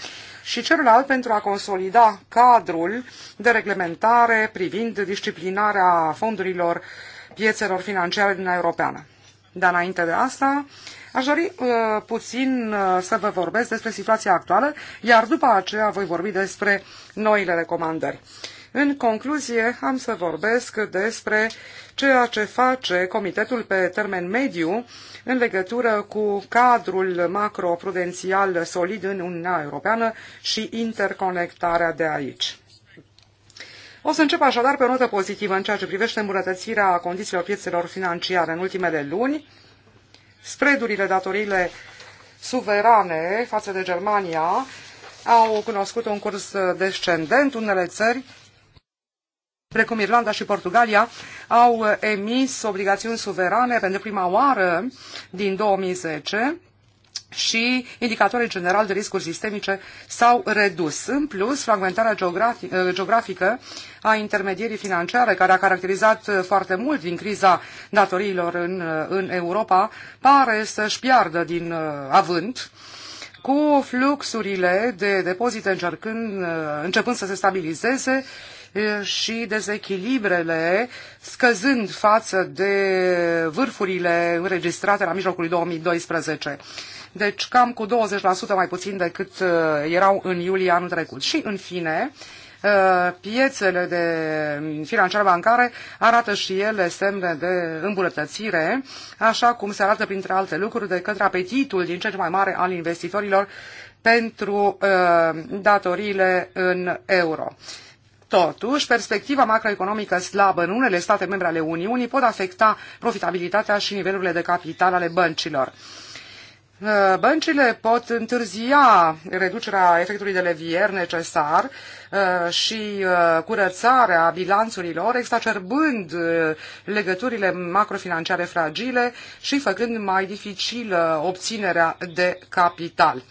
și celălalt pentru a consolida cadrul de reglementare privind disciplinarea fondurilor piețelor financiare din Europeană. Dar înainte de asta, aș dori uh, puțin uh, să vă vorbesc despre situația actuală, iar după aceea voi vorbi despre noile recomandări. Uh, în concluzie, am să vorbesc despre ceea ce face Comitetul pe termen mediu în legătură cu cadrul macroprudențial solid în Uniunea Europeană și interconectarea de aici. O să încep așadar pe o notă pozitivă în ceea ce privește îmbunătățirea condițiilor piețelor financiare în ultimele luni. Spredurile datoriile suverane față de Germania au cunoscut un curs descendent. Unele țări precum Irlanda și Portugalia, au uh, emis obligațiuni suverane pentru prima oară din 2010 și indicatorii generali de riscuri sistemice s-au redus. În plus, fragmentarea uh, geografică a intermedierii financiare, care a caracterizat uh, foarte mult din criza datoriilor în, în Europa, pare să-și piardă din avânt cu fluxurile de depozite încercând, începând să se stabilizeze și dezechilibrele scăzând față de vârfurile înregistrate la mijlocul 2012 deci cam cu 20% mai puțin decât uh, erau în iulie anul trecut. Și, în fine, uh, piețele de mm, financiare bancare arată și ele semne de îmbunătățire, așa cum se arată, printre alte lucruri, de către apetitul din ce mai mare al investitorilor pentru uh, datoriile în euro. Totuși, perspectiva macroeconomică slabă în unele state membre ale Uniunii pot afecta profitabilitatea și nivelurile de capital ale băncilor. Uh, băncile pot întârzia reducerea efectului de levier necesar uh, și uh, curățarea bilanțurilor, exacerbând legăturile macrofinanciare fragile și făcând mai dificilă obținerea de capital.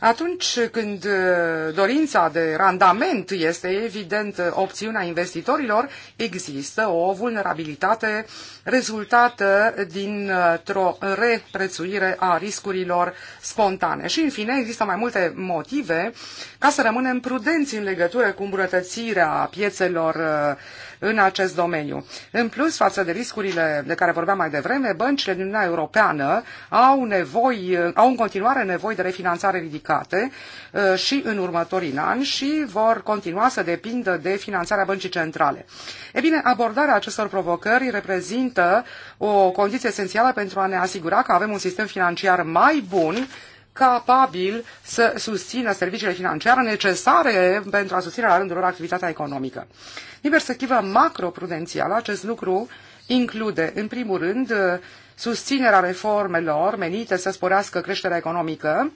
Atunci când uh, dorința de randament este evident uh, opțiunea investitorilor, există o vulnerabilitate rezultată dintr-o uh, reprețuire a riscurilor spontane. Și, în fine, există mai multe motive ca să rămânem prudenți în legătură cu îmbunătățirea piețelor uh, în acest domeniu. În plus, față de riscurile de care vorbeam mai devreme, băncile din Uniunea Europeană au, nevoi, au în continuare nevoi de refinanțare ridicate uh, și în următorii ani și vor continua să depindă de finanțarea băncii centrale. E bine, abordarea acestor provocări reprezintă o condiție esențială pentru a ne asigura că avem un sistem financiar mai bun capabil să susțină serviciile financiare necesare pentru a susține la rândul lor activitatea economică. Din perspectivă macroprudențială, acest lucru include, în primul rând, susținerea reformelor menite să sporească creșterea economică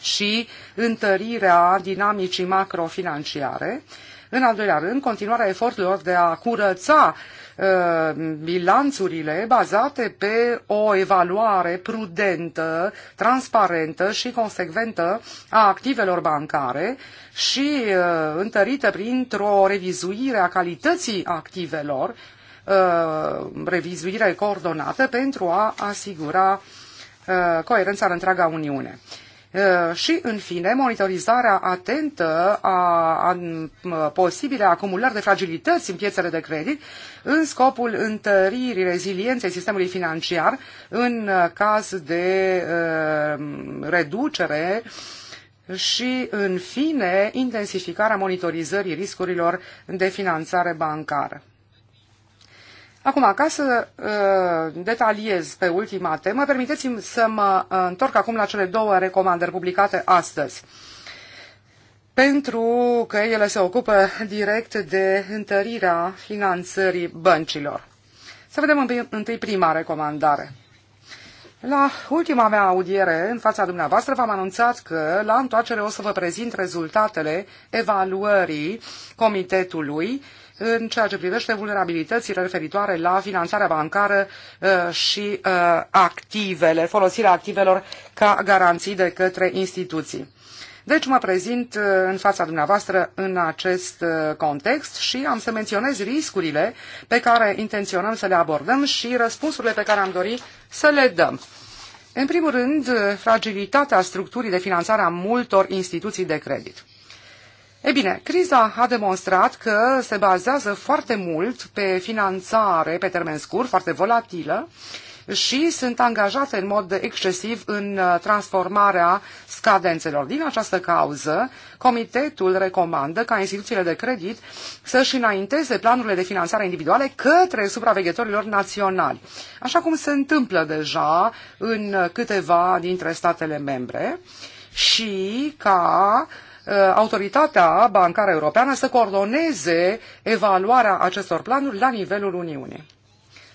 și întărirea dinamicii macrofinanciare, în al doilea rând, continuarea eforturilor de a curăța Uh, bilanțurile bazate pe o evaluare prudentă, transparentă și consecventă a activelor bancare și uh, întărită printr-o revizuire a calității activelor, uh, revizuire coordonată pentru a asigura coerența în întreaga Uniune. Uh, și, în fine, monitorizarea atentă a, a posibile acumulări de fragilități în piețele de credit în scopul întăririi rezilienței sistemului financiar în uh, caz de uh, reducere și, în fine, intensificarea monitorizării riscurilor de finanțare bancară. Acum, ca să uh, detaliez pe ultima temă, permiteți-mi să mă uh, întorc acum la cele două recomandări publicate astăzi. Pentru că ele se ocupă direct de întărirea finanțării băncilor. Să vedem întâi prima recomandare. La ultima mea audiere în fața dumneavoastră v-am anunțat că la întoarcere o să vă prezint rezultatele evaluării comitetului uh, în ceea ce privește vulnerabilitățile referitoare la finanțarea bancară uh, și uh, activele, folosirea activelor ca garanții de către instituții. Deci mă prezint uh, în fața dumneavoastră în acest context și am să menționez riscurile pe care intenționăm să le abordăm și răspunsurile pe care am dori să le dăm. În primul rând, fragilitatea structurii de finanțare a multor instituții de credit. E bine, criza a demonstrat că se bazează foarte mult pe finanțare pe termen scurt, foarte volatilă, și sunt angajate în mod excesiv în uh, transformarea scadențelor. Din această cauză, comitetul recomandă ca instituțiile de credit să-și înainteze planurile de finanțare individuale către supraveghetorilor naționali, așa cum se întâmplă deja în uh, câteva dintre statele membre și ca uh, Uh, autoritatea bancară europeană să coordoneze evaluarea acestor planuri la nivelul Uniunii.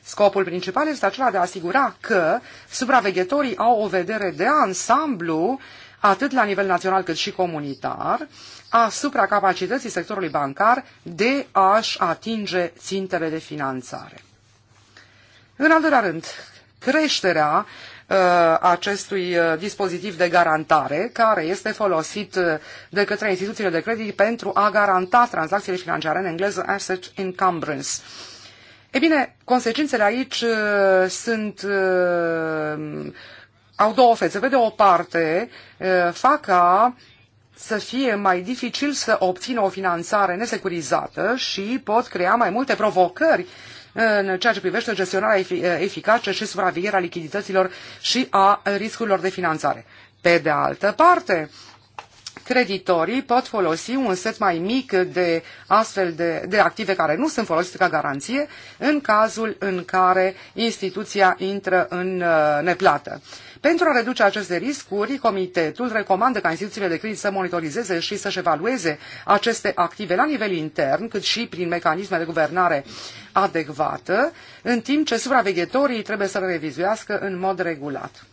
Scopul principal este acela de a asigura că supraveghetorii au o vedere de ansamblu atât la nivel național cât și comunitar, asupra capacității sectorului bancar de a-și atinge țintele de finanțare. În al doilea rând, creșterea Uh, acestui uh, dispozitiv de garantare care este folosit uh, de către instituțiile de credit pentru a garanta tranzacțiile financiare, în engleză asset encumbrance. E bine, consecințele aici sunt au două fețe. Pe de o parte, fac ca să fie mai dificil să obțină o finanțare nesecurizată și pot crea mai multe provocări uh, în ceea ce privește gestionarea eh, eficace și supravegherea lichidităților și a riscurilor de finanțare. Pe de altă parte, creditorii pot folosi un set mai mic de astfel de, de active care nu sunt folosite ca garanție în cazul în care instituția intră în uh, neplată. Pentru a reduce aceste riscuri, comitetul recomandă ca instituțiile de credit să monitorizeze și să-și evalueze aceste active la nivel intern, cât și prin mecanisme de guvernare adecvată, în timp ce supraveghetorii trebuie să le revizuiască în mod regulat.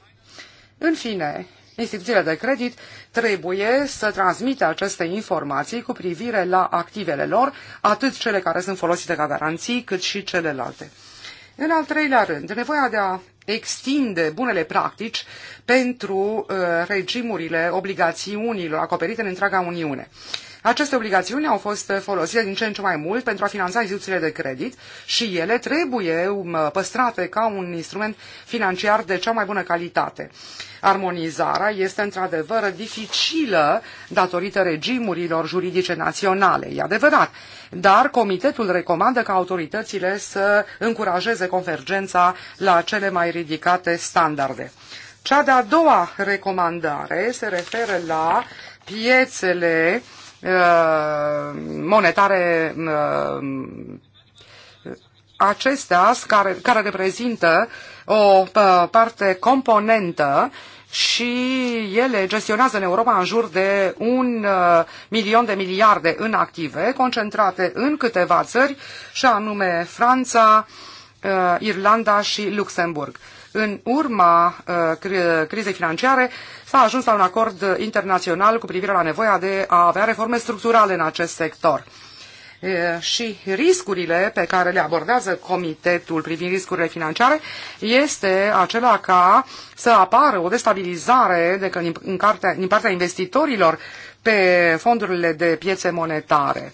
În fine, Instituțiile de credit trebuie să transmită aceste informații cu privire la activele lor, atât cele care sunt folosite ca garanții, cât și celelalte. În al treilea rând, nevoia de a extinde bunele practici pentru uh, regimurile obligațiunilor acoperite în întreaga Uniune. Uh, aceste obligațiuni au fost folosite din ce în ce mai mult pentru a finanța instituțiile de credit și ele trebuie um, păstrate ca un instrument financiar de cea mai bună calitate. Armonizarea este într-adevăr dificilă datorită regimurilor juridice naționale, e adevărat, dar comitetul recomandă ca autoritățile să încurajeze convergența la cele mai ridicate standarde. Cea de-a doua recomandare se referă la piețele Uh, monetare uh, acestea care, care reprezintă o uh, parte componentă și ele gestionează în Europa în jur de un milion de miliarde în active, concentrate în câteva țări, și anume Franța, Irlanda și Luxemburg în urma uh, crizei financiare s-a ajuns la un acord internațional cu privire la nevoia de a avea reforme structurale în acest sector și riscurile pe care le abordează comitetul privind riscurile financiare este acela ca să apară o destabilizare de, din, în cartea, din partea investitorilor pe fondurile de piețe monetare.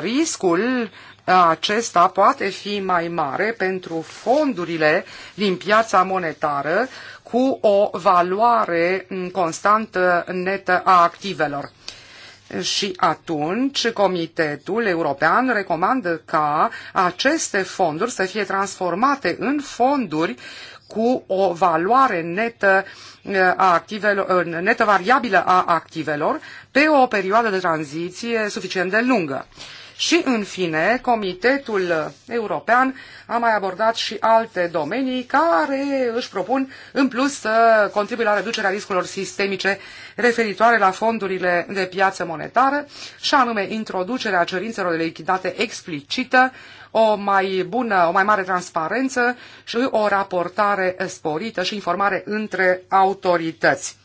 Riscul acesta poate fi mai mare pentru fondurile din piața monetară cu o valoare mm, constantă netă a activelor. Și atunci Comitetul European recomandă ca aceste fonduri să fie transformate în fonduri cu o valoare netă, mm, a activelor, netă variabilă a activelor pe o perioadă de tranziție suficient de lungă. Și, în fine, Comitetul European a mai abordat și alte domenii care își propun, în plus, să contribuie la reducerea riscurilor sistemice referitoare la fondurile de piață monetară, și anume introducerea cerințelor de lichidate explicită, o mai bună, o mai mare transparență și o raportare sporită și informare între autorități.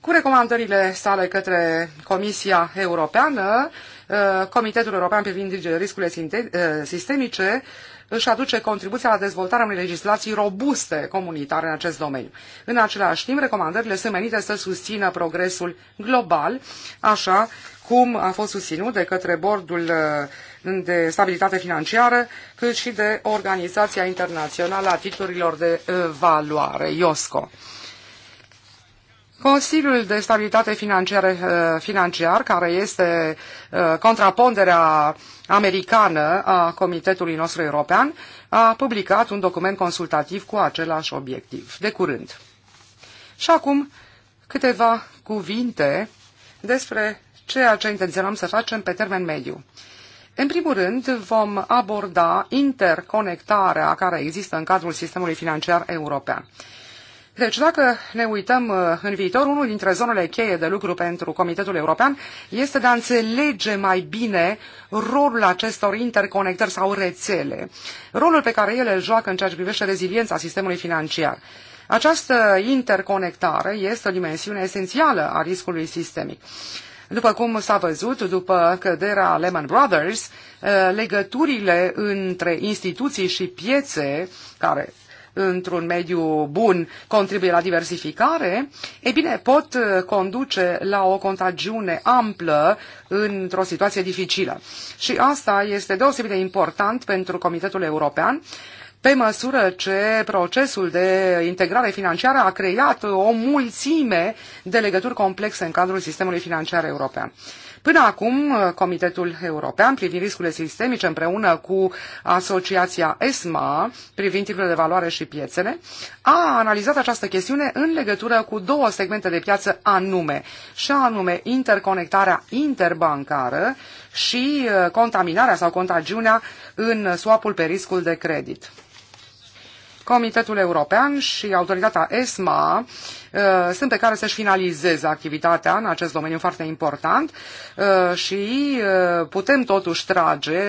Cu recomandările sale către Comisia Europeană, Uh, Comitetul European privind riscurile uh, sistemice își aduce contribuția la dezvoltarea unei legislații robuste comunitare în acest domeniu. În același timp, recomandările sunt menite să susțină progresul global, așa cum a fost susținut de către Bordul uh, de Stabilitate Financiară, cât și de Organizația Internațională a Titlurilor de Valoare, IOSCO. Consiliul de Stabilitate Financiar, eh, financiar care este eh, contraponderea americană a Comitetului nostru european, a publicat un document consultativ cu același obiectiv, de curând. Și acum câteva cuvinte despre ceea ce intenționăm să facem pe termen mediu. În primul rând, vom aborda interconectarea care există în cadrul sistemului financiar european. Deci dacă ne uităm uh, în viitor, unul dintre zonele cheie de lucru pentru Comitetul European este de a înțelege mai bine rolul acestor interconectări sau rețele, rolul pe care ele îl joacă în ceea ce privește reziliența sistemului financiar. Această interconectare este o dimensiune esențială a riscului sistemic. După cum s-a văzut, după căderea Lehman Brothers, uh, legăturile între instituții și piețe, care într-un mediu bun contribuie la diversificare, e bine, pot uh, conduce la o contagiune amplă într-o situație dificilă. Și asta este deosebit de important pentru Comitetul European, pe măsură ce procesul de integrare financiară a creat o mulțime de legături complexe în cadrul sistemului financiar european. Până acum, Comitetul European privind riscurile sistemice împreună cu Asociația ESMA privind titlurile de valoare și piețele a analizat această chestiune în legătură cu două segmente de piață anume, și anume interconectarea interbancară și uh, contaminarea sau contagiunea în swapul pe riscul de credit. Comitetul European și autoritatea ESMA Uh, sunt pe care să-și finalizeze activitatea în acest domeniu foarte important uh, și uh, putem totuși trage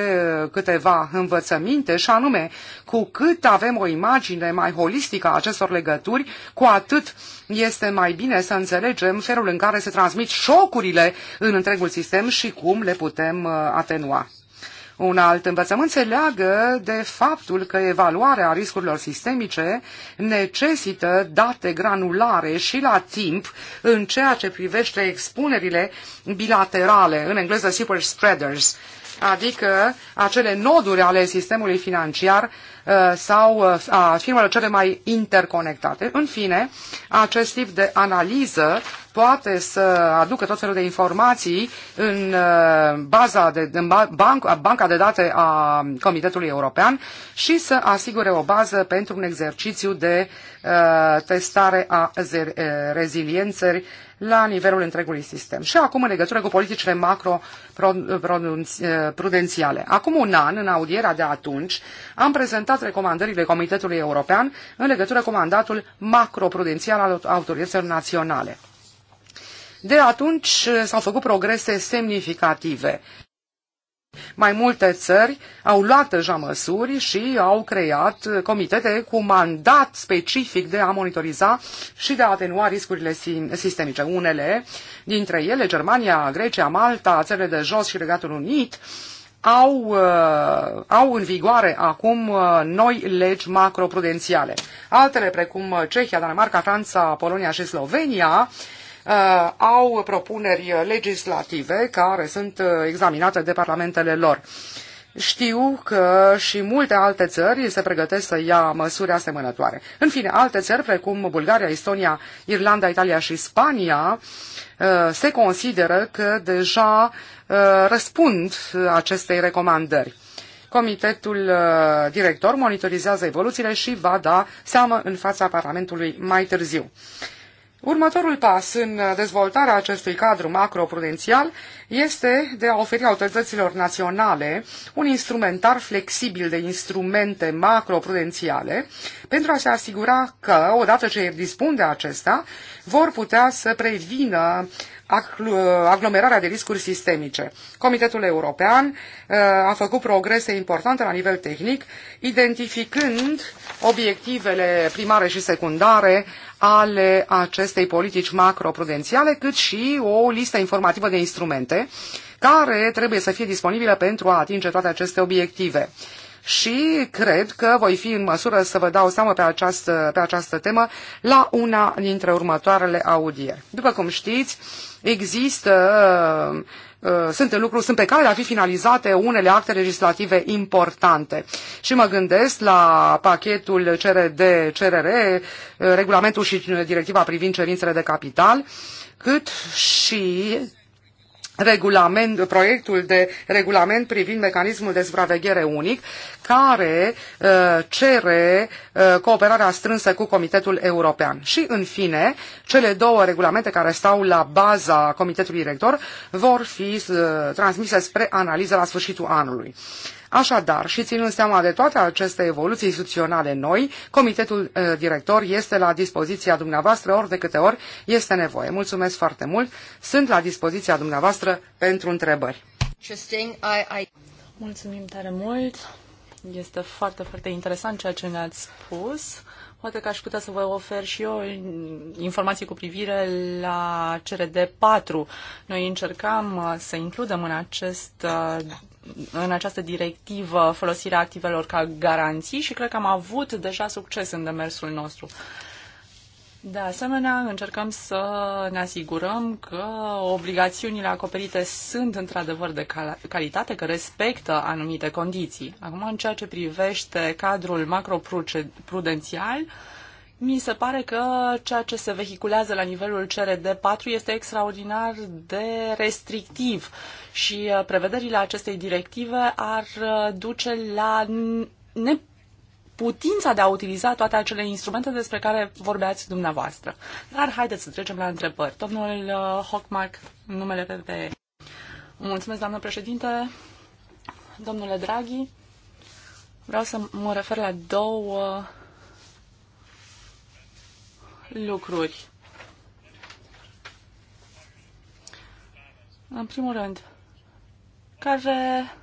câteva învățăminte și anume cu cât avem o imagine mai holistică a acestor legături, cu atât este mai bine să înțelegem felul în care se transmit șocurile în întregul sistem și cum le putem atenua. Un alt învățământ se leagă de faptul că evaluarea riscurilor sistemice necesită date granulare și la timp în ceea ce privește expunerile bilaterale, în engleză super spreaders, adică acele noduri ale sistemului financiar uh, sau uh, a firmelor cele mai interconectate. În fine, acest tip de analiză poate să aducă tot felul de informații în, uh, baza de, în banca, banca de date a Comitetului European și să asigure o bază pentru un exercițiu de uh, testare a uh, rezilienței la nivelul întregului sistem. Și acum în legătură cu politicile macroprudențiale. Uh, acum un an, în audierea de atunci, am prezentat recomandările Comitetului European în legătură cu mandatul macroprudențial al autorităților naționale. De atunci eh, s-au făcut progrese semnificative. Mai multe țări au luat deja măsuri și au creat eh, comitete cu mandat specific de a monitoriza și de a atenua riscurile sistemice. Unele dintre ele, Germania, Grecia, Malta, țările de jos și Regatul Unit, au, uh, au în vigoare acum uh, noi legi macroprudențiale. Altele, precum Cehia, Danemarca, Franța, Polonia și Slovenia, uh, Uh, au propuneri legislative care sunt uh, examinate de parlamentele lor. Știu că și multe alte țări se pregătesc să ia măsuri asemănătoare. În fine, alte țări, precum Bulgaria, Estonia, Irlanda, Italia și Spania, uh, se consideră că deja răspund acestei recomandări. Comitetul director monitorizează evoluțiile și va da seamă în fața Parlamentului mai târziu. Următorul pas în dezvoltarea acestui cadru macroprudențial este de a oferi autorităților naționale un instrumentar flexibil de instrumente macroprudențiale pentru a se asigura că, odată ce dispun de acesta, vor putea să prevină aglomerarea de riscuri sistemice. Comitetul European uh, a făcut progrese importante la nivel tehnic, identificând obiectivele primare și secundare ale acestei politici macroprudențiale, cât și o listă informativă de instrumente care trebuie să fie disponibile pentru a atinge toate aceste obiective și cred că voi fi în măsură să vă dau seama pe această, pe această temă la una dintre următoarele audieri. După cum știți, există Uh, sunt în lucru, sunt pe care de a fi finalizate unele acte legislative importante. Și mă gândesc la pachetul CRD-CRR, uh, regulamentul și directiva privind cerințele de capital, cât și regulament, proiectul de regulament privind mecanismul de supraveghere unic, care uh, cere uh, cooperarea strânsă cu Comitetul European. Și, în fine, cele două regulamente care stau la baza Comitetului Director vor fi uh, transmise spre analiză la sfârșitul anului. Uh, Așadar, și ținând seama de toate aceste evoluții instituționale noi, comitetul uh, director este la dispoziția dumneavoastră ori de câte ori este nevoie. Mulțumesc foarte mult. Sunt la dispoziția dumneavoastră pentru întrebări. Mulțumim tare mult. Este foarte, foarte interesant ceea ce ne-ați spus. Poate că aș putea să vă ofer și eu informații cu privire la CRD 4. Noi încercam uh, să includem în acest uh, în această directivă folosirea activelor ca garanții și cred că am avut deja succes în demersul nostru. De asemenea, încercăm să ne asigurăm că obligațiunile acoperite sunt într-adevăr de cal- calitate, că respectă anumite condiții. Acum, în ceea ce privește cadrul macroprudențial, uh, mi se pare că ceea ce se vehiculează la nivelul CRD4 este extraordinar de restrictiv și uh, prevederile acestei directive ar uh, duce la ne putința de a utiliza toate acele instrumente despre care vorbeați dumneavoastră. Dar haideți să trecem la întrebări. Domnul uh, Hockmark, numele PPE. Mulțumesc, doamnă președinte. Domnule Draghi, vreau să mă refer la două lucruri. În primul rând, care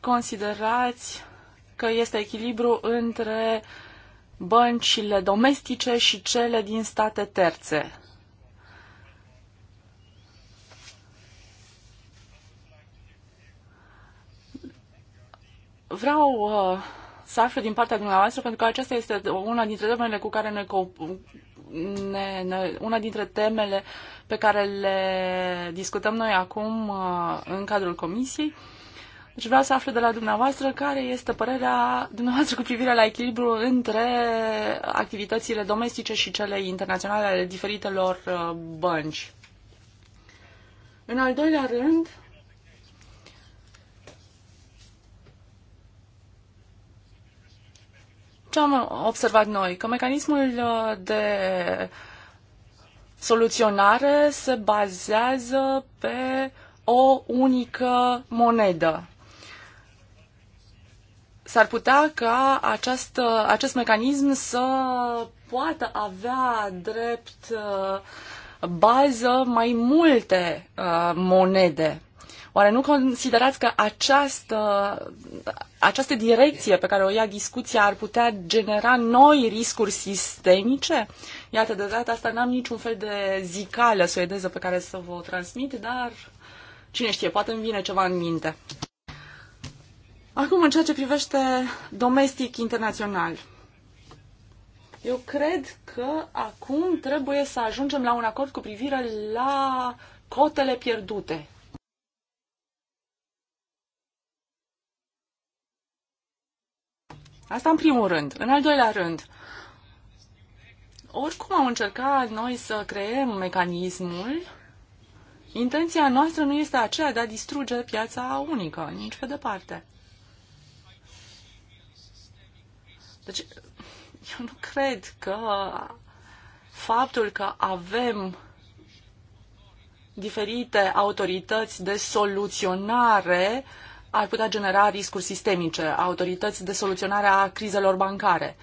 considerați că este echilibru între băncile domestice și cele din state terțe? Vreau uh, să aflu din partea dumneavoastră, pentru că aceasta este una dintre temele cu care ne, ne, ne una dintre temele pe care le discutăm noi acum uh, în cadrul comisiei. Deci vreau să aflu de la dumneavoastră care este părerea dumneavoastră cu privire la echilibru între activitățile domestice și cele internaționale ale diferitelor uh, bănci. În al doilea rând, Ce am observat noi? Că mecanismul uh, de soluționare se bazează pe o unică monedă. S-ar putea ca acest, uh, acest mecanism să poată avea drept uh, bază mai multe monede. Oare nu considerați că această, această direcție pe care o ia discuția ar putea genera noi riscuri sistemice? Iată, de data asta n-am niciun fel de zicală suedeză pe care să vă o transmit, dar cine știe, poate îmi vine ceva în minte. Acum, în ceea ce privește domestic internațional, eu cred că acum trebuie să ajungem la un acord cu privire la cotele pierdute. Asta în primul rând. În al doilea rând, oricum am încercat noi să creăm mecanismul, intenția noastră nu este aceea de a distruge piața unică, nici pe departe. Deci, eu nu cred că faptul că avem diferite autorități de soluționare uh, ar putea genera riscuri sistemice, autorități de soluționare a crizelor bancare.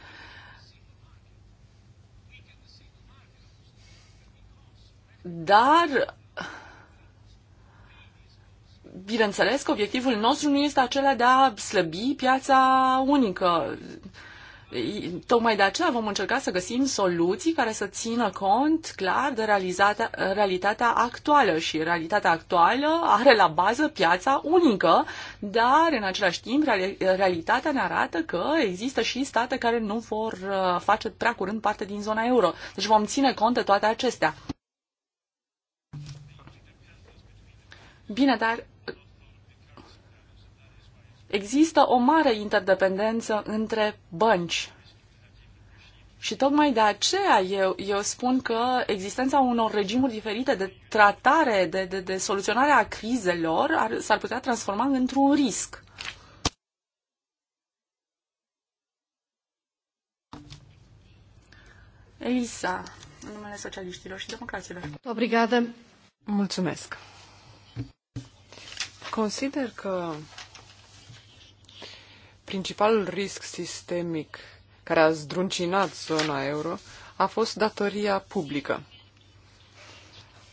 Dar bineînțeles că obiectivul nostru nu este acela de a slăbi piața unică. Tocmai de aceea vom încerca să găsim soluții care să țină cont clar de realitatea actuală și realitatea actuală are la bază piața unică, dar în același timp realitatea ne arată că există și state care nu vor uh, face prea curând parte din zona euro. Deci vom ține cont de toate acestea. Bine, dar Există o mare interdependență între bănci. Și tocmai de aceea eu, eu spun că existența unor regimuri diferite de tratare, de, de, de soluționare a crizelor ar, s-ar putea transforma într-un risc. Elisa, în numele socialiștilor și democraților. Obrigada. Mulțumesc. Consider că Principalul risc sistemic care a zdruncinat zona euro a fost datoria publică.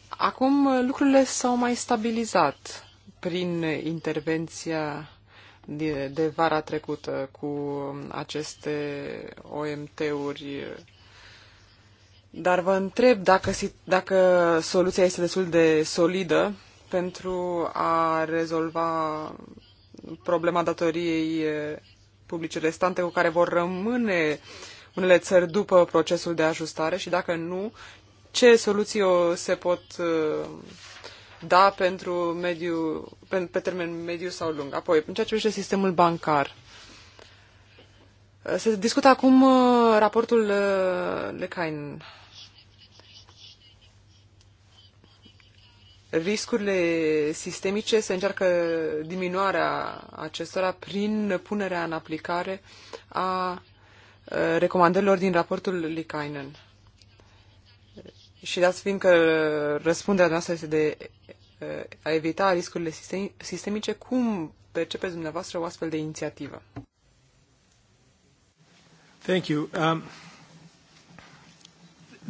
Acum uh, lucrurile s-au mai stabilizat prin intervenția de, de vara trecută cu aceste OMT-uri. Dar vă întreb dacă, dacă soluția este destul de solidă pentru a rezolva problema datoriei publice restante cu care vor rămâne unele țări după procesul de ajustare și dacă nu, ce soluții se pot da pentru mediu, pe, pe termen mediu sau lung. Apoi, în ceea ce privește sistemul bancar, se discută acum raportul Lecain riscurile sistemice, se încearcă diminuarea acestora prin punerea în aplicare a recomandărilor din raportul Likainen. Și dați fiindcă răspunderea noastră este de a evita riscurile sistemice, cum percepeți dumneavoastră o astfel de inițiativă? Thank you. Um,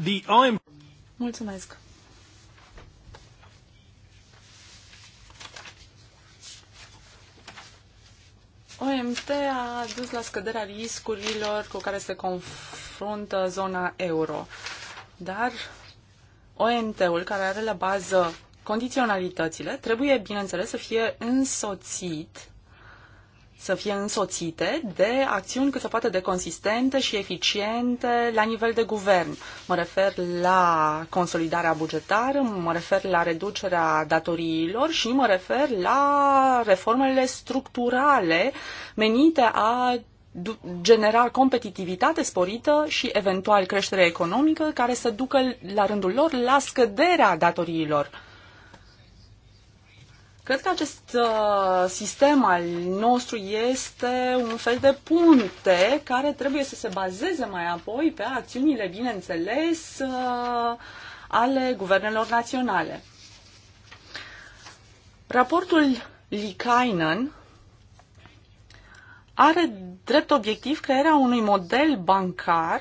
the... Mulțumesc. OMT a dus la scăderea riscurilor cu care se confruntă zona euro. Dar OMT-ul, care are la bază condiționalitățile, trebuie, bineînțeles, să fie însoțit să fie însoțite de acțiuni cât se poate de consistente și eficiente la nivel de guvern. Mă refer la consolidarea bugetară, mă refer la reducerea datoriilor și mă refer la reformele structurale menite a genera competitivitate sporită și eventual creștere economică care să ducă la rândul lor la scăderea datoriilor. Cred că acest uh, sistem al nostru este un fel de punte care trebuie să se bazeze mai apoi pe acțiunile, bineînțeles, uh, ale guvernelor naționale. Raportul Likainen are drept obiectiv crearea unui model bancar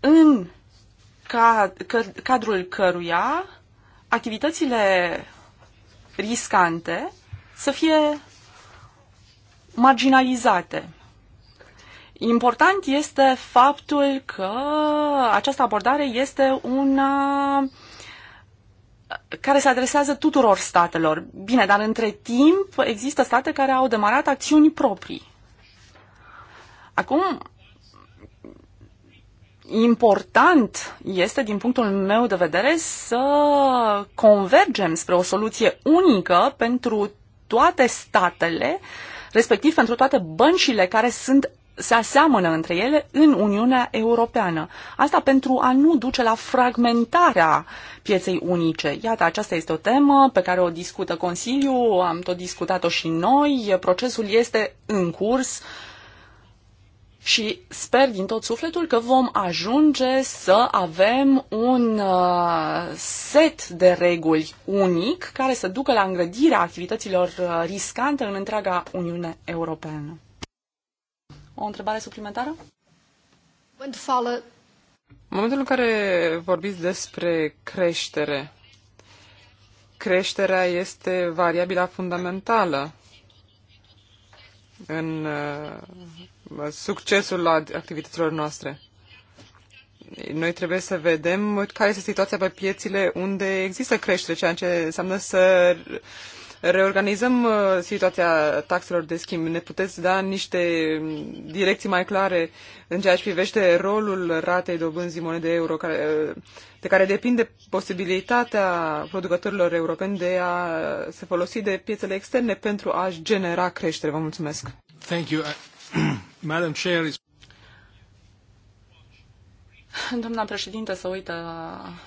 în ca, că, cadrul căruia activitățile riscante să fie marginalizate. Important este faptul că această abordare este una care se adresează tuturor statelor. Bine, dar între timp există state care au demarat acțiuni proprii. Acum, important este, din punctul meu de vedere, să convergem spre o soluție unică pentru toate statele, respectiv pentru toate băncile care sunt se aseamănă între ele în Uniunea Europeană. Asta pentru a nu duce la fragmentarea pieței unice. Iată, aceasta este o temă pe care o discută Consiliul, am tot discutat-o și noi, procesul este în curs, uh, și sper din tot sufletul că vom ajunge să avem un uh, set de reguli unic care să ducă la îngrădirea activităților uh, riscante în întreaga Uniune Europeană. O întrebare suplimentară? În momentul în care vorbiți despre creștere, creșterea este variabila fundamentală în uh, succesul la activităților noastre. Noi trebuie să vedem care este situația pe piețile unde există creștere, ceea ce înseamnă să reorganizăm uh, situația taxelor de schimb. Ne puteți da niște direcții mai clare în ceea ce privește rolul ratei dobânzii monede euro, care, uh, de care depinde posibilitatea producătorilor europeni de a se folosi de piețele externe pentru a-și genera creștere. Vă mulțumesc! Thank you. Madam Chair is... Doamna președinte se uită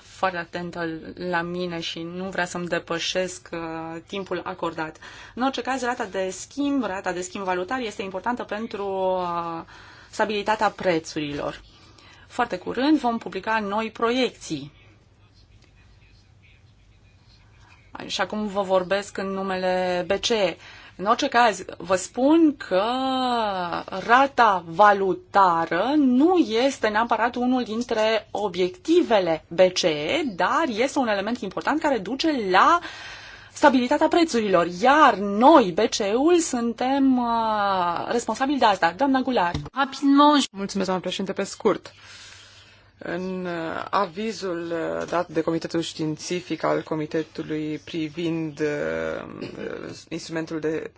foarte atentă la mine și nu vrea să-mi depășesc uh, timpul acordat. În orice caz, rata de schimb, rata de schimb valutar este importantă pentru uh, stabilitatea prețurilor. Foarte curând vom publica noi proiecții. Și acum vă vorbesc în numele BCE. În orice caz, vă spun că rata valutară nu este neapărat unul dintre obiectivele BCE, dar este un element important care duce la stabilitatea prețurilor. Iar noi, BCE-ul, suntem uh, responsabili de asta. Doamna Gular. Mulțumesc, doamna președinte, pe scurt. În uh, avizul uh, dat de Comitetul Științific al Comitetului privind uh, instrumentul de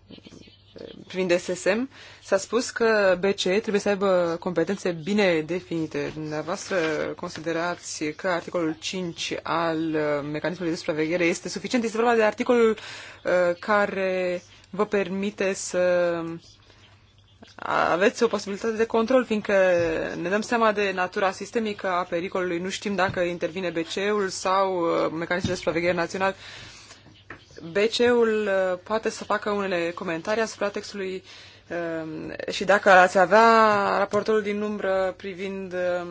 privind SSM, s-a spus că BCE trebuie să aibă competențe bine definite. Dumneavoastră considerați că articolul 5 al mecanismului de supraveghere este suficient? Este vorba de articolul care vă permite să aveți o posibilitate de control, fiindcă ne dăm seama de natura sistemică a pericolului. Nu știm dacă intervine BCE-ul sau uh, mecanismul de supraveghere național. BCE-ul uh, poate să facă unele comentarii asupra textului uh, Ehm, și dacă ați avea raportorul din umbră privind ehm,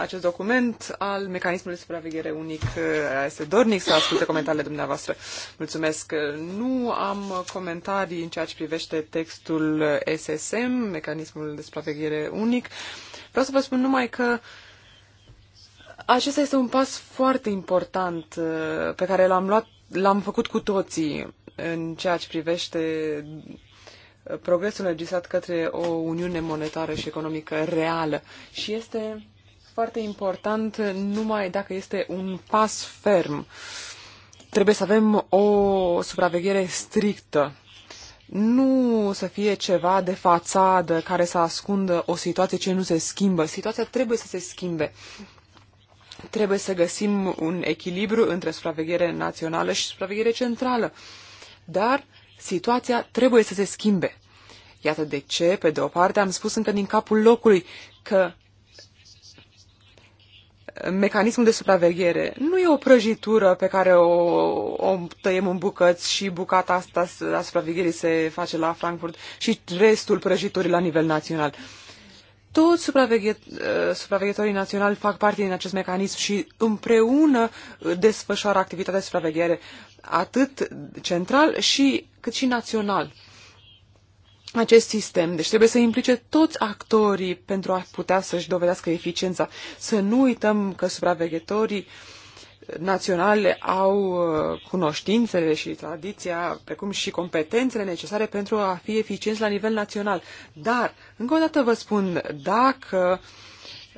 acest document al mecanismului de supraveghere unic, eh, este dornic să asculte comentariile dumneavoastră. Mulțumesc. Nu am comentarii în ceea ce privește textul SSM, mecanismul de supraveghere unic. Vreau să vă spun numai că acesta este un pas foarte important eh, pe care l-am luat, l-am făcut cu toții în ceea ce privește progresul înregistrat către o uniune monetară și economică reală și este foarte important numai dacă este un pas ferm. Trebuie să avem o supraveghere strictă nu să fie ceva de fațadă care să ascundă o situație ce nu se schimbă. Situația trebuie să se schimbe. Trebuie să găsim un echilibru între supraveghere națională și supraveghere centrală. Dar situația trebuie să se schimbe. Iată de ce, pe de o parte, am spus încă din capul locului că mecanismul de supraveghere nu e o prăjitură pe care o, o tăiem în bucăți și bucata asta a supravegherii se face la Frankfurt și restul prăjiturii la nivel național. Toți supraveghe, supraveghetorii naționali fac parte din acest mecanism și împreună desfășoară activitatea de supraveghere atât central și, cât și național acest sistem. Deci trebuie să implice toți actorii pentru a putea să-și dovedească eficiența. Să nu uităm că supraveghetorii naționale au uh, cunoștințele și tradiția, precum și competențele necesare pentru a fi eficienți la nivel național. Dar, încă o dată vă spun, dacă uh,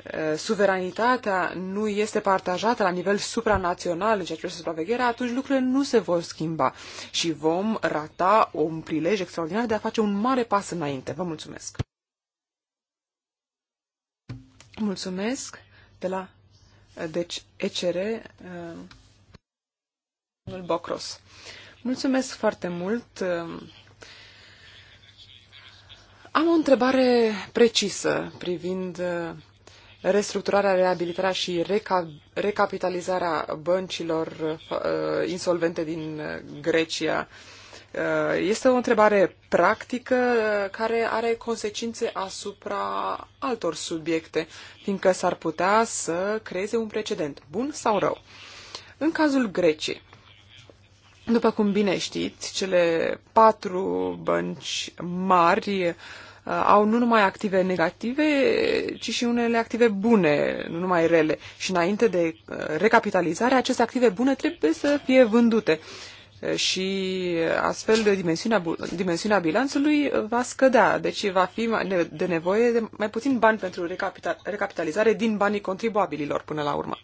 Eh, suveranitatea nu este partajată la nivel supranațional în ceea ce privește supravegherea, atunci lucrurile nu se vor schimba și vom rata un prilej extraordinar de a face un mare pas înainte. Vă mulțumesc! Mulțumesc de la eh, deci ECR eh, domnul Bocros. Mulțumesc foarte mult. Am o întrebare precisă privind restructurarea, reabilitarea și reca recapitalizarea băncilor uh, insolvente din Grecia. Uh, este o întrebare practică care are consecințe asupra altor subiecte, fiindcă s-ar putea să creeze un precedent, bun sau rău. În cazul Greciei, după cum bine știți, cele patru bănci mari Uh, au nu numai active negative, ci și unele active bune, nu numai rele. Și înainte de uh, recapitalizare, aceste active bune trebuie să fie vândute. Uh, și astfel de dimensiunea, dimensiunea bilanțului va scădea, deci va fi de nevoie de mai puțin bani pentru recapitalizare din banii contribuabililor până la urmă.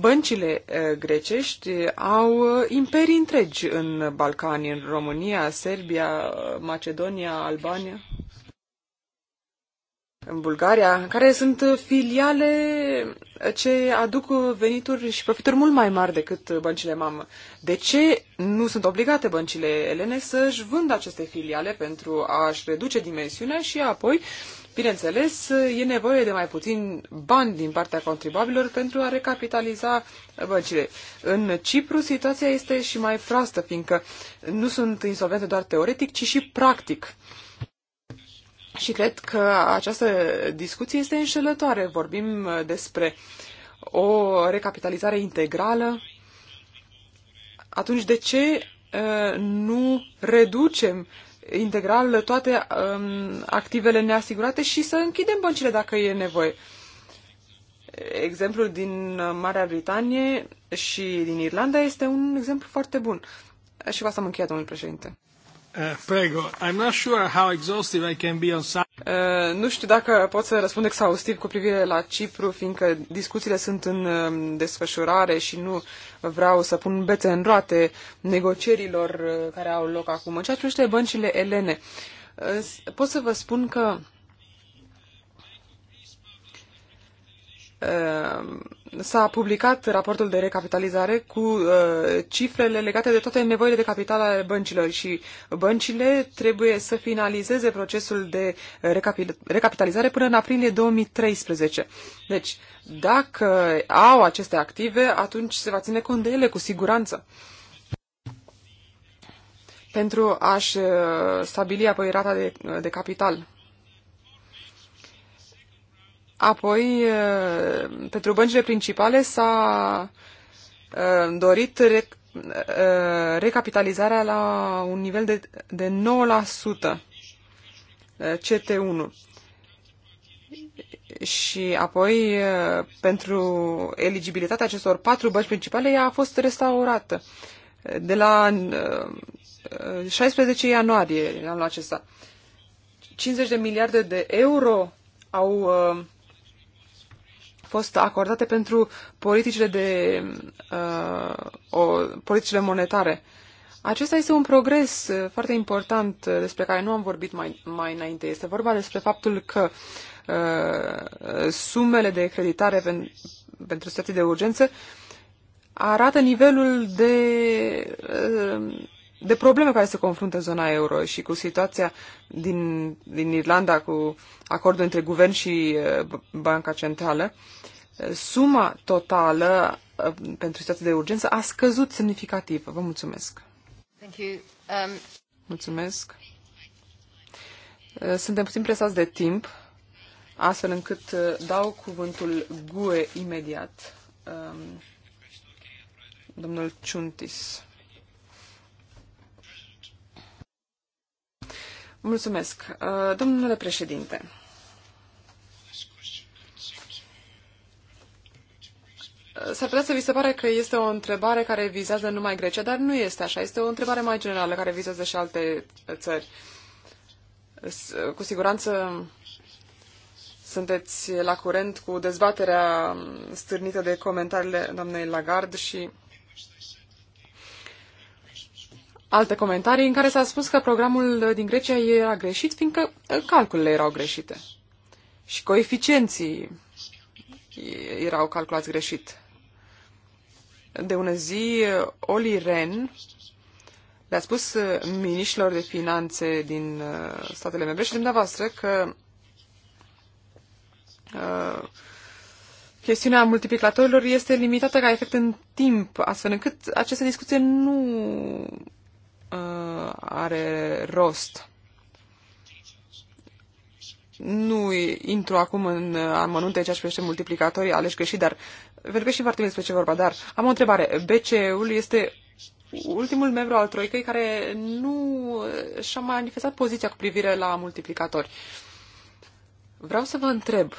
Băncile grecești au imperii întregi în Balcani, în România, Serbia, Macedonia, Albania, în Bulgaria, care sunt filiale ce aduc venituri și profituri mult mai mari decât băncile mamă. De ce nu sunt obligate băncile elene să-și vândă aceste filiale pentru a-și reduce dimensiunea și apoi Bineînțeles, e nevoie de mai puțin bani din partea contribuabilor pentru a recapitaliza băncile. În Cipru situația este și mai proastă, fiindcă nu sunt insolvente doar teoretic, ci și practic. Și cred că această discuție este înșelătoare. Vorbim despre o recapitalizare integrală. Atunci de ce uh, nu reducem integral toate um, activele neasigurate și să închidem băncile dacă e nevoie. Exemplul din Marea Britanie și din Irlanda este un exemplu foarte bun. Și vă să am încheiat, domnul președinte. Uh, prego. I'm not sure how exhaustive I can be on uh, nu știu dacă pot să răspund exhaustiv cu privire la Cipru, fiindcă discuțiile sunt în um, desfășurare și nu vreau să pun bețe în roate negocierilor uh, care au loc acum. În ceea ce privește băncile elene, uh, pot să vă spun că Uh, s-a publicat raportul de recapitalizare cu uh, cifrele legate de toate nevoile de capital ale băncilor și băncile trebuie să finalizeze procesul de recapitalizare până în aprilie 2013. Deci, dacă au aceste active, atunci se va ține cont de ele cu siguranță. Pentru a-și uh, stabili apoi rata de, de capital. Apoi, pentru băncile principale s-a dorit rec recapitalizarea la un nivel de, de 9%, CT1. Și apoi, pentru eligibilitatea acestor patru bănci principale, ea a fost restaurată de la 16 ianuarie anul acesta. 50 de miliarde de euro au uh, fost acordate pentru politicile, de, uh, o, politicile monetare. Acesta este un progres uh, foarte important uh, despre care nu am vorbit mai, mai înainte. Este vorba despre faptul că uh, sumele de creditare pen, pentru situații de urgență arată nivelul de uh, de probleme care se confruntă zona euro și cu situația din, din Irlanda, cu acordul între guvern și Banca Centrală, suma totală pentru situația de urgență a scăzut semnificativ. Vă mulțumesc. Thank you. Um... Mulțumesc. Suntem puțin presați de timp, astfel încât dau cuvântul GUE imediat. Um, domnul Ciuntis. Mulțumesc. Uh, domnule președinte, S-ar putea să vi se pare că este o întrebare care vizează numai Grecia, dar nu este așa. Este o întrebare mai generală care vizează și alte uh, țări. Uh, cu siguranță sunteți la curent cu dezbaterea um, stârnită de comentariile doamnei Lagarde și alte comentarii în care s-a spus că programul din Grecia era greșit, fiindcă calculele erau greșite. Și coeficienții erau calculați greșit. De ună zi, Oli Ren le-a spus miniștilor de finanțe din statele membre și dumneavoastră că chestiunea multiplicatorilor este limitată ca efect în timp, astfel încât aceste discuții nu uh, are rost. Nu intru acum în amănunte ceea ce privește multiplicatorii aleși greșit, dar pentru că și foarte bine despre ce vorba, dar am o întrebare. BCE-ul este ultimul membru al Troicăi care nu și-a manifestat poziția cu privire la multiplicatori. Vreau să vă întreb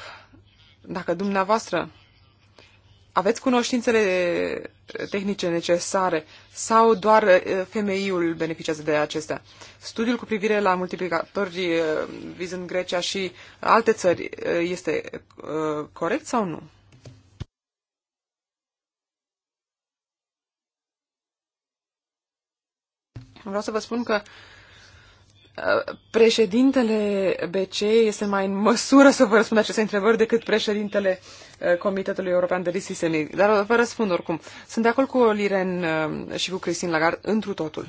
dacă dumneavoastră aveți cunoștințele tehnice necesare sau doar uh, femeiul beneficiază de acestea. Studiul cu privire la multiplicatori uh, vizând Grecia și alte țări uh, este corect sau nu? Vreau să vă spun că președintele BC este mai în măsură să vă răspund aceste întrebări decât președintele uh, Comitetului European de Risisemi. Dar vă răspund oricum. Sunt de acord cu Liren uh, și cu Cristin Lagarde întru totul.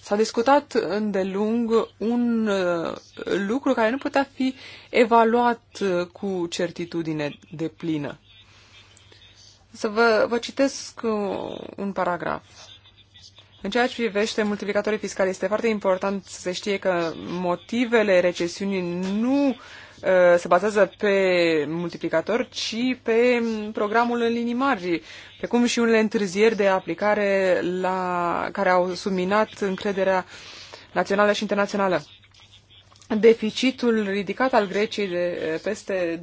S-a discutat îndelung un uh, lucru care nu putea fi evaluat cu certitudine de plină. Să vă, vă citesc un paragraf. În ceea ce privește multiplicatorii fiscali, este foarte important să se știe că motivele recesiunii nu uh, se bazează pe multiplicator, ci pe programul în linii mari, precum și unele întârzieri de aplicare la, care au subminat încrederea națională și internațională. Deficitul ridicat al Greciei de uh, peste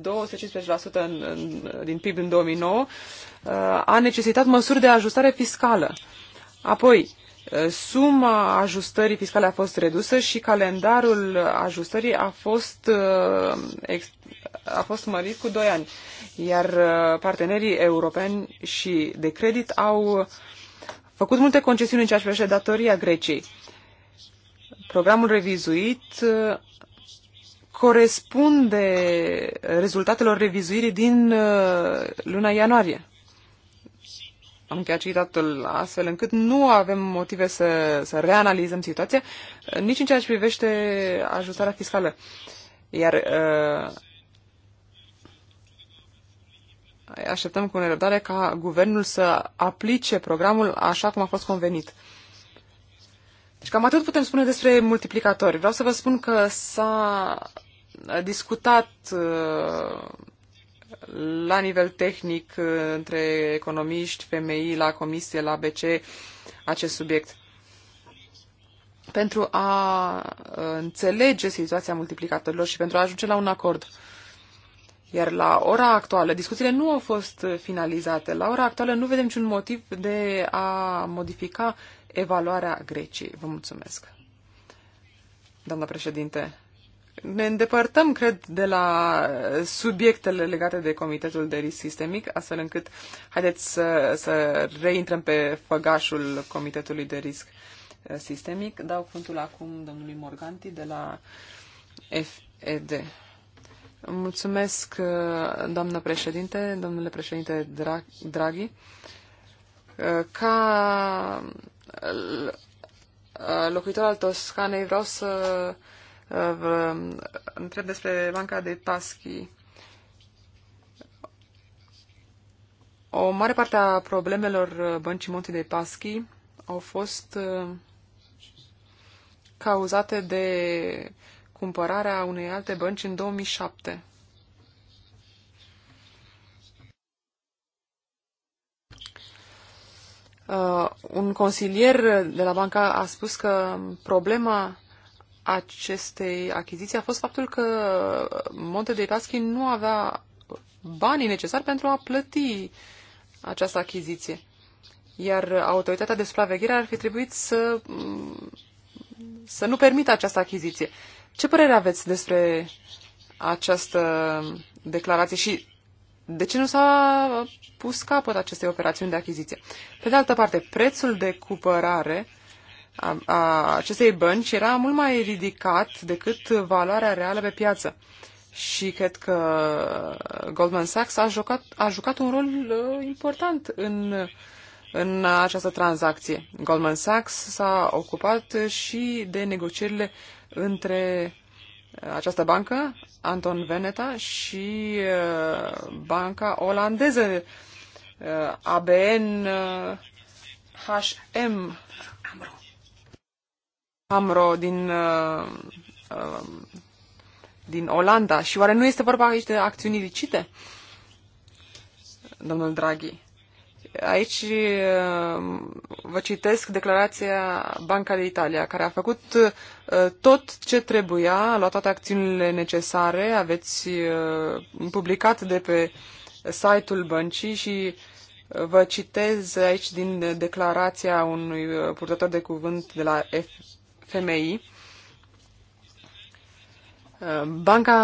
215% în, în, din PIB în 2009 uh, a necesitat măsuri de ajustare fiscală. Apoi, suma ajustării fiscale a fost redusă și calendarul ajustării a fost, uh, a fost mărit cu 2 ani. Iar uh, partenerii europeni și de credit au făcut multe concesiuni în ceea ce privește datoria Greciei. Programul revizuit uh, corespunde rezultatelor revizuirii din luna ianuarie am încheiat citatul astfel încât nu avem motive să, să reanalizăm situația, nici în ceea ce privește ajustarea fiscală. Iar uh, așteptăm cu nerăbdare ca guvernul să aplice programul așa cum a fost convenit. Deci cam atât putem spune despre multiplicatori. Vreau să vă spun că s-a discutat uh, la nivel tehnic uh, între economiști, femei, la comisie, la BC, acest subiect. Pentru a uh, înțelege situația multiplicatorilor și pentru a ajunge la un acord. Iar la ora actuală, discuțiile nu au fost finalizate. La ora actuală nu vedem niciun motiv de a modifica evaluarea Greciei. Vă mulțumesc. Doamna președinte, ne îndepărtăm, cred, de la subiectele legate de Comitetul de Risc Sistemic, astfel încât haideți să, să reintrăm pe făgașul Comitetului de Risc eh, Sistemic. Dau cuvântul acum domnului Morganti de la FED. Mulțumesc, eh, doamnă președinte, domnule președinte Draghi. Eh, ca locuitor al Toscanei vreau să Vă întreb despre banca de Taschi. O mare parte a problemelor băncii Monte de Paschi au fost uh, cauzate de cumpărarea unei alte bănci în 2007. Uh, un consilier de la banca a spus că problema acestei achiziții a fost faptul că Monte de Paschi nu avea banii necesari pentru a plăti această achiziție. Iar autoritatea de supraveghere ar fi trebuit să, să nu permită această achiziție. Ce părere aveți despre această declarație și de ce nu s-a pus capăt acestei operațiuni de achiziție? Pe de altă parte, prețul de cumpărare a, acestei bănci era mult mai ridicat decât valoarea reală pe piață. Și cred că Goldman Sachs a jucat, a jucat un rol uh, important în, în această tranzacție. Goldman Sachs s-a ocupat și de negocierile între uh, această bancă, Anton Veneta, și uh, banca olandeză ABN HM. Amro. Amro din, uh, uh, din Olanda. Și oare nu este vorba aici de acțiuni ilicite, domnul Draghi? Aici uh, vă citesc declarația Banca de Italia, care a făcut uh, tot ce trebuia, a luat toate acțiunile necesare, aveți uh, publicat de pe site-ul băncii și uh, vă citez aici din declarația unui uh, purtător de cuvânt de la FMI. Banca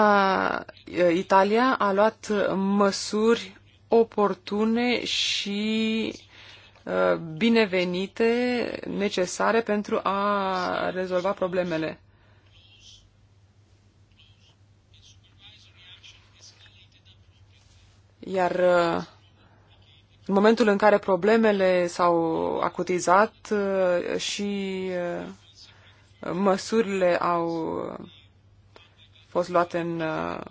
uh, Italia a luat măsuri oportune și uh, binevenite, necesare pentru a rezolva problemele. Iar uh, în momentul în care problemele s-au acutizat și măsurile au fost luate în uh,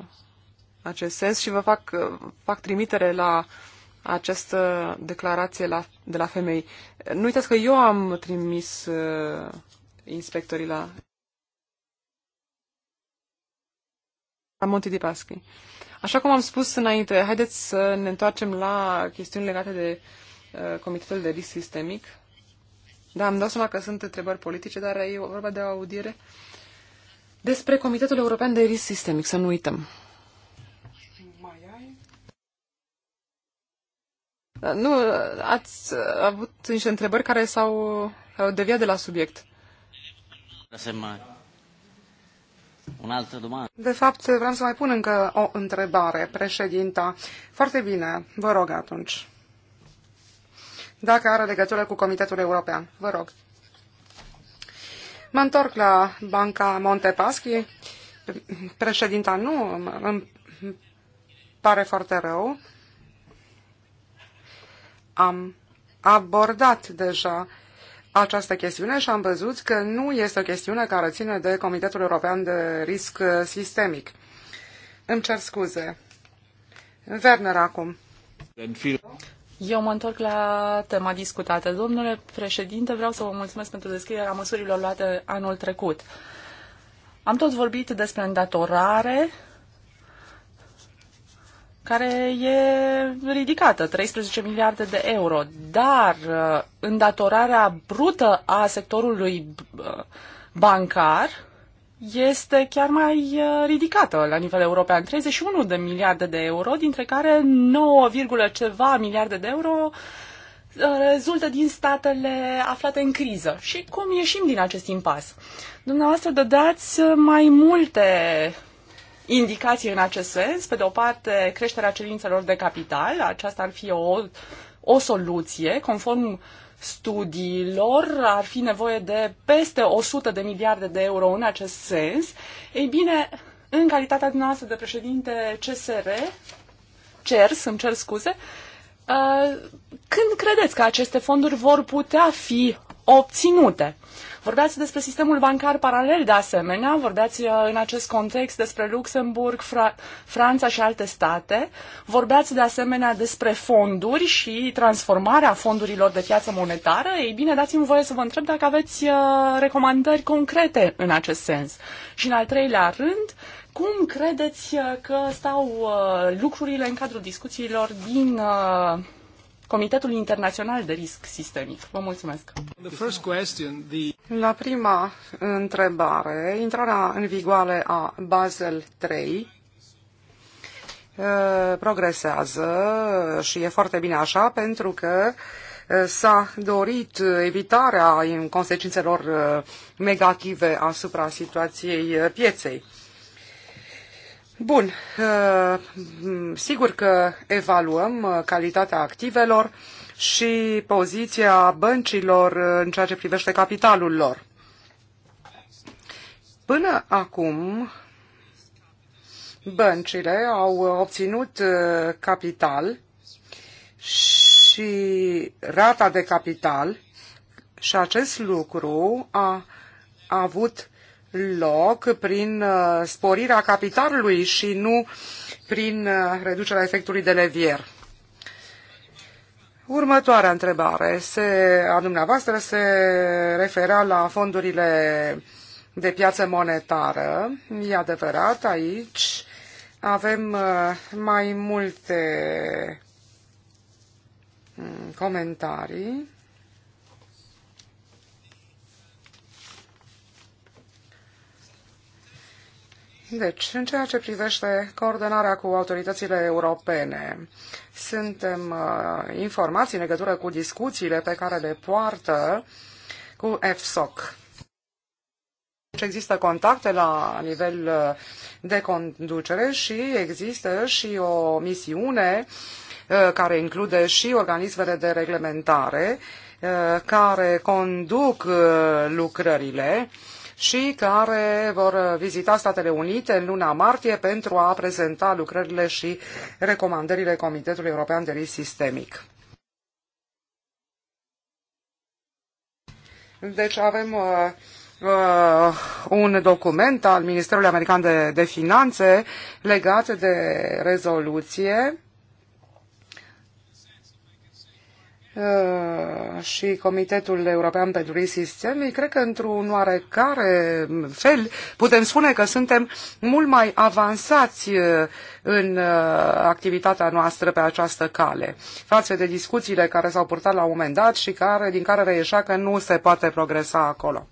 acest sens și vă fac, uh, fac trimitere la această declarație la, de la femei. Nu uitați că eu am trimis uh, inspectorii la la Monte di Paschi. Așa cum am spus înainte, haideți să ne întoarcem la chestiuni legate de uh, Comitetul de Risc Sistemic. Da, îmi dau seama că sunt întrebări politice, dar e vorba de o audiere despre Comitetul European de Risc Sistemic, să nu uităm. Mai ai? Nu, ați avut niște întrebări care s-au deviat de la subiect. De fapt, vreau să mai pun încă o întrebare, președinta. Foarte bine, vă rog atunci dacă are legătură cu Comitetul European. Vă rog. Mă întorc la Banca Montepaschi. Președinta nu, îmi pare foarte rău. Am abordat deja această chestiune și am văzut că nu este o chestiune care ține de Comitetul European de Risc Sistemic. Îmi cer scuze. Werner acum. Eu mă întorc la tema discutată. Domnule președinte, vreau să vă mulțumesc pentru descrierea măsurilor luate anul trecut. Am tot vorbit despre îndatorare, care e ridicată, 13 miliarde de euro, dar uh, îndatorarea brută a sectorului uh, bancar este chiar mai uh, ridicată la nivel european, 31 de miliarde de euro, dintre care 9, ceva miliarde de euro uh, rezultă din statele aflate în criză. Și cum ieșim din acest impas? Dumneavoastră dădeați mai multe indicații în acest sens. Pe de o parte, creșterea cerințelor de capital, aceasta ar fi o, o soluție, conform uh, studiilor ar fi nevoie de peste 100 de miliarde de euro în acest sens. Ei bine, în calitatea noastră de președinte CSR, cer, îmi cer scuze, uh, când credeți că aceste fonduri vor putea fi obținute? Vorbeați despre sistemul bancar paralel de asemenea, vorbeați uh, în acest context despre Luxemburg, Fra- Franța și alte state, vorbeați de asemenea despre fonduri și transformarea fondurilor de piață monetară. Ei bine, dați-mi voie să vă întreb dacă aveți uh, recomandări concrete în acest sens. Și în al treilea rând, cum credeți uh, că stau lucrurile în cadrul discuțiilor din Comitetul Internațional de Risc Sistemic. Vă mulțumesc. La prima întrebare, intrarea în vigoare a Basel 3 uh, progresează și e foarte bine așa pentru că uh, s-a dorit evitarea consecințelor uh, negative asupra situației pieței. Bun, uh, sigur că evaluăm uh, calitatea activelor și poziția băncilor uh, în ceea ce privește capitalul lor. Până acum, băncile au obținut capital și rata de capital și acest lucru a, a avut loc prin uh, sporirea capitalului și nu prin uh, reducerea efectului de levier. Următoarea întrebare se, a dumneavoastră se referea la fondurile de piață monetară. E adevărat, aici avem uh, mai multe mm, comentarii. Deci, în ceea ce privește coordonarea cu autoritățile europene, suntem uh, informați în legătură cu discuțiile pe care le poartă cu EFSOC. Deci există contacte la nivel uh, de conducere și există și o misiune uh, care include și organismele de reglementare uh, care conduc lucrările și care vor vizita Statele Unite în luna martie pentru a prezenta lucrările și recomandările Comitetului European de Risc Sistemic. Deci avem uh, uh, un document al Ministerului American de, de Finanțe legat de rezoluție Uh, și Comitetul European pentru Risc Sistemic, cred că într-un oarecare fel putem spune că suntem mult mai avansați uh, în uh, activitatea noastră pe această cale, față de discuțiile care s-au purtat la un moment dat și care, din care reieșea că nu se poate progresa acolo.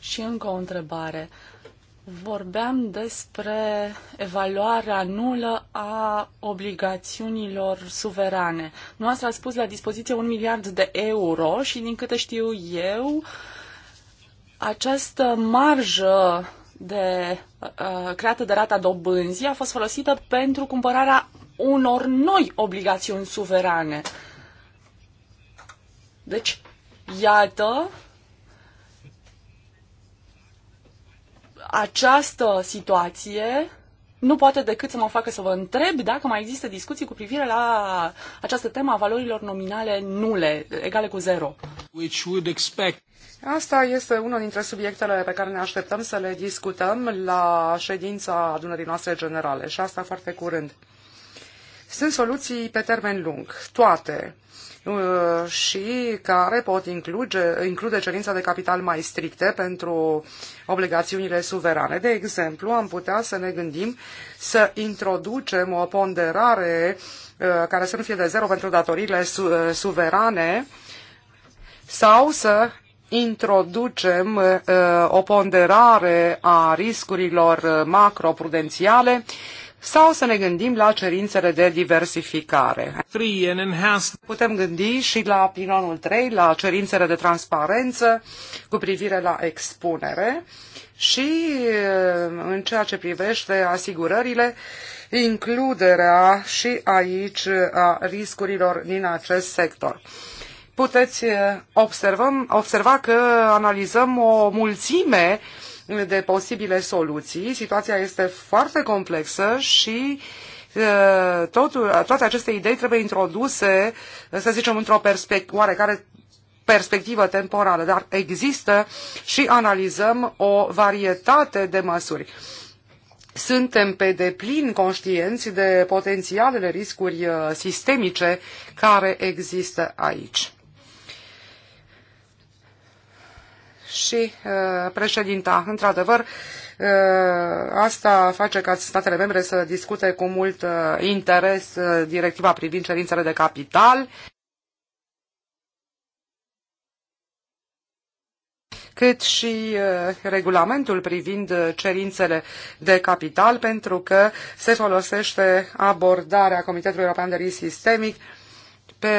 Și încă o întrebare vorbeam despre evaluarea nulă a obligațiunilor suverane. Noastră a spus la dispoziție un miliard de euro și, din câte știu eu, această marjă de, uh, creată de rata dobânzii a fost folosită pentru cumpărarea unor noi obligațiuni suverane. Deci, iată, această situație nu poate decât să mă facă să vă întreb dacă mai există discuții cu privire la această temă a valorilor nominale nule, egale cu zero. Which would expect... Asta este unul dintre subiectele pe care ne așteptăm să le discutăm la ședința adunării noastre generale și asta foarte curând. Sunt soluții pe termen lung, toate, Uh, și care pot include, include cerința de capital mai stricte pentru obligațiunile suverane. De exemplu, am putea să ne gândim să introducem o ponderare uh, care să nu fie de zero pentru datoriile su- uh, suverane sau să introducem o ponderare a riscurilor macroprudențiale sau să ne gândim la cerințele de diversificare. Putem gândi și la pilonul 3, la cerințele de transparență cu privire la expunere și uh, în ceea ce privește asigurările, includerea și aici uh, a riscurilor din acest sector puteți uh, observăm, observa că analizăm o mulțime de posibile soluții. Situația este foarte complexă și totul, toate aceste idei trebuie introduse, să zicem, într-o perspectivă oarecare perspectivă temporală, dar există și analizăm o varietate de măsuri. Suntem pe deplin conștienți de potențialele riscuri sistemice care există aici. și uh, președinta. Într-adevăr, uh, asta face ca statele membre să discute cu mult uh, interes uh, directiva privind cerințele de capital. cât și uh, regulamentul privind uh, cerințele de capital, pentru că se folosește abordarea Comitetului European de Risc Sistemic pe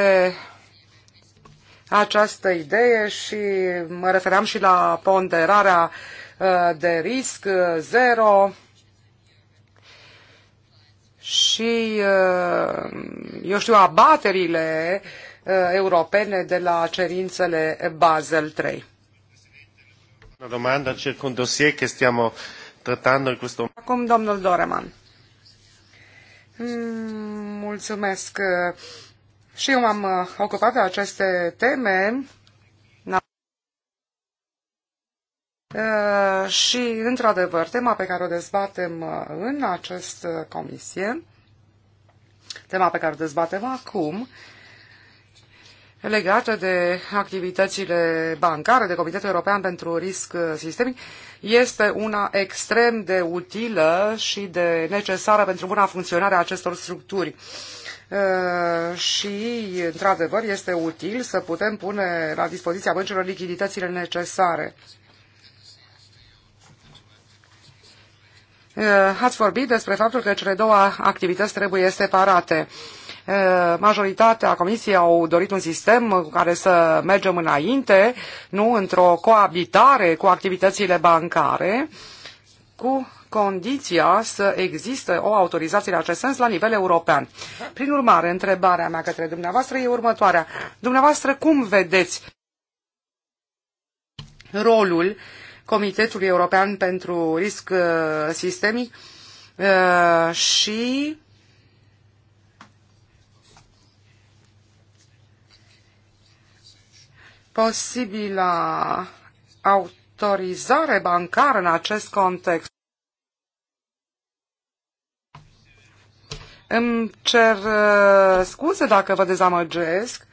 această idee și mă refeream și la ponderarea uh, de risc uh, zero și, uh, eu știu, abaterile europene de la cerințele Basel III. Acum, domnul Doreman. Mm, mulțumesc. Și eu m-am uh, ocupat de aceste teme uh, și, într-adevăr, tema pe care o dezbatem uh, în această comisie, tema pe care o dezbatem acum, legată de activitățile bancare, de Comitetul European pentru Risc Sistemic, este una extrem de utilă și de necesară pentru buna funcționare a acestor structuri Uh, și, într-adevăr, este util să putem pune la dispoziția băncilor lichiditățile necesare. Uh, ați vorbit despre faptul că cele două activități trebuie separate. Uh, majoritatea comisiei au dorit un sistem cu care să mergem înainte, nu într-o coabitare cu activitățile bancare, cu condiția să existe o autorizație în acest sens la nivel european. Prin urmare, întrebarea mea către dumneavoastră e următoarea. Dumneavoastră, cum vedeți rolul Comitetului European pentru Risc uh, Sistemic uh, și posibila autorizare bancară în acest context. Îmi cer uh, scuze dacă vă dezamăgesc.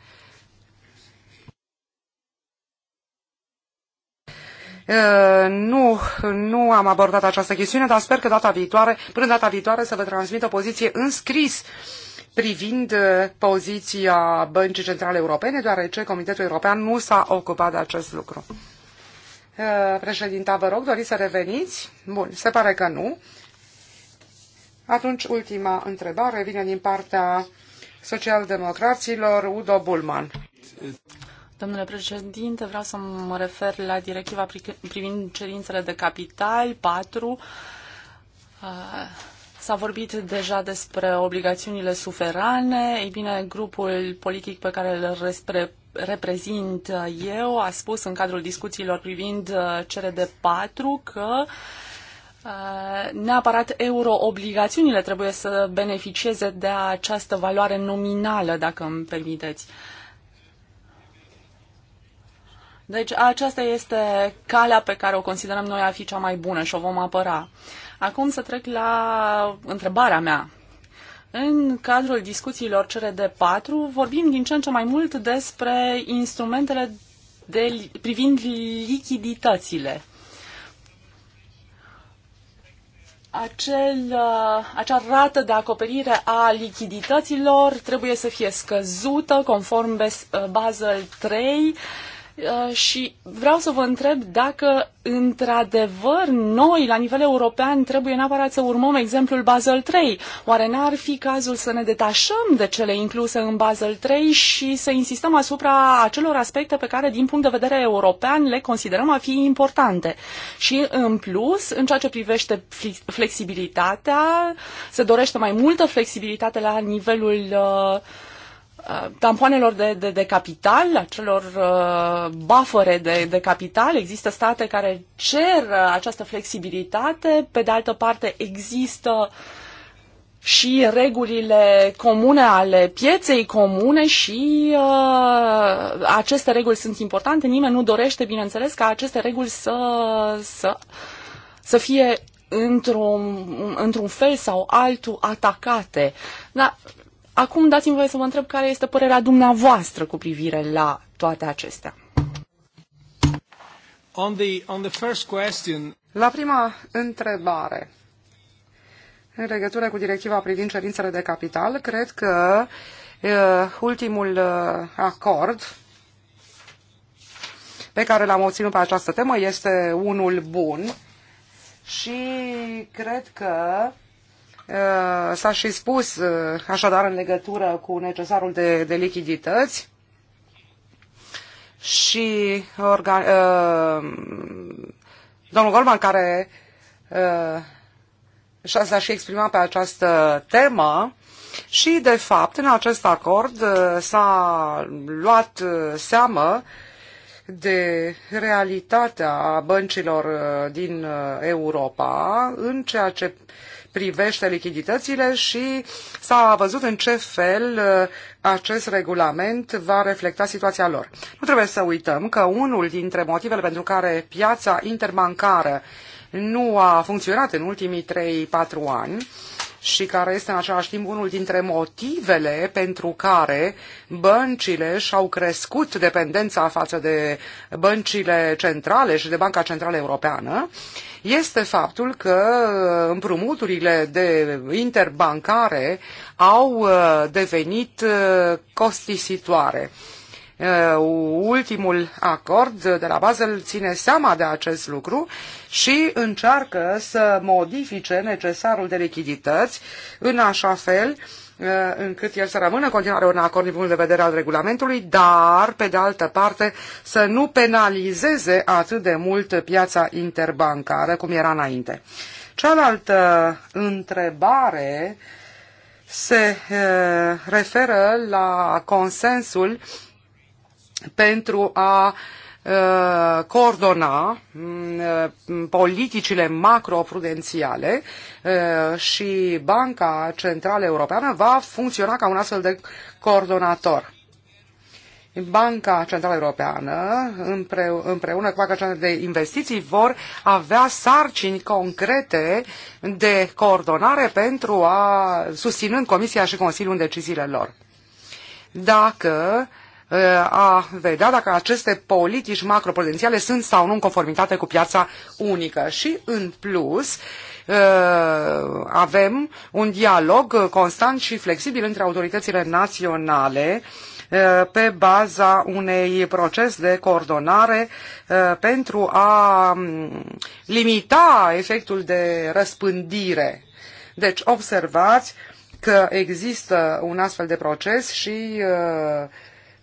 Uh, nu, nu am abordat această chestiune, dar sper că data viitoare, până data viitoare să vă transmit o poziție în scris privind uh, poziția Băncii Centrale Europene, deoarece Comitetul European nu s-a ocupat de acest lucru. Președinta, vă rog, doriți să reveniți? Bun, se pare că nu. Atunci, ultima întrebare vine din partea socialdemocraților, Udo Bulman. Domnule președinte, vreau să mă refer la directiva privind cerințele de capital 4. Uh, s-a vorbit deja despre obligațiunile suferane. Ei bine, grupul politic pe care îl respre, reprezint eu a spus în cadrul discuțiilor privind uh, CRD4 că uh, Uh, neapărat euroobligațiunile trebuie să beneficieze de această valoare nominală, dacă îmi permiteți. Deci aceasta este calea pe care o considerăm noi a fi cea mai bună și o vom apăra. Acum să trec la întrebarea mea. În cadrul discuțiilor CRD4 vorbim din ce în ce mai mult despre instrumentele de, privind lichiditățile. acel, uh, acea rată de acoperire a lichidităților trebuie să fie scăzută conform uh, Basel 3 Uh, și vreau să vă întreb dacă, într-adevăr, noi, la nivel european, trebuie neapărat să urmăm exemplul Basel 3. Oare n-ar fi cazul să ne detașăm de cele incluse în Basel 3 și să insistăm asupra acelor aspecte pe care, din punct de vedere european, le considerăm a fi importante? Și, în plus, în ceea ce privește flexibilitatea, se dorește mai multă flexibilitate la nivelul uh, Uh, tampoanelor de, de, de capital, acelor uh, bufere de, de capital. Există state care cer uh, această flexibilitate. Pe de altă parte, există și regulile comune ale pieței comune și uh, aceste reguli sunt importante. Nimeni nu dorește, bineînțeles, ca aceste reguli să, să, să fie într-un, într-un fel sau altul atacate. Dar Acum dați-mi voie să vă întreb care este părerea dumneavoastră cu privire la toate acestea. On the, on the first question... La prima întrebare, în legătură cu directiva privind cerințele de capital, cred că uh, ultimul uh, acord pe care l-am obținut pe această temă este unul bun și cred că Uh, s-a și spus uh, așadar în legătură cu necesarul de, de lichidități și organ, uh, domnul Goldman care s-a și exprimat pe această temă și de fapt în acest acord s-a luat seamă de realitatea băncilor din Europa în ceea ce privește lichiditățile și s-a văzut în ce fel uh, acest regulament va reflecta situația lor. Nu trebuie să uităm că unul dintre motivele pentru care piața interbancară nu a funcționat în ultimii 3-4 ani și care este în același timp unul dintre motivele pentru care băncile și-au crescut dependența față de băncile centrale și de Banca Centrală Europeană, este faptul că împrumuturile de interbancare au uh, devenit uh, costisitoare. Uh, ultimul acord de la Basel ține seama de acest lucru și încearcă să modifice necesarul de lichidități în așa fel uh, încât el să rămână în continuare un acord din punct de vedere al regulamentului, dar, pe de altă parte, să nu penalizeze atât de mult piața interbancară cum era înainte. Cealaltă întrebare se uh, referă la consensul pentru a coordona politicile macroprudențiale și Banca Centrală Europeană va funcționa ca un astfel de coordonator. Banca Centrală Europeană împreună cu Banca Centrală de Investiții vor avea sarcini concrete de coordonare pentru a susținând Comisia și Consiliul în deciziile lor. Dacă uh, Uh, a vedea dacă aceste politici macroprudențiale sunt sau nu în conformitate cu piața unică. Și, în plus, uh, avem un dialog constant și flexibil între autoritățile naționale uh, pe baza unei proces de coordonare pentru a um, limita efectul de răspândire. Deci observați că există un astfel de proces și uh,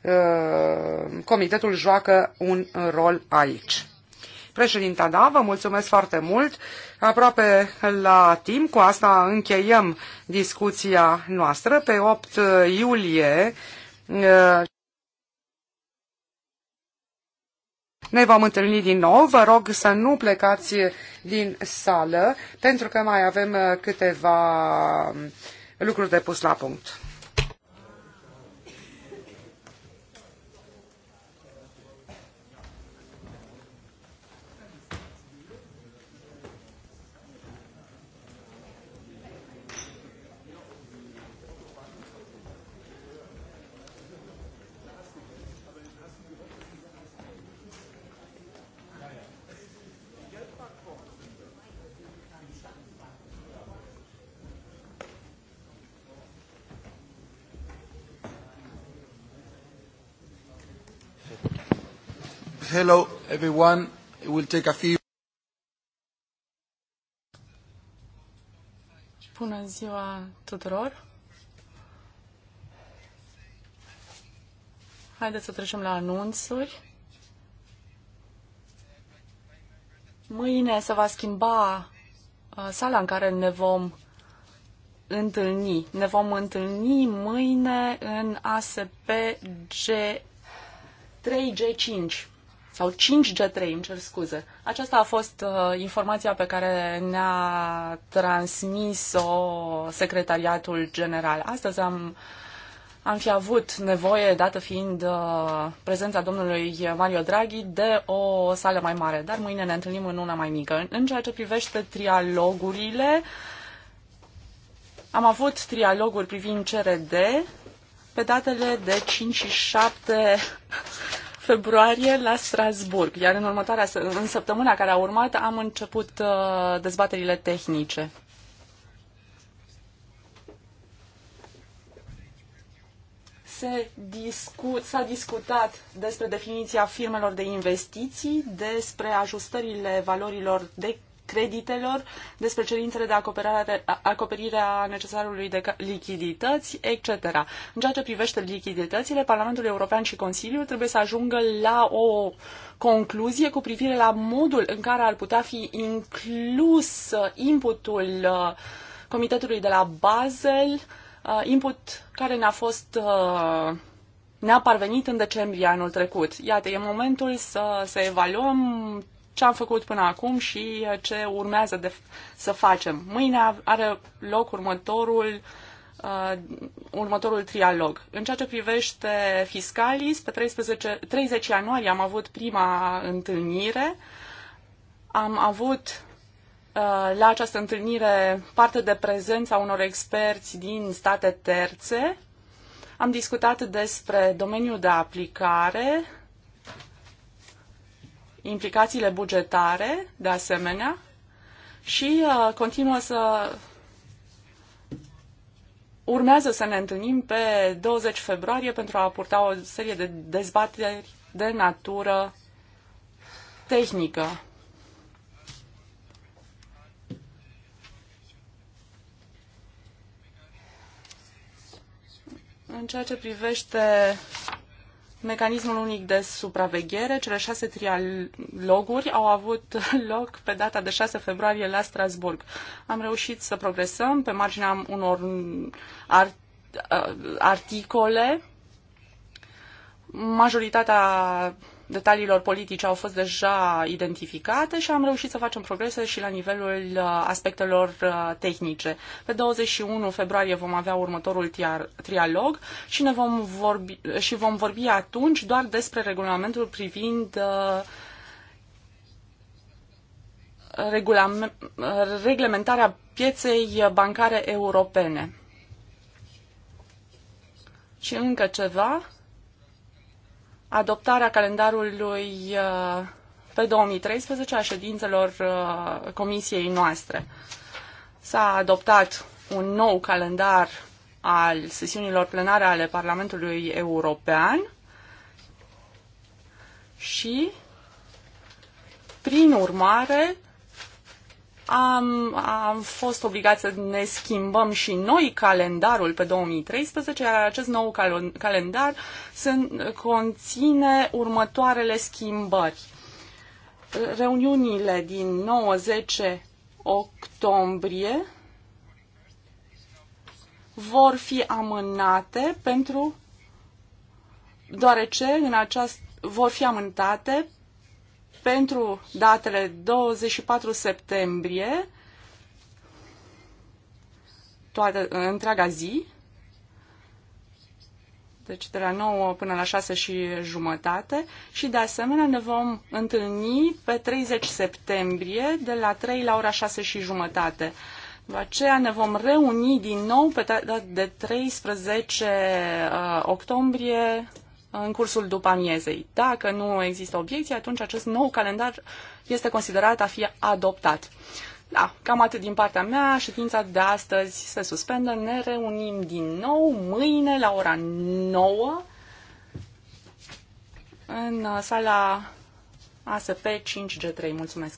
Uh, comitetul joacă un rol aici. Președinta, da, vă mulțumesc foarte mult. Aproape la timp, cu asta încheiem discuția noastră. Pe 8 iulie uh, ne vom întâlni din nou. Vă rog să nu plecați din sală, pentru că mai avem uh, câteva um, lucruri de pus la punct. Hello, everyone. It will take a few... Bună ziua tuturor! Haideți să trecem la anunțuri. Mâine se va schimba uh, sala în care ne vom întâlni. Ne vom întâlni mâine în ASP G 3G5 sau 5G3, îmi cer scuze. Aceasta a fost uh, informația pe care ne-a transmis-o Secretariatul General. Astăzi am, am fi avut nevoie, dată fiind uh, prezența domnului Mario Draghi, de o sală mai mare, dar mâine ne întâlnim în una mai mică. În ceea ce privește trialogurile, am avut trialoguri privind CRD pe datele de 5 și 7 februarie la Strasburg, iar în următoarea, în săptămâna care a urmat, am început uh, dezbaterile tehnice. s-a discutat despre definiția firmelor de investiții, despre ajustările valorilor de creditelor, despre cerințele de acoperire acoperirea necesarului de lichidități, etc. În ceea ce privește lichiditățile, Parlamentul European și Consiliul trebuie să ajungă la o concluzie cu privire la modul în care ar putea fi inclus uh, inputul uh, Comitetului de la Basel, uh, input care ne-a fost ne-a parvenit în decembrie anul trecut. Iată, e momentul să, să evaluăm ce am făcut până acum și uh, ce urmează de, să facem. Mâine are loc următorul uh, următorul trialog. În ceea ce privește fiscalis, pe 13, 30 ianuarie am avut prima întâlnire. Am avut uh, la această întâlnire parte de prezența unor experți din state terțe. Am discutat despre domeniul de aplicare, implicațiile bugetare, de asemenea, și uh, continuă să urmează să ne întâlnim pe 20 februarie pentru a purta o serie de dezbateri de natură tehnică. În ceea ce privește mecanismul unic de supraveghere. Cele șase trialoguri au avut loc pe data de 6 februarie la Strasburg. Am reușit să progresăm pe marginea unor art uh, articole. Majoritatea detaliilor politice au fost deja identificate și am reușit să facem progrese și la nivelul uh, aspectelor uh, tehnice. Pe 21 februarie vom avea următorul trialog și, ne vom vorbi, și vom vorbi atunci doar despre regulamentul privind uh, reglementarea pieței bancare europene. Și încă ceva, adoptarea calendarului uh, pe 2013 a ședințelor uh, comisiei noastre. S-a adoptat un nou calendar al sesiunilor plenare ale Parlamentului European și, prin urmare, am, am fost obligat să ne schimbăm și noi calendarul pe 2013, iar acest nou cal- calendar se conține următoarele schimbări. Reuniunile din 90 octombrie vor fi amânate pentru deoarece în această vor fi amântate pentru datele 24 septembrie, toată, întreaga zi, deci de la 9 până la 6 și jumătate și de asemenea ne vom întâlni pe 30 septembrie de la 3 la ora 6 și jumătate. După aceea ne vom reuni din nou pe data de 13 uh, octombrie în cursul după amiezei. Dacă nu există obiecții, atunci acest nou calendar este considerat a fi adoptat. Da, cam atât din partea mea. Ședința de astăzi se suspendă. Ne reunim din nou mâine la ora 9 în sala ASP 5G3. Mulțumesc!